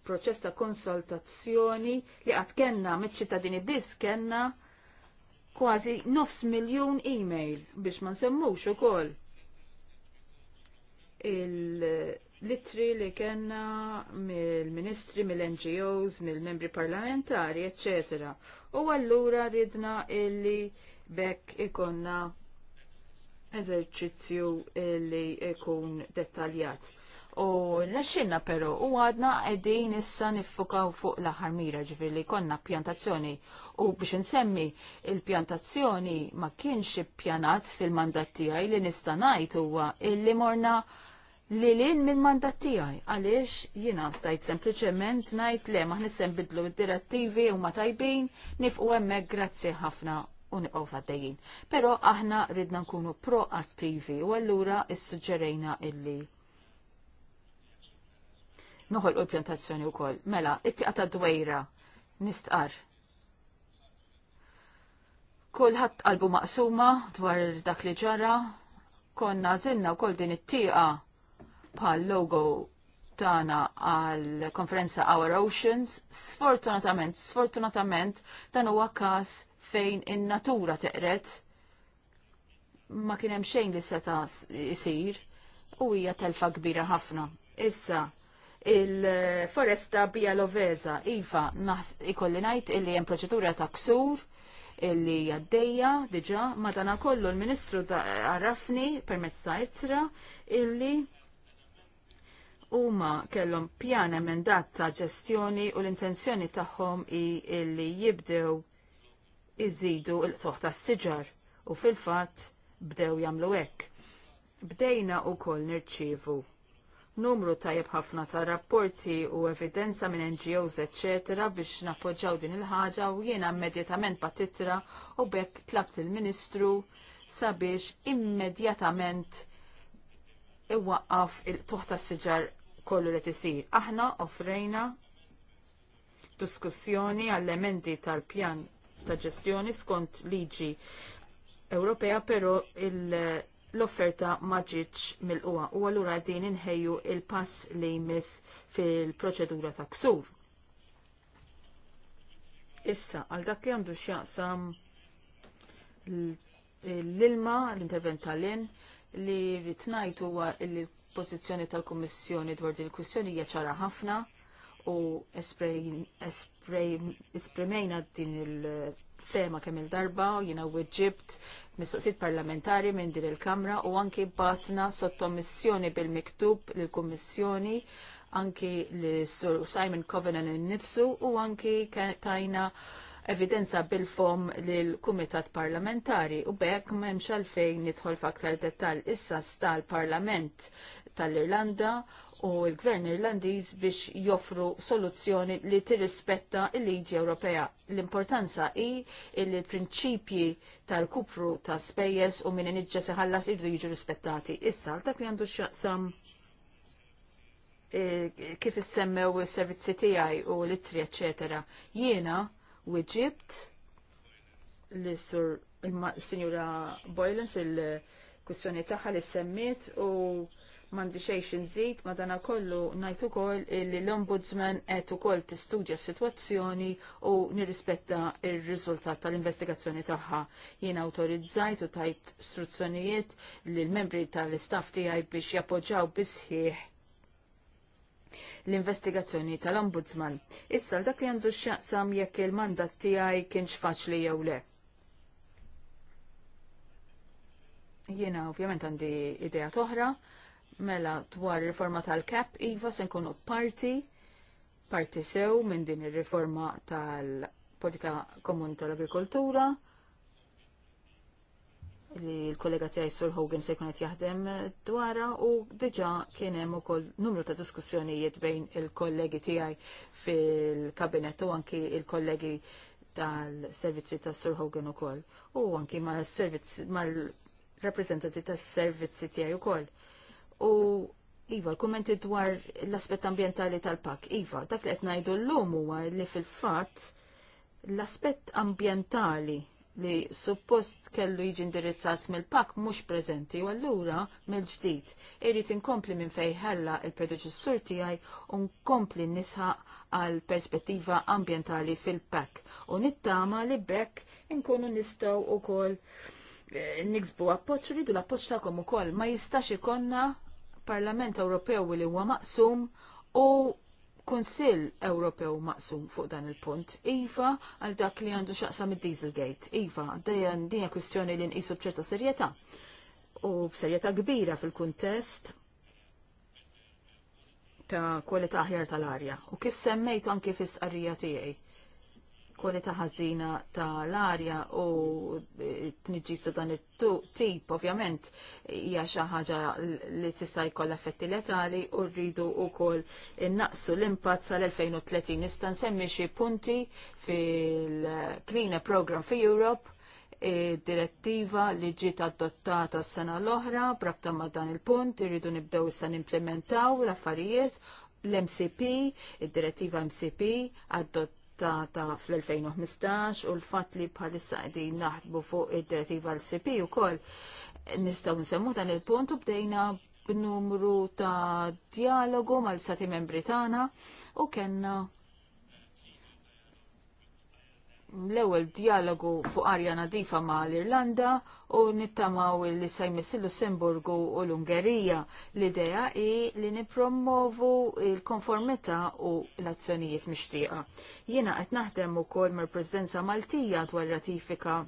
proċess ta' konsultazzjoni li għat kenna mit ċittadini biss kenna kważi nofs miljon email biex ma nsemmux ukoll il-litri li kena mill-ministri, mill-NGOs, mill-membri parlamentari, ecc. U allura ridna illi bekk ikonna eżerċizzju li ikun dettaljat. U naxxinna pero u għadna għedin issa niffukaw fuq l-aħħar mira ġifir li konna pjantazzjoni u biex nsemmi il-pjantazzjoni ma kienx pjanat fil-mandat tiegħi li nista' ngħid huwa illi morna li lin minn mandat tiegħi għaliex jiena stajt sempliċement ngħid le ma nisem bidlu d-direttivi u ma tajbin nifqu hemmhekk grazzi ħafna u nibqgħu għaddejjin. Però aħna ridna nkunu proattivi u allura issuġġerejna illi noħolqu l-pjantazzjoni wkoll. Mela, it-tieqa ta' dwejra nistqar. Kulħadd qalbu maqsuma dwar dak li ġara, konna u wkoll din it-tieqa bħal logo tana għal konferenza Our Oceans, sfortunatament, sfortunatament, dan huwa każ fejn in-natura teqret ma kien hemm xejn li seta isir, u hija telfa kbira ħafna. Issa il-foresta bija loveza. Iva, ikolli najt illi jem proċedura ta' ksur illi jaddeja, diġa madana kollu l-ministru għarrafni permezz ta' itra illi huma kellhom pjan emendat ta' ġestjoni u l-intenzjoni tagħhom i illi jibdew iżidu l-toħ tas-siġar u fil-fatt bdew jagħmlu hekk. Bdejna wkoll nirċievu numru tajjeb ħafna ta' rapporti u evidenza minn NGOs, etc. biex nappoġġaw din il-ħaġa u jiena immedjatament patitra u bekk tlabt il-Ministru sabiex immedjatament iwaqqaf il-toħta s-siġar kollu li tisir. Aħna offrejna diskussjoni għall emendi tal-pjan ta' ġestjoni skont liġi Ewropea, pero il- l-offerta ma ġietx mill-qwa u allura din inħejju il-pass li jmiss fil-proċedura ta' ksur. Issa, għal dak li għandu xjaqsam l-ilma, l-intervent tal-in, li ritnajtu huwa l-pozizjoni tal-Kummissjoni dwar din il-kwistjoni hija ċara ħafna u esprimejna din il- fema kemm il-darba, u jiena weġġibt mistoqsijiet parlamentari minn din il-Kamra u anki batna sottomissjoni bil-miktub lill-Kummissjoni anki li Sir Simon Covenant innifsu u anki tajna evidenza bil-fom lill-Kumitat Parlamentari u bekk m'hemmx għalfejn nidħol f'aktar dettall issa sta l-Parlament tal-Irlanda u l-Gvern Irlandiż biex joffru soluzzjoni li tirrispetta l-liġi Ewropea. L-importanza hi li l-prinċipji tal-kupru ta' spejjeż u minn inġġa seħallas irdu jiġu rispettati. Issa, dak li għandu x'jaqsam eh, kif issemmew is-servizzi tiegħi u l-ittri, eċetera. Jiena wieġibt li sur il-Sinjura Boylens il-kwistjoni tagħha li semmiet u mandi xejx inżid, ma dana kollu najt ukoll li l-Ombudsman qed ukoll tistudja s-sitwazzjoni u nirrispetta ir-riżultat tal-investigazzjoni tagħha. Jien awtorizzajt u tajt struzzjonijiet lil membri tal-istaff tiegħi biex jappoġġjaw bisħieħ l-investigazzjoni tal-Ombudsman. Issa dak li għandu x'jaqsam jekk il-mandat tiegħi kienx faċli jew le. Jiena ovvjament għandi idea toħra Mela dwar riforma tal-CAP, Iva se nkunu parti, parti sew minn din ir-riforma tal-Politika Komuni tal-Agrikoltura li l-kollega tiegħi Sur Hogan se jkun qed jaħdem dwarha u diġà kien hemm ukoll numru ta' diskussjonijiet bejn il-kollegi tiegħi fil-kabinet u anki il-kollegi tal-servizzi ta' Sur Hogan ukoll u anki mal servizzi mal-rappreżentanti tas-servizzi tiegħi ukoll u Iva, l-kommenti dwar l-aspet ambientali tal-pak. Iva, dak li għetnajdu l-lum huwa li fil-fat l-aspet ambientali li suppost kellu jiġi indirizzat mill-pak mhux preżenti u allura mill-ġdid. Irrid inkompli minn fejn ħella il-predeċessur tiegħi u nkompli nisħaq għal perspettiva ambientali fil-pak u nittama li bekk inkunu nistgħu ukoll eh, niksbu appoġġ rridu l-appoġġ tagħkom ukoll ma jistax ikonna Parlament Ewropew li huwa maqsum u Kunsill Ewropew maqsum fuq dan il-punt. Iva għal dak li għandu xaqsa mid dieselgate Iva, dejjem dinja kwistjoni li nqisu b'ċerta serjetà u b'serjetà kbira fil-kuntest ta' kwalità aħjar tal-arja. U kif semmejtu anki fis-qarrija tiegħi kwalità ħażina tal-arja u t-nġis ta' dan it-tip ovvjament hija xi ħaġa li tista' jkollha effetti letali u rridu wkoll innaqsu l-impatt sal-2030. Nista' nsemmi xi punti fil-Clean Program for Europe direttiva li ġiet adottata s-sena l-oħra, brabta ma dan il-punt, irridu nibdew issa nimplementaw l-affarijiet l-MCP, id-direttiva MCP, adottata ta' fl-2015 u l-fat li bħalissa qegħdin naħdbu fuq id-direttiva l-CP ukoll nistgħu nsemmu dan il-punt u bdejna b'numru ta' dialogu mal sati Membri tagħna u kellna l-ewwel dialogu fuq arja nadifa ma' l-Irlanda u nittamaw li sajmis il-Lussemburgu u l-Ungerija. L-idea hi li nipromovu il-konformità u l-azzjonijiet mixtieqa. Jiena qed naħdem ukoll mal-Presidenza Maltija dwar ratifika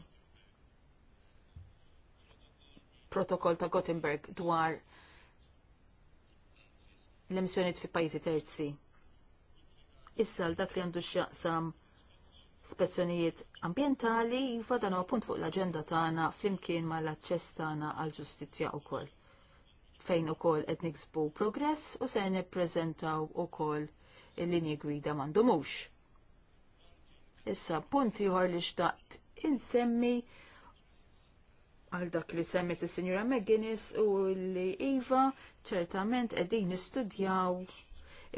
protokoll ta' Gothenburg dwar l-emissjoniet fi pajjiżi terzi. Issa l dak li għandu x'jaqsam spezzjonijiet ambientali jiva dan huwa punt fuq l-aġenda tagħna flimkien mal aċċess tagħna għal ġustizzja wkoll. Fejn ukoll qed niksbu progress u se nippreżentaw ukoll il-linji gwida m'għandhomux. Issa punt ieħor li xtaqt insemmi għal dak li semmet is-Sinjura McGuinness u li Iva ċertament qegħdin nistudjaw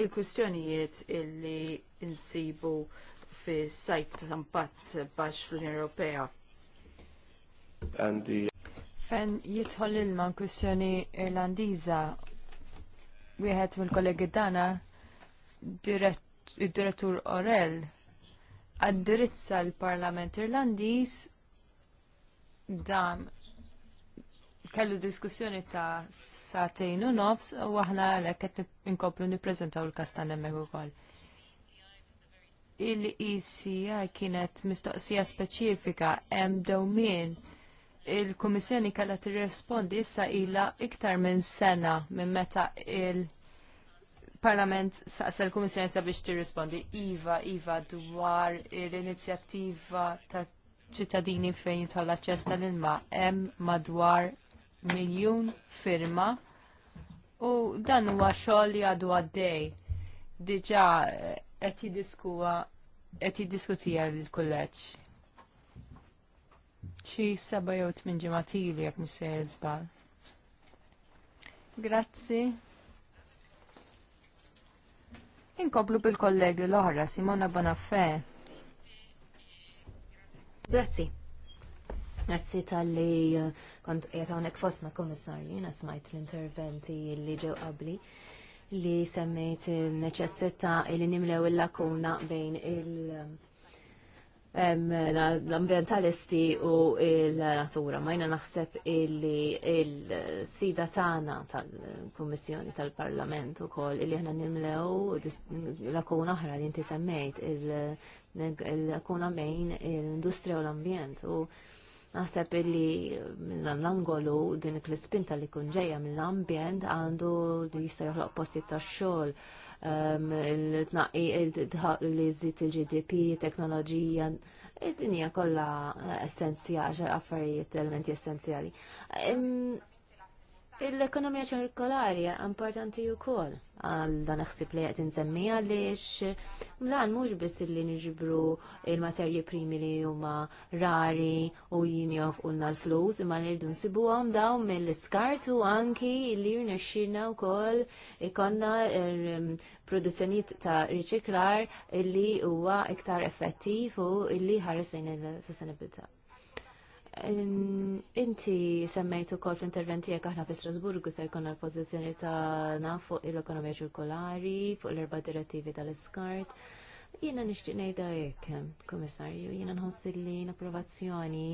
il-kwistjonijiet illi insibu fi sajt tampat impatt baxx fl-Unjoni Ewropea. Fen jitħol ilma kwistjoni Irlandiża wieħed mill-kollegi tagħna id-direttur Orel addirizza l-Parlament Irlandiż dan kellu diskussjoni ta' satejn u nofs u aħna għalhekk qed inkomplu nippreżentaw il-kastan hemmhekk ukoll il-ECI kienet mistoqsija speċifika hemm dewmien il-Kummissjoni kellha tirrispondi issa ilha iktar minn sena minn meta il- Parlament saqsa l-Kummissjoni sabiex tirrispondi iva, iva dwar l-inizjattiva ta' ċittadini fejn jitħol aċċess tal-ilma hemm madwar miljun firma u dan huwa xogħol li għadu għaddej. Diġà qed jiddiskuha qed jiddiskutija l-kulleġġ. Xi seba' jew tmien ġimgħat ilu jekk mhux se Grazzi. Inkoblu bil-kollegi l-oħra Simona Bonafè. Grazzi. Grazzi tal-li uh, kont jgħet għonek fosna komissarju, nasmajt smajt l-interventi li ġew qabli li semmejt il-neċessità li nimlew il-lakuna bejn l-ambientalisti u l-natura. Majna naħseb illi il-sfida tagħna tal-Kummissjoni tal-Parlament ukoll illi ħna nimlew lakuna oħra li inti semmejt il-lakuna bejn l-industrija u l-ambjent. U Naħseb illi l angolu din l-ispinta li kun ġejja mill-ambjent għandu li jista' joħloq posti ta' xogħol ehm, il li żid il-GDP, teknoloġija, id-dinja kollha essenzjali, affarijiet elementi essenzjali. Ehm, Il-ekonomija ċirkolari importanti u kol għal dan ħsib li għet nsemmi għalix mlan mux biss li nġibru il-materji primi li huma rari u jinjof unna l-flus imma li rridu nsibu għom daw mill-skart u anki li jirnexxina u kol ikonna produzzjoniet ta' riċiklar li huwa iktar effettiv u li ħaresin il-sostenibilità. Inti semmejt ukoll fl-interventi jek aħna fi Strasburgu se jkun l-pożizzjoni tagħna fuq l-ekonomija ċirkolari, fuq l-erba' direttivi tal-iskart. Jiena nixtieq ngħidha hekk, Kummissarju, jiena nħossi li l-approvazzjoni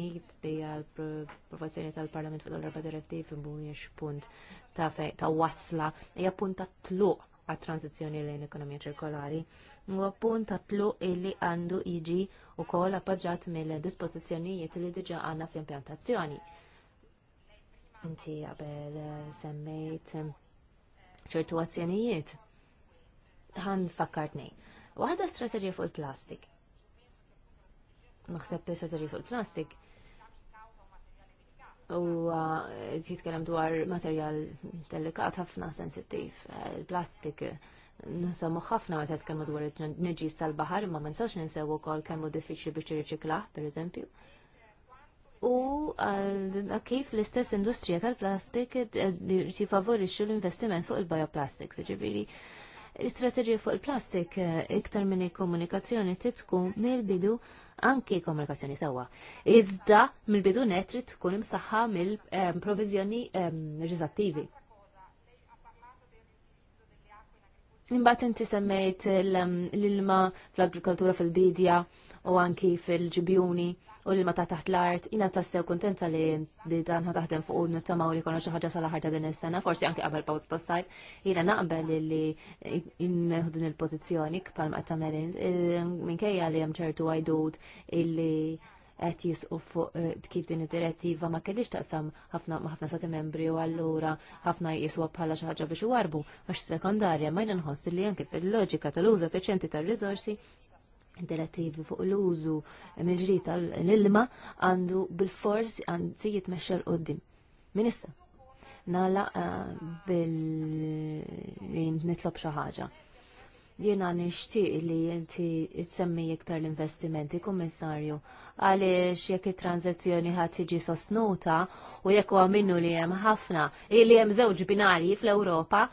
l-approvazzjoni tal-Parlament fuq l-erba' direttivi mhuwiex punt ta' ta' wasla, hija punt ta' tluq għat tranzizjoni lejn ekonomija ċirkolari. U appunt tatlu illi għandu jiġi u kol appoġġat mill-dispozizjonijiet li diġa għanna fl-impjantazzjoni. Inti għabel semmejt ċertu għazzjonijiet. Għan fakkartni. Waħda strategija fuq il-plastik. Naħseb strategija fuq il-plastik u jitkellem dwar materjal delikat ħafna sensittiv, il-plastik nsemmu ħafna meta tkellmu dwar it neġis tal-baħar, ma ma nistax ninsew ukoll kemm hu diffiċli biex per pereżempju. U eh, kif l-istess industrija tal-plastik jifavorixxu eh, l-investiment fuq il bioplastik ġifieri l-istrateġija fuq il-plastik eh, iktar minn komunikazzjoni titku mill-bidu anki komunikazzjoni sewa. Iżda mill-bidu netri tkun imsaħħa mill provizjoni leġislattivi. Imbagħad inti semmejt l-ilma fl-agrikoltura fil-bidja. fil bidja u anki fil-ġibjuni u l mata ta' taħt l-art, jina tassew kontenta li li dan ħa taħdem fuq t-tama u li konna xaħġa sal-ħar ta' din is-sena, forsi anki qabel pawz ta' sajb, jina naqbel li innħudun il-pozizjoni kpalm ta' merin, minkejja li hemm ċertu għajdud illi qed jisqu fuq eh, kif din id-direttiva ma kellix taqsam ħafna ma' ħafna stati membri u allura ħafna jiswa bħala xi ħaġa biex iwarbu għax sekondarja ma jnanħoss li anke fil-loġika tal-użu effiċjenti tar-riżorsi direttivi fuq l-użu eh, mill ġri tal-ilma għandu bil-fors għandu jitmexxa l-qoddim. Minissa, issa? Nala eh, bil nitlob xi ħaġa. Jiena nixtieq li inti tsemmi iktar l-investimenti, kummissarju, għaliex jekk it-tranzazzjoni ħadd tiġi sosnuta u jekk huwa minnu li hemm ħafna li hemm żewġ binarji fl-Ewropa,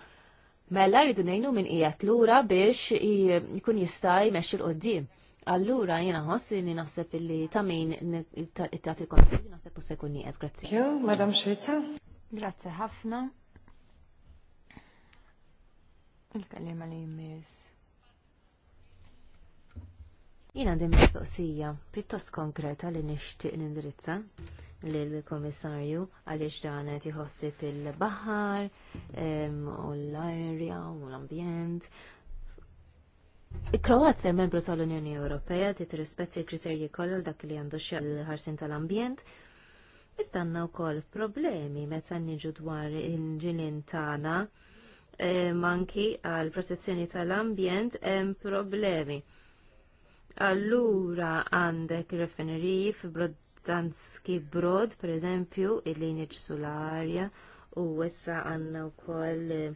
mella rridu ngħinu minn l lura biex jkun jista' jmexxi l-qoddim. Allura jena għossi li naħseb li tamin it-tati kontra li naħseb u sekunni għaz, grazzi. Jo, Madam Xvita. Grazzi ħafna. Il-kallima li jimmis. Jena għandim mistoqsija pittost konkreta li nixtieq nindirizza lill-komissarju għaliex dan qed iħossib il-baħar ehm, u l-arja u l-ambjent Il-Kroazja membru tal-Unjoni Ewropea ti tirrispetti l-kriterji kollha dak li għandu l-ħarsin tal-ambjent. Istanna wkoll problemi meta niġu dwar il-ġilin tagħna e, manki għal protezzjoni tal-ambjent hemm problemi. Allura għandek refineriji f'Brodanski Brod, per eżempju, il-li solarja u wessa għandna wkoll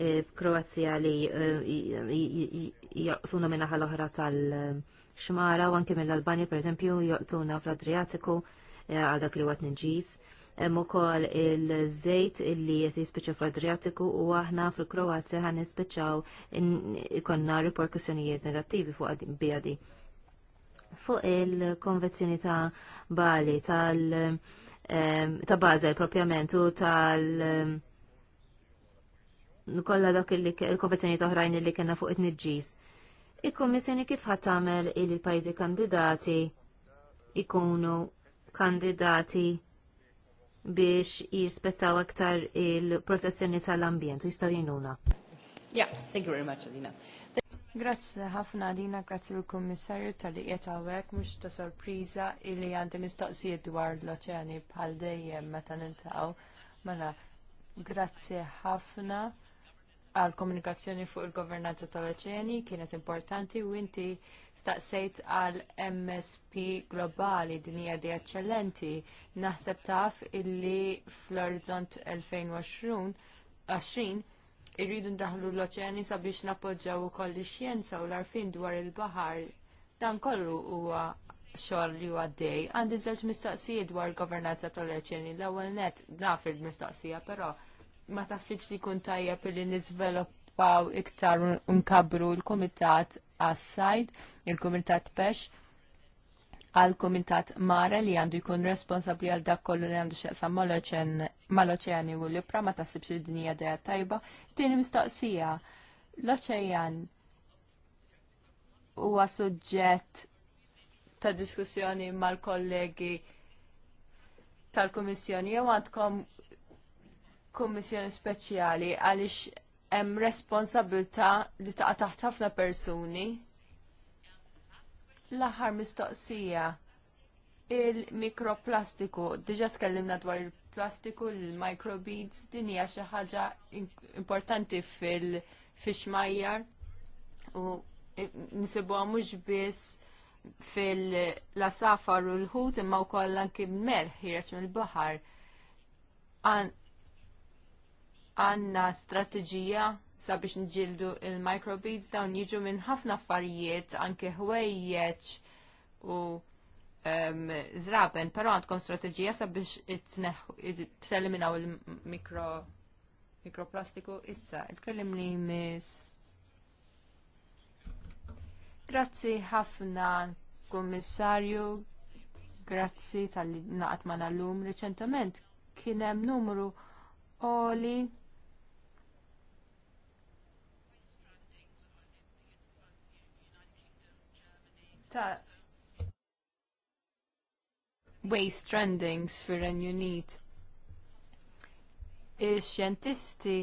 f'Kroazja li eh, jaqsuna minna l oħra tal-xmara u anke mill-Albania per eżempju joqtuna fl-Adriatiku eh, għal dak li għat nġis. Hemm ukoll il-żejt illi qed jispiċċa fl-Adriatiku u aħna fil-Kroazja għan nispiċċaw ikonna riperkussjonijiet negattivi fuq bijadi. Fuq il-konvenzjoni ta' Bali tal- eh, ta' Bazel propjament u tal- kollha dak il-konvenzjoni oħrajn li kena fuq it-nġis. il komissjoni kif ħat tagħmel il pajjiżi kandidati ikunu kandidati biex jispettaw aktar il-protezzjoni tal-ambjent u jistgħu jinuna. Yeah, thank you very much, Adina. Grazzi ħafna Adina, grazzi il kummissarju tal-li qiegħed hawnhekk mhux ta' sorpriża li għandi mistoqsijiet dwar l-oċeani bħal dejjem meta nintaqgħu. Mela, grazzi ħafna għal komunikazzjoni fuq il-governanza tal-oċeani kienet importanti u inti staqsejt għal MSP globali din hija di eccellenti. Naħseb taf illi fl-orizzont 2020 irridu ndaħlu l-oċeani sabiex napoġġaw ukoll ix-xjenza u l-arfin dwar il-baħar. Dan kollu huwa xogħol li huwa dej. Għandi żewġ mistoqsijiet dwar governanza tal-oċeani. L-ewwel net naf il-mistoqsija, però ma taħsibx li kun tajjeb li nizveloppaw iktar unkabru l-Komitat għas-sajd, il-Komitat Pesh, għal-Komitat Mare li għandu jkun responsabli għal dak kollu li għandu xaqsam mal-oċeani u l-Ipra ma taħsibx li dinja dajja tajba. Tini mistoqsija, l oċejan huwa suġġett ta' diskussjoni mal-kollegi tal-Komissjoni jew għandkom kummissjoni speċjali għaliex hemm responsabilità li taqa' taħt ħafna persuni. L-aħħar mistoqsija il-mikroplastiku, diġa tkellimna dwar il-plastiku, il-microbeads, din hija xi ħaġa importanti fil-fixmajjar u nisibuha mhux biss fil-lasafar u l-ħut imma wkoll anki melħ ħieġ mill-baħar għanna strateġija sabiex nġildu il-microbeads dawn jiġu minn ħafna affarijiet anke ħwejjeċ u um, zraben, pero għandkom strateġija sabiex it-eliminaw il-mikro mikroplastiku issa, il-kellim li Grazzi ħafna, kummissarju, grazzi tal naqat ma' l-lum reċentament kienem numru oli ta' waste trendings fir-Renju Unit. Ix-xjentisti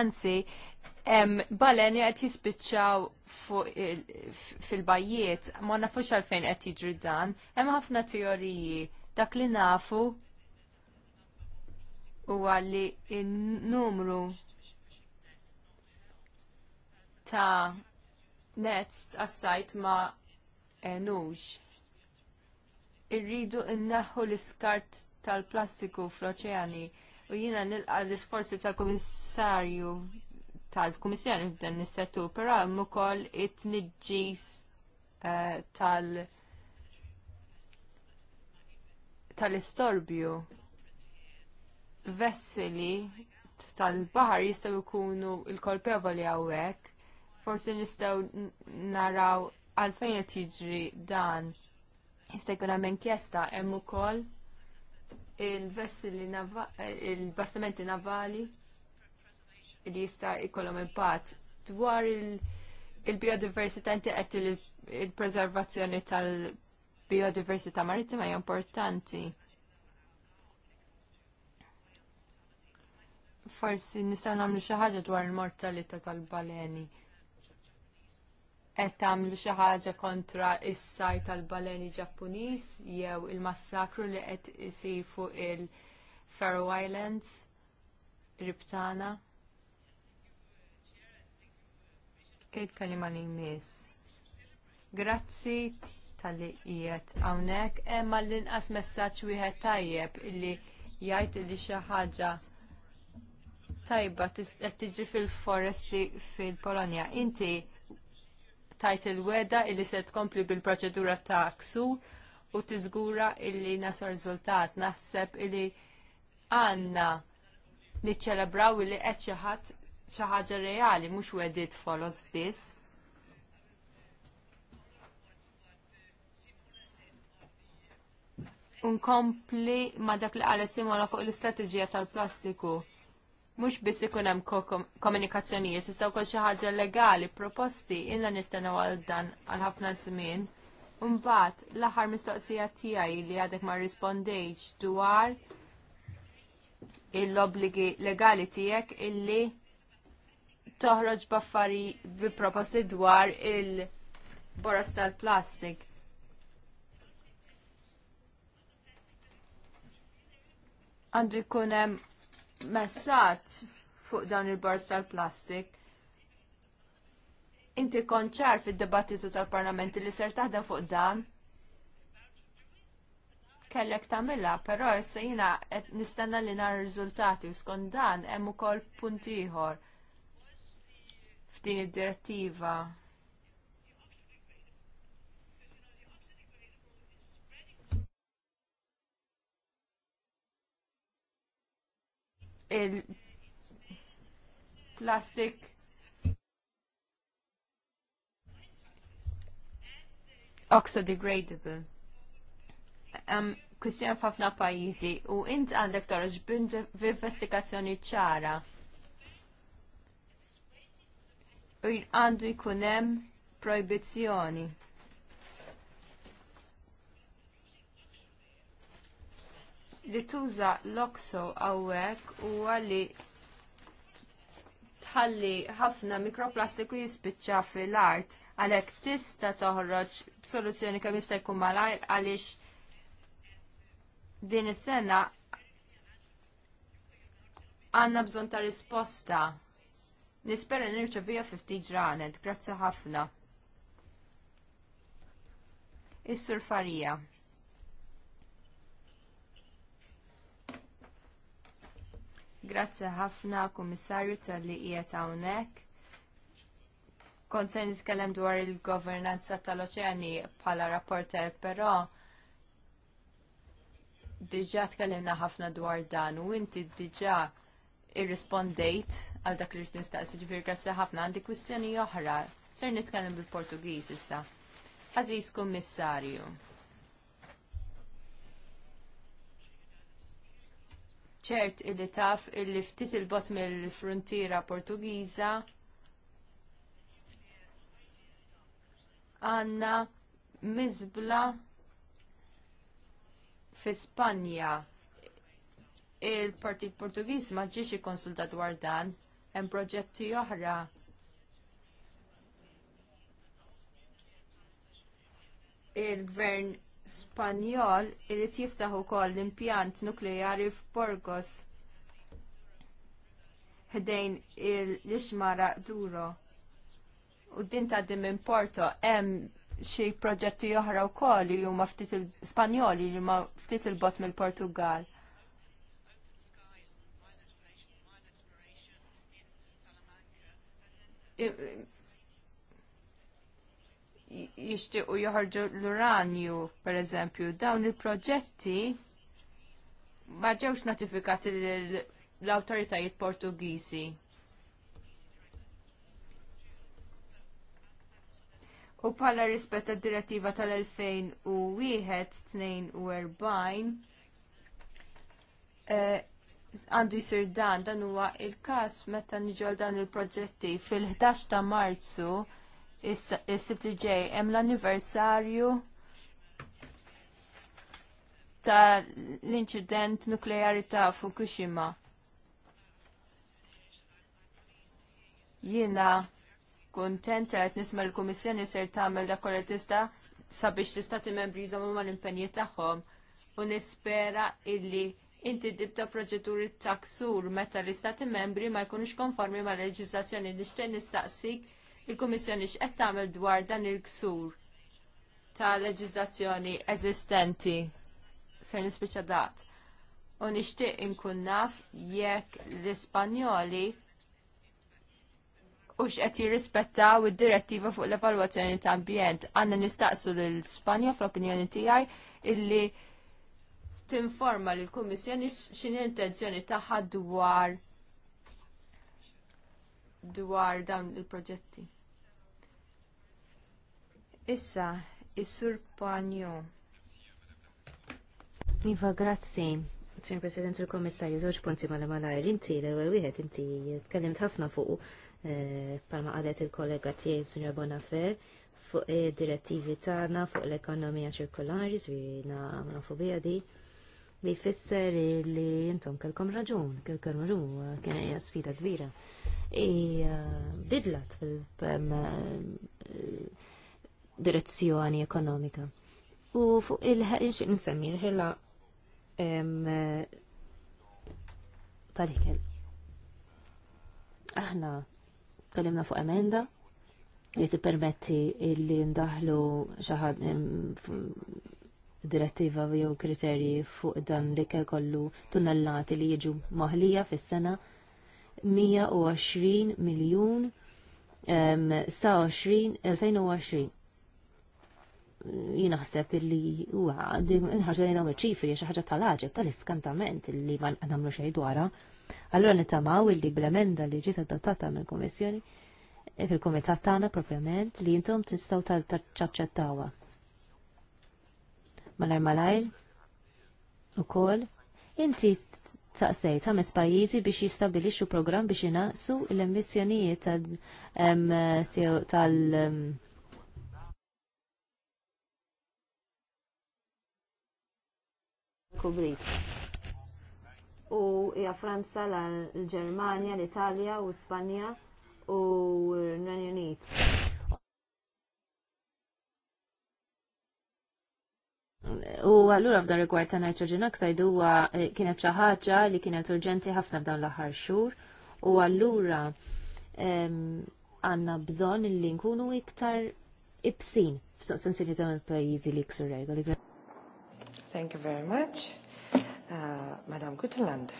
Anzi, balen qed jispiċċaw fil-bajjiet, ma nafux għalfejn qed jiġri dan, hemm ħafna teoriji dak li nafu u għalli il numru ta' nets għas-sajt ma enuġ. Irridu innaħu l-iskart tal-plastiku fl-oċeani u jina nilqa l-isforzi tal-komissarju tal komissarju f'dan is-settur, però hemm ukoll it-tniġġis uh, tal- tal-istorbju vessili tal bahar jistgħu jkunu l-kolpevoli hawnhekk forsi nistgħu naraw għalfejn qed jiġri dan. Jista' jkun hemm inkjesta hemm ukoll il-vessili il-bastimenti navali li jista' jkollhom impatt dwar il-biodiversità inti qed il-preservazzjoni tal-biodiversità marittima hija importanti. Forsi nistgħu nagħmlu xi ħaġa dwar il-mortalità tal-baleni qed tagħmlu xi ħaġa kontra is saj tal-baleni Ġappuniż jew il-massakru li qed isir fuq il-Faroe Islands ribtana. Il-kalima li jmiss. Grazzi tal-li qiegħed hawnhekk hemm l-inqas messaġġ wieħed tajjeb illi jgħid li xi ħaġa tajba qed tiġri fil-foresti fil-Polonja. Inti tajt il-weda illi se tkompli bil-proċedura ta' ksur u tiżgura illi nasu riżultat. Naħseb illi għanna niċċelebraw illi qed xi ħadd xi ħaġa reali mhux wedid follows biss. Unkompli ma dak li qal simola fuq l-istrateġija tal-plastiku mhux biss ikun hemm komunikazzjonijiet, issa wkoll xi ħaġa legali, proposti illa nistennew għal dan għal ħafna żmien. Mbagħad l-aħħar mistoqsija tiegħi li għadek ma rrispondejx dwar l-obbligi legali tiegħek illi toħroġ baffari bi proposti dwar il-boros tal-plastik. Għandu jkun hemm messaġġ fuq dawn il bars tal-plastik. Inti konċar fid-dibattitu tal-parlamenti li ser taħdem fuq dan. Kellek tamilla, però jessa jina nistanna li nar riżultati u skon dan hemm ukoll punt ieħor f'din id-direttiva il-plastik oxodegradable. Um, Kustjon fafna pajizi u int għandek toroġ investigazzjoni ċara. U għandu jkunem proibizjoni. li tuża l-okso hawnhekk huwa li tħalli ħafna mikroplastiku jispiċċa fil-art għalhekk tista toħroġ b'soluzzjoni kemm jista' jkun malajr għaliex din is-sena għandna bżonn ta' risposta. Nispera nirċevija 50 ġranet, grazzi ħafna. Is-surfarija. Grazzi ħafna kummissarju tal-li qiegħed hawnhekk. Kont se nitkellem dwar il-governanza tal-oċeani bħala rapporter, però diġà tkellimna ħafna dwar dan u inti diġà irrispondejt għal dak li nistaqsi ġifir grazzi ħafna għandi kwistjoni oħra. Ser nitkellem bil-Portugiż issa. Aziz Kummissarju. ċert illi taf illi ftit il-bot mill-frontiera Portugiża għanna mizbla fi Spanja. Il-Partit Portugiż ma ġiex ikkonsultat dwar dan, hemm proġetti oħra il-gvern Spanjol irid jiftaħ ukoll l-impjant nukleari f'Borgos ħdejn l-ixmara Duro. U din tgħaddi minn Porto hemm xi proġetti oħra wkoll li huma ftit il-Spanjoli li huma ftit il-bot mill-Portugal jixtiequ joħorġu l-uranju, pereżempju, dawn il-proġetti ma ġewx notifikati l awtoritajiet Portugiżi. U bħala rispet tad direttiva tal-2001-42 eh, għandu jisir dan, dan huwa il każ meta niġol dan il-proġetti fil-11 ta' Marzu is-sib li ġej hemm l-anniversarju ta' l-inċident nukleari ta' Fukushima. Jiena kontenta qed nisma' l-Kummissjoni ser tagħmel dak kollha tista' sabiex l-istati membri jżommu mal-impenji tagħhom u nispera illi inti dibta proċeduri taksur meta l-istati membri ma jkunux konformi mal leġislazzjoni nixtieq nistaqsik il-Kummissjoni x'qed tagħmel dwar dan il-ksur ta' leġiżlazzjoni eżistenti ser nispiċċa dat. U nixtieq inkun naf jekk l-Ispanjoli u x'qed jirrispettaw id-direttiva fuq l-evalwazzjoni ta' ambjent. Għandna nistaqsu l-Spanja fl-opinjoni tiegħi illi tinforma lill kummissjoni x'inhi intenzjoni tagħha dwar dwar dawn il-proġetti. Issa, is-Sur Panjo. Iva, grazzi. Sir President, Sir Komissarju, żewġ punti ma l-malajr, inti l-ewel wieħed inti tkellimt ħafna fuq eh, palma qalet il-kollega tiegħi Sr. Bonafè fuq direttivi tagħna fuq l-ekonomija ċirkolari żwirina monofobija di li jfisser li intom kelkom raġun, kelkom raġun kien hija sfida kbira i eh, bidlat fil-direzzjoni eh, ekonomika. U fuq il-ħin nsemmi l-ħila eh, tal ħikel Aħna kalimna fuq emenda li permetti illi ndaħlu xaħad direttiva jew kriterji fuq dan li kellu tunnellati li jiġu maħlija fis-sena 120 miljun sa 20 2020 jinaħseb illi huwa ħaġa li nagħmel ċifri xi ħaġa tal-aġeb tal-iskantament li ma nagħmlu xejn dwarha. Allura nitamaw illi bl-emenda li ġiet adattata mill-Kummissjoni eh, fil-Kumitat tagħna propjament li intom tistgħu taċċettawha. Mal malajr ukoll inti saqsej ta' mes pajjiżi biex jistabilixxu programm biex inaqsu l-emissjonijiet tal U hija Franza, l-Ġermanja, l-Italja u Spanja u l-Renju Unit U allura f'dan rigward ta' nitrogen oxide huwa eh, kienet xi ħaġa li kienet urġenti ħafna f'dan l-aħħar xhur u allura għandna bżonn li nkunu iktar ibsin f'sensibilità dawn il-pajjiżi li ksur regoli. Thank you very much. Uh, Madam Gutland.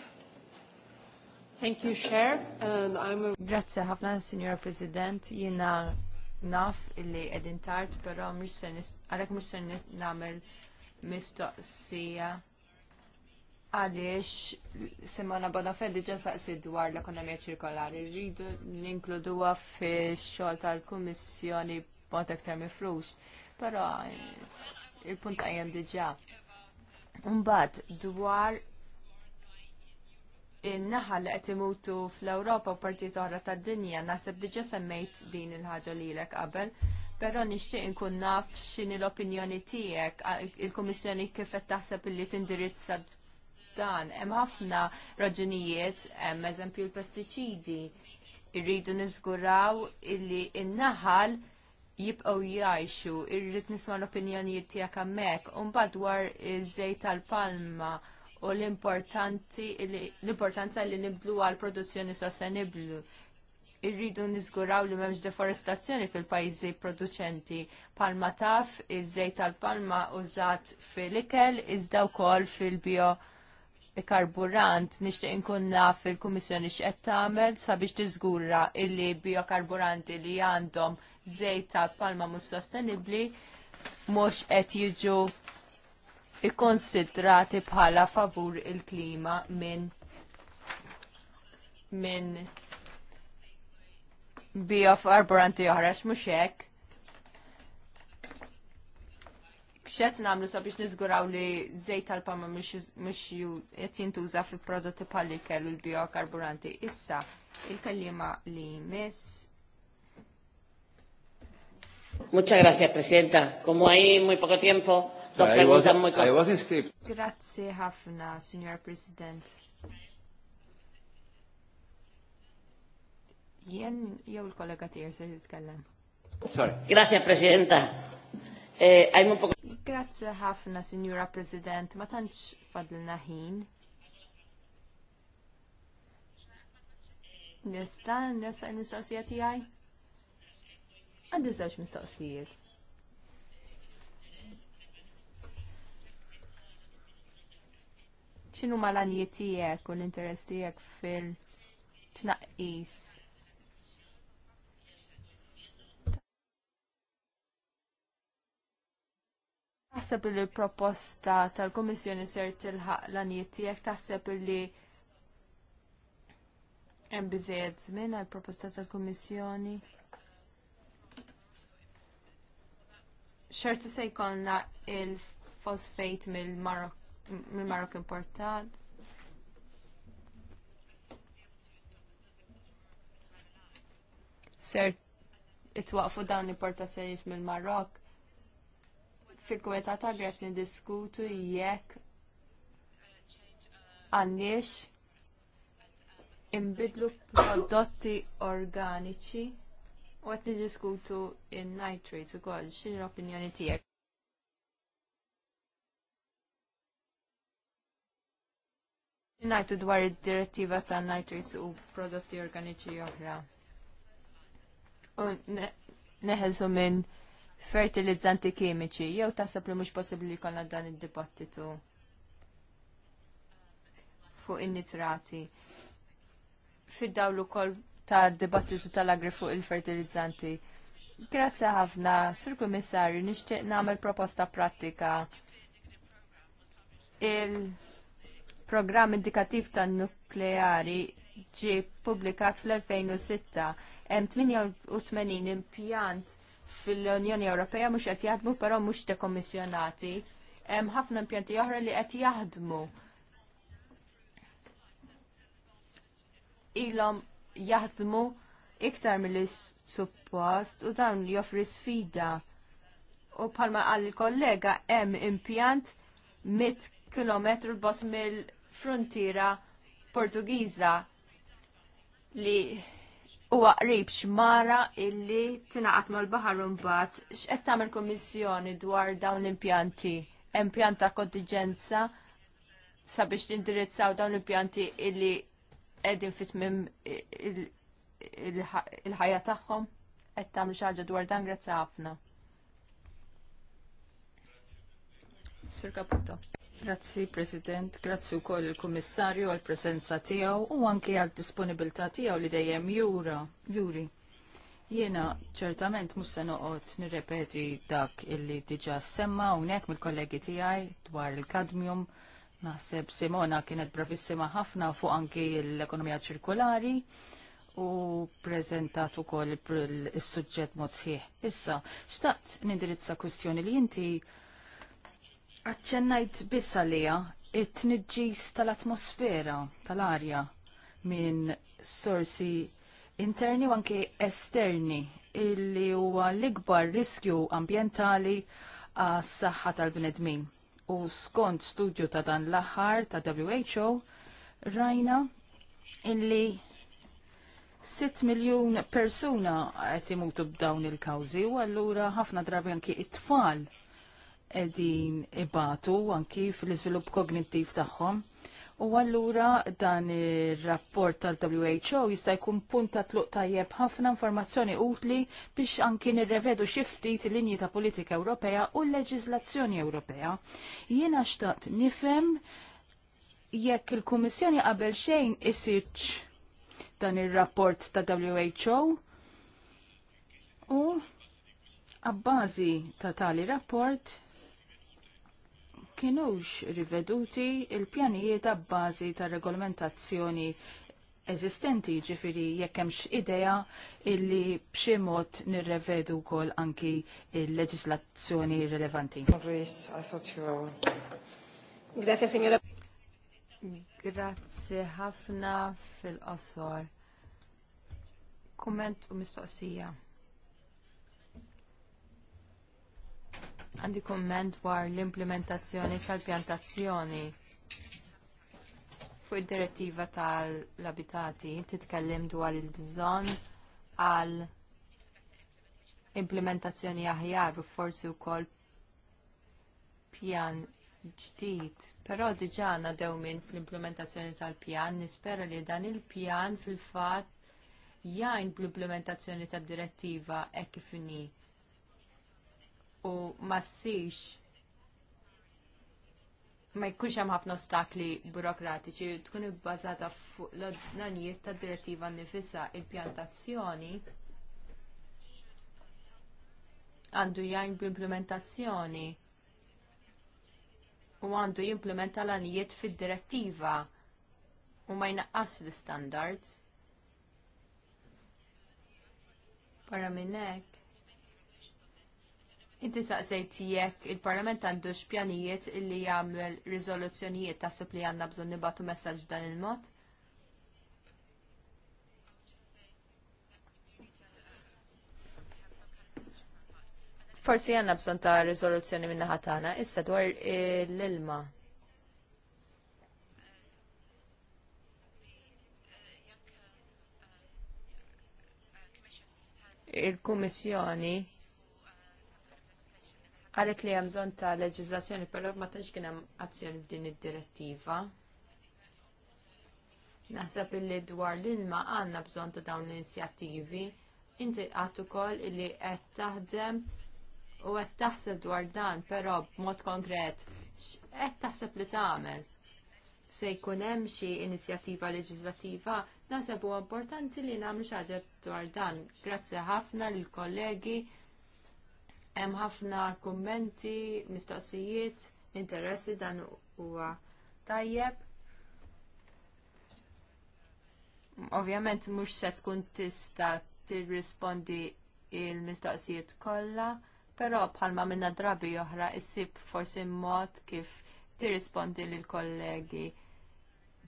Thank you, Chair. And I'm a... Grazie ħafna, Signora President. Jina naf illi edin tard, pero għalek mux se namel mistoqsija għaliex Simona Bonafedi ġa saqsi dwar l-ekonomija ċirkolari. Rridu ninkluduwa fix-xogħol tal-Kummissjoni bont aktar miflux, però eh, il-punt għajem diġà. Mbagħad dwar in-naħa li qed imutu fl-Ewropa u partijiet oħra tad-dinja naħseb diġa' semmejt din il-ħaġa lilek qabel Però nixtieq inkun naf x'inhi l-opinjoni tiegħek il-Kummissjoni kif qed taħseb illi tindirizza dan. Hemm ħafna raġunijiet, hemm eżempju l-pestiċidi irridu niżguraw illi in-naħal jibqgħu jgħixu, irrid nisma' l-opinjonijiet tiegħek hemmhekk, u mbagħad dwar iż-żejt tal-palma u l-importanti l-importanza li nibdlu għal produzzjoni sostenibbli irridu niżguraw li m'hemmx deforestazzjoni fil-pajjiżi produċenti. Palma taf, iż-żejt tal-palma użat fil-ikel, iżda wkoll fil-bio karburant nixtieq inkun naf il-Kummissjoni x'qed tagħmel sabiex tiżgura illi biokarburanti li għandhom żejt tal-palma mhux sostenibbli mhux qed jiġu ikkonsidrati bħala favur il-klima minn minn bija f'arboranti oħrax mhux hekk. X'qed nagħmlu sabiex niżguraw li żejt tal-palma mhux qed jintuża fi prodotti palli kellu l-biokarburanti. Issa il-kelliema li miss Muchas gracias, Presidenta. Como hay muy poco tiempo, dos preguntas muy cortas. Grazie ħafna, Signor President. jien jew il-kollega tiegħi se jitkellem. Grazie Presidenta. Eh, Grazie ħafna, Signora President, ma tantx fadlna ħin. Nista, nresa mistoqsija tiegħi? Għandi żewġ mistoqsijiet. ċinu malanijiet tiegħek u l-interess tiegħek fil-tnaqqis Taħseb li l proposta tal-Komissjoni ser tilħaq l-anijiet tiegħek taħseb li hemm biżejjed żmien għall-proposta tal-Komissjoni. Xerti se jkollna il-fosfejt mill-Marok importat. Ser itwaqfu dawn l-importazzjonijiet mill-Marok fil-kumitat għagret nidiskutu jekk għandniex imbidlu prodotti organiċi u għet nidiskutu in-nitrates u koll, xin l-opinjoni tijek? Najtu dwar id-direttiva ta' nitrates u prodotti organiċi oħra. U neħezu minn fertilizzanti kimiċi. Jew taħseb li mhux possibbli jkollna dan id-dibattitu fuq in-nitrati. Fid-dawlu kol ta' dibattitu tal-agri fuq il-fertilizzanti. Grazzi ħafna, Sur Kummissarju, nixtieq nagħmel proposta pratika. Il-programm indikattiv tan-nukleari ġie ppubblikat fl-2006 hemm 88 impjant fil-Unjoni Ewropea mhux qed jaħdmu però mhux dekommissjonati. Hemm ħafna impjanti oħra li qed jaħdmu. Ilhom jaħdmu iktar mill suppost u dan joffri sfida. U bħalma għal kollega hemm impjant 100 kilometru bos mill-frontiera Portugiża li huwa qrib xmara illi tingħaqad mal-baħar imbagħad x'qed tagħmel kummissjoni dwar dawn l-impjanti, impjant ta' kontingenza sabiex nindirizzaw dawn l-impjanti illi qegħdin fitmim il-ħajja tagħhom qed tagħmel xi ħaġa dwar dan grazzi ħafna. Sir Caputo. Grazzi, President. Grazzi wkoll il-Kummissarju għall presenza tiegħu u anke għal disponibilità tiegħu li dejjem jura, juri. Jiena ċertament mhux se noqgħod nirrepeti dak illi diġà semma hawnhekk mill-kollegi tiegħi dwar il-kadmium. Naħseb Simona kienet bravissima ħafna fuq anki l-ekonomija ċirkolari u prezentat ukoll is-suġġett mod sħiħ. Issa, xtaqt nindirizza kwistjoni li inti Aċċennajt biss għalija it-tniġġis tal-atmosfera, tal-arja minn sorsi interni u anke esterni illi huwa l-ikbar riskju ambjentali għas saħħa tal-bnedmin. U skont studju ta' dan l-aħħar ta' WHO rajna illi 6 miljun persuna qed imutu b'dawn il-kawżi u allura ħafna drabi anki it-tfal edin ibatu anki fil-izvilup kognittiv tagħhom. U allura dan ir-rapport tal-WHO jista' jkun punta tluq tajjeb ħafna informazzjoni utli biex anki nirrevedu xi ftit linji ta' politika Ewropea u l-leġiżlazzjoni Ewropea. Jiena xtaqt nifhem jekk il-Kummissjoni qabel xejn isitx dan ir-rapport ta' WHO u għabbażi ta' tali rapport kienux riveduti il-pjanijiet ab'bażi bażi ta' regolamentazzjoni eżistenti ġifiri jekk hemmx idea illi b'xi mod nirrevedu wkoll anki il-leġislazzjoni rilevanti. Grazie signora. Grazie ħafna fil-qosor. Komment u mistoqsija. Għandi komment dwar l-implementazzjoni tal-pjantazzjoni fuq id-direttiva tal-abitati titkellim dwar il-bżonn għal implementazzjoni aħjar u forsi wkoll pjan ġdid. Però diġà għandna dewmien fl-implementazzjoni tal-pjan, nispera li dan il-pjan fil-fatt jgħin bl-implementazzjoni tad direttiva hekk kif inhi u massix ma jkunx hemm ħafna ostakli burokratiċi tkun ibbażata fuq l-għanijiet tad direttiva nifisa il-pjantazzjoni għandu jgħin bl-implementazzjoni u għandu jimplementa l-għanijiet fil direttiva u ma jnaqqas l istandards Para minn hekk Inti saqsejt jekk il-Parlament għandux pjanijiet illi jagħmel riżoluzzjonijiet taħseb li għandna bżonn nibatu messaġġ dan il-mod? Forsi għanna bżon ta' rizoluzzjoni minna ħatana, issa dwar l-ilma. Il-Kummissjoni Għalet li hemm bżonn ta' leġiżlazzjoni, però ma tax kien hemm azzjoni f'din id-direttiva. Naħseb illi dwar l-ilma għandna bżonn ta' dawn l-inizjattivi. Inti għat ukoll li qed taħdem u qed taħseb dwar dan, però b'mod konkret għed taħseb li tagħmel se jkun hemm xi inizjattiva leġislattiva, naħseb huwa importanti li nagħmlu xi ħaġa dwar dan. Grazzi ħafna lill kollegi Hemm ħafna kummenti, mistoqsijiet, interessi dan huwa tajjeb. Ovvjament mhux se tkun tista' tirrispondi il-mistoqsijiet kollha, però bħalma minna drabi oħra issib forsi mod kif tirrispondi lil kollegi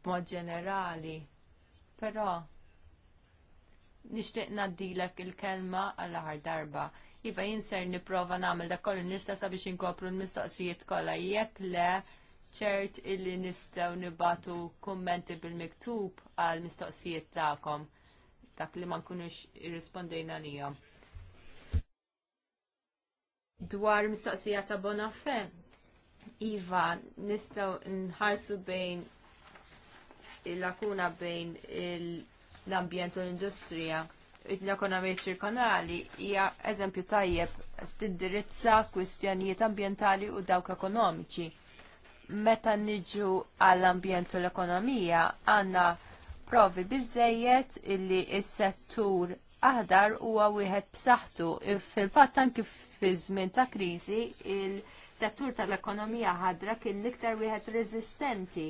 b'mod ġenerali. Però nixtieq ngħaddilek il-kelma għall aħħar darba. Iva jinser niprofa namel da kollin nista sabiex inkopru l-mistoqsijiet kollha jekk le ċert illi nistaw nibatu kummenti bil-miktub għal mistoqsijiet ta'kom dak li ma nkunux irrispondejna lijom. Dwar mistoqsija ta' Bonafè, Iva, nistaw nħarsu bejn il-lakuna bejn l-ambjent u l-industrija l-ekonomija ċirkonali hija eżempju tajjeb tiddirizza kwistjonijiet ambjentali u dawk ekonomiċi. Meta niġu għall-ambjent u l-ekonomija għandna provi biżejjed illi s-settur aħdar huwa wieħed b'saħħtu. Fil-fatt anke fi żmien ta' kriżi il-settur tal-ekonomija ħadra kien l-iktar wieħed reżistenti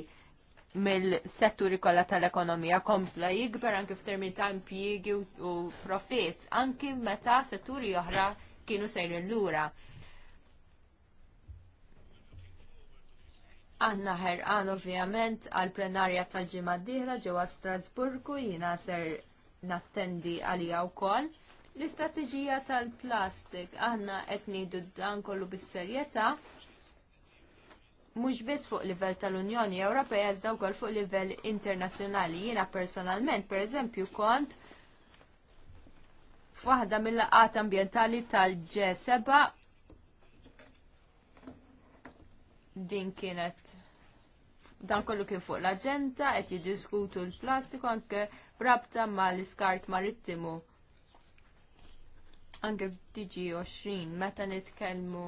mill-setturi kollha tal-ekonomija kompla jikber anke f'termin ta' impjiegi u profit, anki meta setturi oħra kienu sejrin lura. Għanna ħerqan ovvjament għal plenarja tal-ġimgħa d-dieħla ġewwa Strasburgu jiena ser nattendi għalija wkoll. L-istrateġija tal-plastik għanna qed ngħidu dan kollu bis-serjetà mhux biss fuq livell tal-Unjoni Ewropea iżda wkoll fuq livell internazzjonali. Jiena personalment, pereżempju, kont f'waħda mill-laqat ambjentali tal-G7 din kienet dan kollu kien fuq l-aġenda qed jiddiskutu l-plastiku anke brabta mal-iskart marittimu anke f'DG20 meta nitkellmu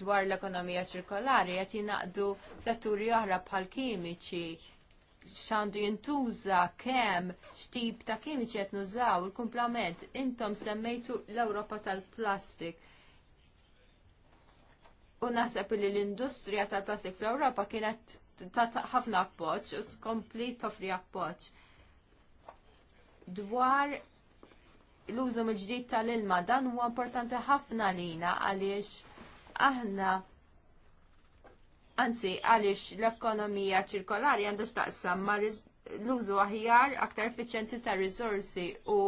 dwar l-ekonomija ċirkolari qed jingħaqdu setturi oħra bħal kimiċi x'għandu jintuża kemm x'tip ta' kimiċi qed nużaw il-kumplament intom semmejtu l-Ewropa tal-plastik. U naħseb li l-industrija tal-plastik fl-Ewropa kienet ta' ħafna appoġġ u tkompli toffri appoġġ. Dwar l-użu mill-ġdid tal-ilma dan huwa importanti ħafna lina għaliex aħna anzi għaliex l-ekonomija ċirkolari għandha x'taqsam ma' l-użu aħjar aktar effiċjenti ta' riżorsi u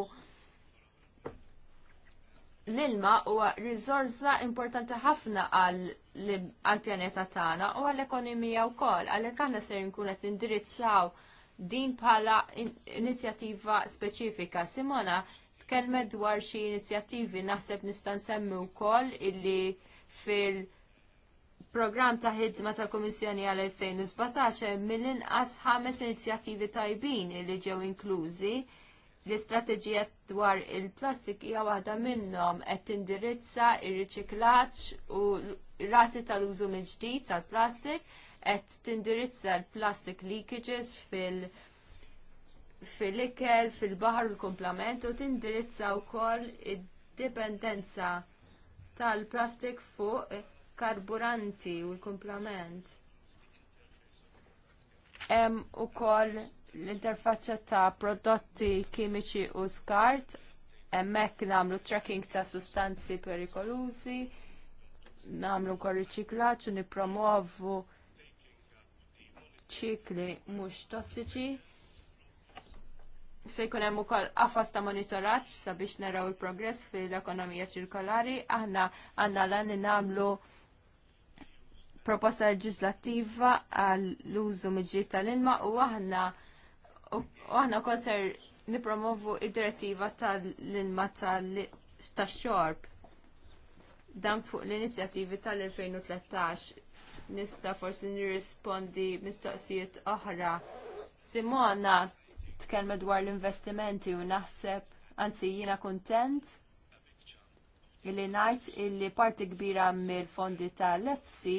l-ilma huwa riżorsa importanti ħafna għall pjaneta tagħna u għall-ekonomija wkoll għalhekk aħna ser nkun qed nindirizzaw din bħala inizjattiva speċifika. Simona tkellmet dwar xi inizjattivi naħseb nista' nsemmi wkoll illi fil- program ta' ħidma tal-Komissjoni għal-2017 mill-inqas ħames inizjattivi tajbin li ġew inklużi l-istrateġija dwar il-plastik hija waħda minnhom qed tindirizza ir-riċiklaġġ u rati tal-użu mill-ġdid tal-plastik qed tindirizza l-plastic leakages fil- fil-ikel, fil-baħar u l komplement u tindirizza wkoll id-dipendenza tal-plastik fuq karburanti u l-kumplament. Hemm ukoll l-interfaċċa ta' prodotti kimiċi u skart, hemmhekk nagħmlu tracking ta' sustanzi perikolużi, nagħmlu wkoll riċiklaġġ u nippromovu ċikli mhux tossiċi se jkun hemm ukoll qafas ta' monitoraġġ sabiex naraw il-progress fil-ekonomija ċirkolari, aħna għandna lan li nagħmlu proposta leġislattiva għall użu miġġiet tal-ilma u aħna u aħna wkoll ser nipromovu id-direttiva tal-ilma tax-xorb. Dan fuq l-inizjattivi tal-2013 nista forsi nirrispondi mistoqsijiet oħra. Simona, tkellmet dwar l-investimenti u naħseb anzi jiena kuntent illi ngħid illi parti kbira mill-fondi tal-EFSI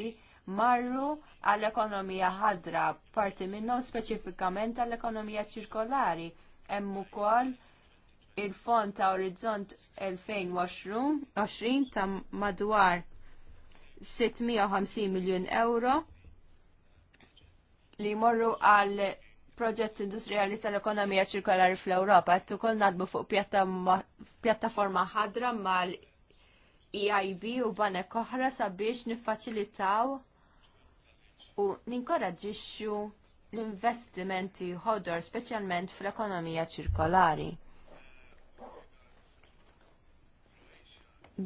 marru għall-ekonomija ħadra, parti minnhom speċifikament għall-ekonomija ċirkolari. Hemm ukoll il-fond ta' Orizzont 2020 ta' madwar 650 miljun euro li jmorru għal proġett industrijali tal-ekonomija ċirkolari fl-Ewropa qed ukoll nadbu fuq pjattaforma ħadra mal EIB u banek oħra sabiex niffaċilitaw u ninkoraġġixxu l-investimenti ħodor speċjalment fl-ekonomija ċirkolari.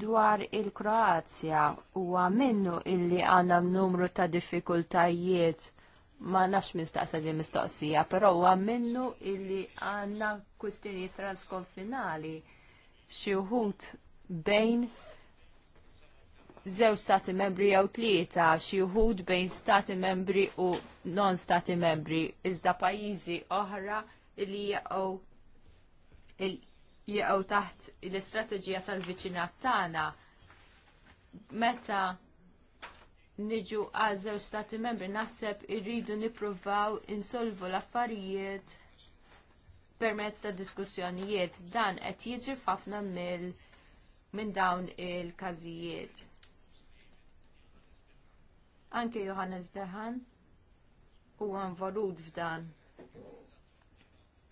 Dwar il-Kroazja huwa minnu illi għanam numru ta' diffikultajiet ma nafx minn staqsel li mistoqsija, però huwa minnu illi għandna kwistjoni transkonfinali xi wħud bejn żewġ stati membri jew tlieta, xi wħud bejn stati membri u non stati membri, iżda pajjiżi oħra illi jgħu jgħu taħt l-istrateġija tal-viċinat tagħna meta niġu għal żewġ stati membri naħseb irridu nippruvaw insolvu l-affarijiet permezz ta' diskussjonijiet dan qed jiġri f'ħafna mill minn dawn il-każijiet. Anke Johannes Dehan huwa involut f'dan.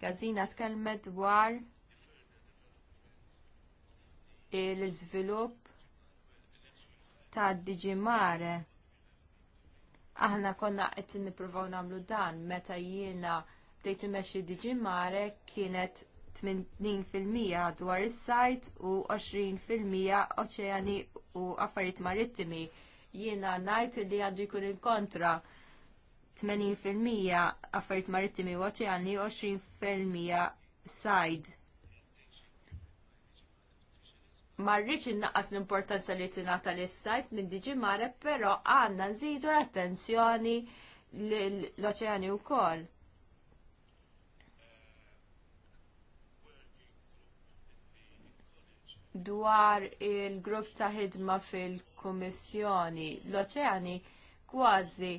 Gazina tkellmet dwar l-iżvilupp ta' Digimare Aħna konna qed nippruvaw nagħmlu dan meta jiena bdejt imexxi diġi mare kienet 80% dwar is-sajt u 20% oċeani u affarijiet marittimi. Jiena ngħid li għandu jkun il-kontra 80% affarijiet marittimi u oċeani u 20% sajd marriċ innaqas l-importanza li tingħata lis-sajt minn diġi mare, però għandna nżidu l-attenzjoni l-oċeani wkoll. Dwar il-grupp ta' ħidma fil-Kummissjoni, l-oċeani kważi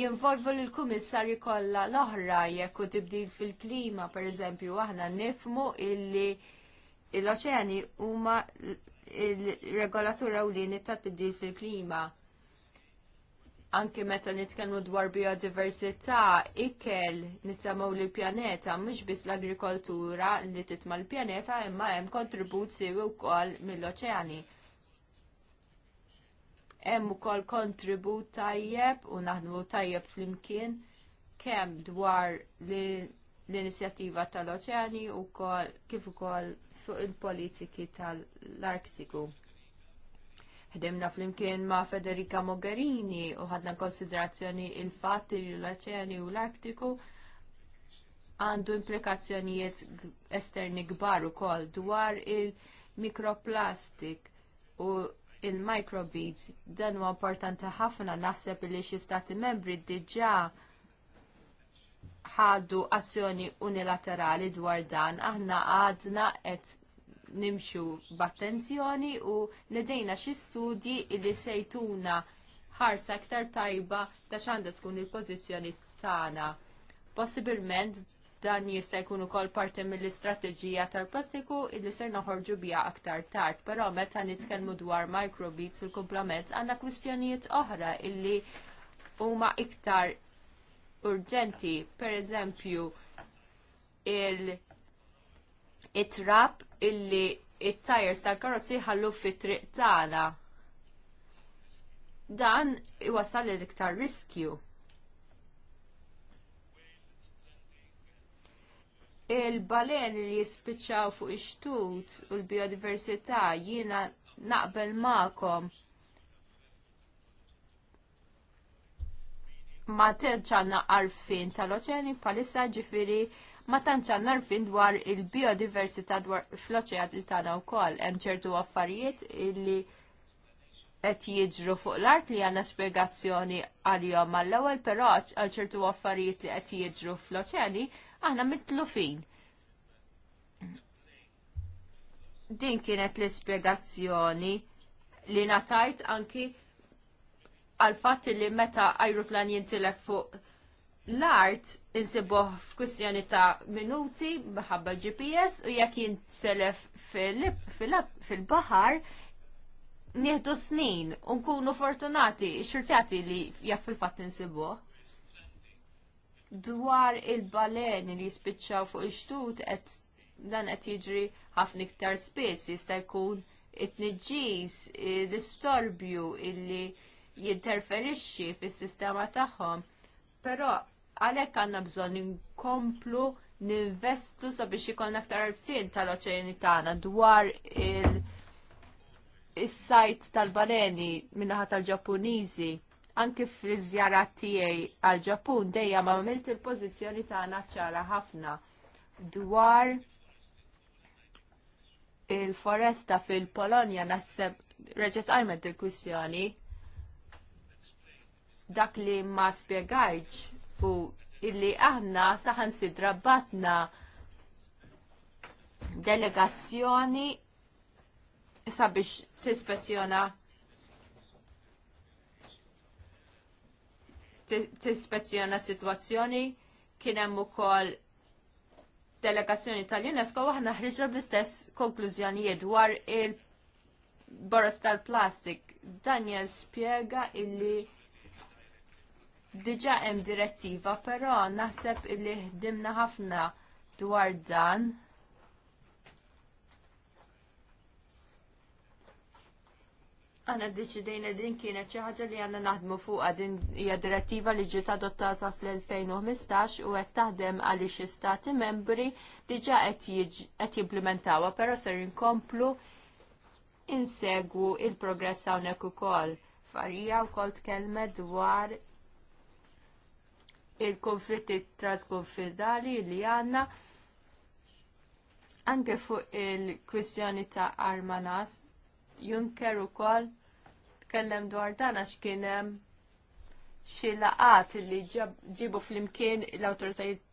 jinvolvu l-Kummissarji kollha l-oħra jekk u tibdil fil-klima, pereżempju, aħna nifmu illi l-oċeani huma il-regolatur ewlieni tat-tibdil fil-klima. Anke meta nitkellmu dwar biodiversità, ikel nisemgħu lill pjaneta mhux biss l-agrikoltura li titma' l-pjaneta imma hemm kontribut siewi wkoll mill-oċeani. Hemm ukoll kontribut tajjeb u naħdmu tajjeb flimkien kemm dwar l-inizjattiva tal-oċeani u kif ukoll fuq il-politiki tal-Arktiku. Ħdemna flimkien ma' Federica Mogherini u ħadna konsiderazzjoni il fatti li l-Oċeani u l-Arktiku għandu implikazzjonijiet esterni kbar ukoll dwar il-mikroplastik u il-microbeads dan huwa importanti ħafna naħseb li xi stati membri diġà ħadu azzjoni unilaterali dwar dan, aħna għadna qed nimxu b'attenzjoni u nedejna xi studji li sejtuna ħarsa aktar tajba ta' x'għandha tkun il-pożizzjoni tagħna. Possibilment dan jista' jkun ukoll parti mill-istrateġija tal-plastiku illi ser noħorġu biha aktar tard, però meta nitkellmu dwar microbeats u l-komplements għandna kwistjonijiet oħra illi huma iktar urġenti, pereżempju il-trap illi it-tajers tal-karozzi ħallu fit-triq tagħna. Dan iwasal l-iktar riskju. il-balen li jispiċċaw fuq ix-xtut u l-biodiversità jiena naqbel magħkom ma tenċanna arfin tal-oċeani palissa ġifiri ma tanċanna arfin dwar il-biodiversità dwar fl-oċean li tana u koll. Hemm ċertu affarijiet illi qed jiġru fuq l-art li għandna spjegazzjoni għal-jom għall-ewwel, però għal ċertu affarijiet li qed jiġru fl-oċeani aħna mitlufin. Din kienet l-ispjegazzjoni li natajt anki għal fatt li meta ajruplan jintilef fuq l-art insibuħ f'kwistjoni ta' minuti bħabba GPS u jekk jintilef fil-bahar nieħdu snin u nkunu fortunati xurtjati li jekk fil-fatt insibuħ. Dwar il-balen li jispiċċaw fuq ix-xtut qed dan qed jiġri ħafna iktar spiss jista' jkun it-tniġġis, l-istorbju illi jinterferixxi fis-sistema tagħhom. Però għalhekk għandna bżonn inkomplu ninvestu sabiex ikollna aktar arfin tal-oċeani tagħna dwar il- is-sajt tal-baleni minnaħa tal-Ġappuniżi anki fl-iżjarat tiegħi għal Ġappun dejja ma għamilt il-pożizzjoni tagħna ċara ħafna dwar il-foresta fil-Polonja naħseb reġgħet għajmet il-kwistjoni dak li ma spiegajċ u illi aħna saħan sidra batna delegazzjoni sabiex tispezzjona tispezzjona situazzjoni kien hemm ukoll delegazzjoni tal-UNESCO aħna ħriġra bl-istess konklużjonijiet dwar il borostal plastik Daniel spiega illi Diġa hemm direttiva, però naħseb illi ħdimna ħafna dwar dan. Għana deċidejna din kienet xi ħaġa li għandna naħdmu fuqha din hija direttiva li ġiet adottata fl-2015 u qed taħdem għaliex x stati membri diġà qed jimplementawha, però ser inkomplu insegwu il-progress hawnhekk ukoll. Farija wkoll tkellmet dwar il-konflitti transkonfidali li għanna anke fuq il-kwistjoni ta' Armanas u kol tkellem dwar dan għax kien xi laqat li ġibu flimkien l-awtoritajiet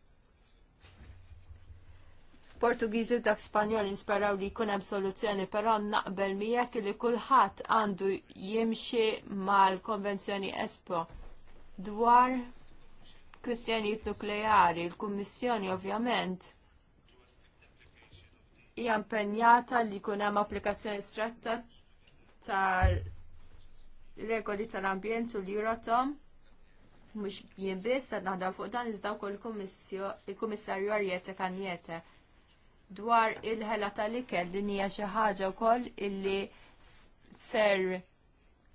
Portugiżi u dak Spanjol insperaw li jkun hemm soluzzjoni, però naqbel miegħek li kulħadd għandu jimxi mal-Konvenzjoni Espo dwar kwistjonijiet nukleari, il-Kummissjoni ovvjament hija impenjata li jkun hemm applikazzjoni stretta tar regoli tal-ambjent u l-Euratom mhux jien biss qed naħdem fuq dan iżda wkoll il-Kummissarju Arjete Kanjete dwar il-ħela tal-ikel din hija xi ħaġa wkoll illi ser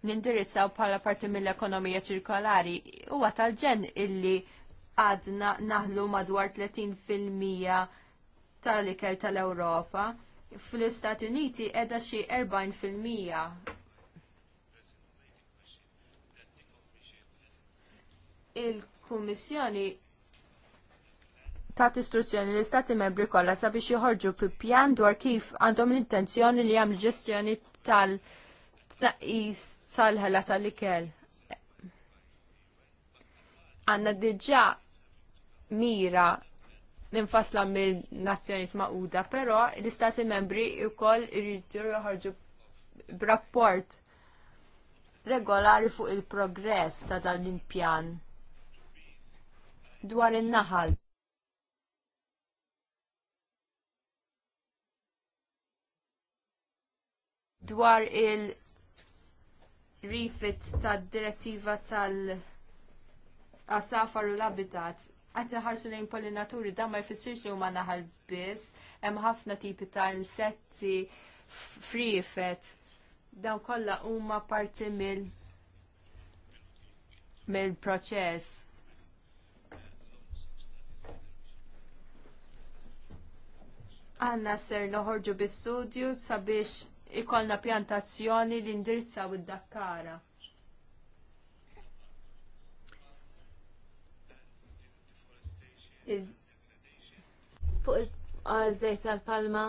nindirizzaw bħala parti mill-ekonomija ċirkolari huwa tal-ġen illi għadna naħlu madwar 30% tal-ikel tal-Ewropa. Fl-Istati Uniti edha xi 40%. Il-Kummissjoni ta' istruzzjoni l-Istati membri kollha sabiex joħorġu pi pjan dwar kif għandhom l-intenzjoni li jagħmlu ġestjoni tal- tnaqqis sal tal-ikel. Għanna diġa mira ninfasla mill-nazzjoniet maquda, pero l-istati membri wkoll irridu joħorġu b'rapport regolari fuq il-progress ta' dan l-impjan dwar in-naħal. Dwar il- rifit tad direttiva tal-asafar u l-abitat. Għadda ħarsu lejn pollinaturi, dan ma jfissirx li huma naħal biss, hemm ħafna tipi ta' insetti frifet. Dawn kollha huma parti mill mill proċess. Għanna ser noħorġu bi studju sabiex ikolna pjantazzjoni li indirizzaw id-dakkara. Iz... Fuq il-żejt tal-palma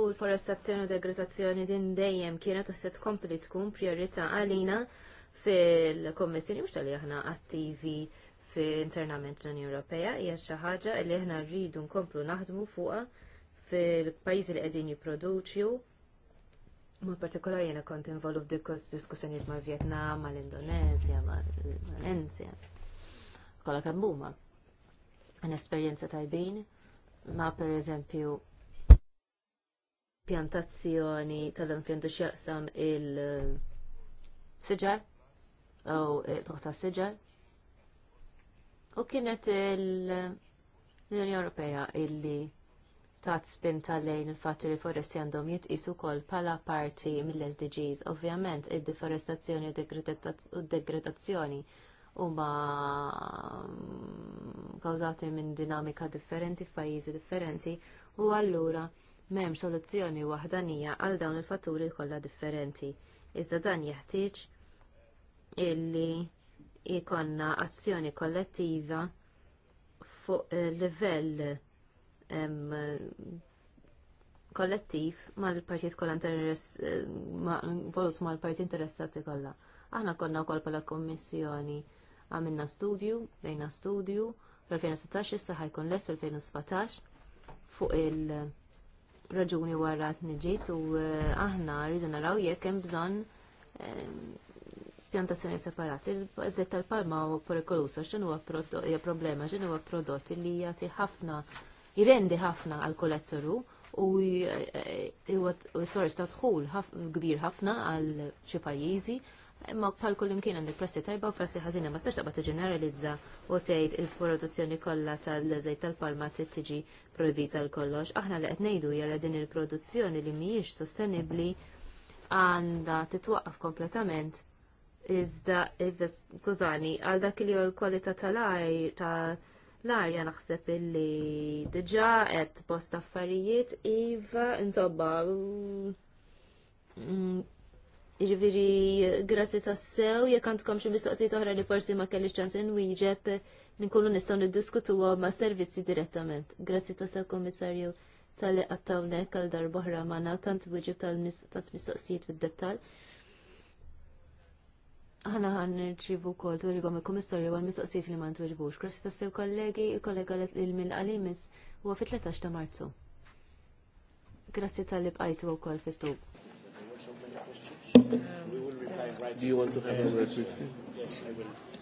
u l-forestazzjoni u degradazzjoni din dejjem kienet u se tkompli tkun priorità għalina fil-Kommissjoni mhux tal aħna attivi fil-internament l-Unjoni Ewropea hija xi ħaġa li aħna rridu nkomplu naħdmu fuqha fil-pajjiżi li qegħdin jipproduċju Mod partikolar jena kont involu diskussjoniet mal Vietnam, mal Indonezja, mal Enzja. Kolla kan buma. Għan esperienza tajbin, ma per eżempju pjantazzjoni tal-impjantu xjaqsam il-sġar, u toħta s-sġar. U kienet il unjoni Ewropea illi tat spinta lejn il-fatt li foresti għandhom jitqisu wkoll bħala parti mill-SDGs. Ovvjament, id-deforestazzjoni u d-degradazzjoni huma mm, kawżati minn dinamika differenti f'pajjiżi differenti u allura m'hemm soluzzjoni waħdanija għal dawn il-fatturi kollha differenti. Iżda dan jeħtieġ illi jkollna azzjoni kollettiva fuq livell kollettiv mal-partit kollha interess volut mal partijiet interessati kollha. Aħna konna wkoll bħala kommissjoni għamilna studju, dejna studju l-2016 issa ħajkun lest l-2017 fuq il-raġuni wara t-nġis u eh, aħna rridu naraw jekk hemm bżonn pjantazzjoni separati. Il-żett tal-palma u porikolusa, x'inhuwa huwa problema, x'inhuwa prodotti li jagħti ħafna jirendi ħafna għal kolletturu u huwa eh, eh, sors ta' tħul kbir ħafna għal xi pajjiżi. Imma bħal kull imkien għandek prassi tajba u prassi ħażina ma tistax taqbad tiġeneralizza u tgħid il-produzzjoni kollha tal-żejt tal-palma trid tiġi projbita l kollox. Aħna li qed ngħidu hija din il-produzzjoni li mhijiex sostenibbli għandha titwaqqaf kompletament iżda eh, kużani għal dak li l-kwalità tal-ajr ta' l-arja naħseb illi diġa qed post affarijiet iva insomma mm, Ġviri, grazzi tassew, jekk għandkom xi mistoqsijiet oħra li forsi ma kellix ċans inwieġeb, ninkunu nistgħu niddiskutu ma' servizzi direttament. Grazzi tassew, Komissarju, tal-li għattawnek għal darboħra ma' tant wieġib tal-mistoqsijiet fid-dettal ħana ħan nirċivu kol tuħriba mill komissarju għal mis mistoqsijiet li ma ntuħribux. Krasi tassew kollegi, kollega il min għalimis u għafi 13 ta' marzu. Grazzi tal lib għajtu għu kol fit-tub. Um, Do you want to have a word with me? Yes, I will.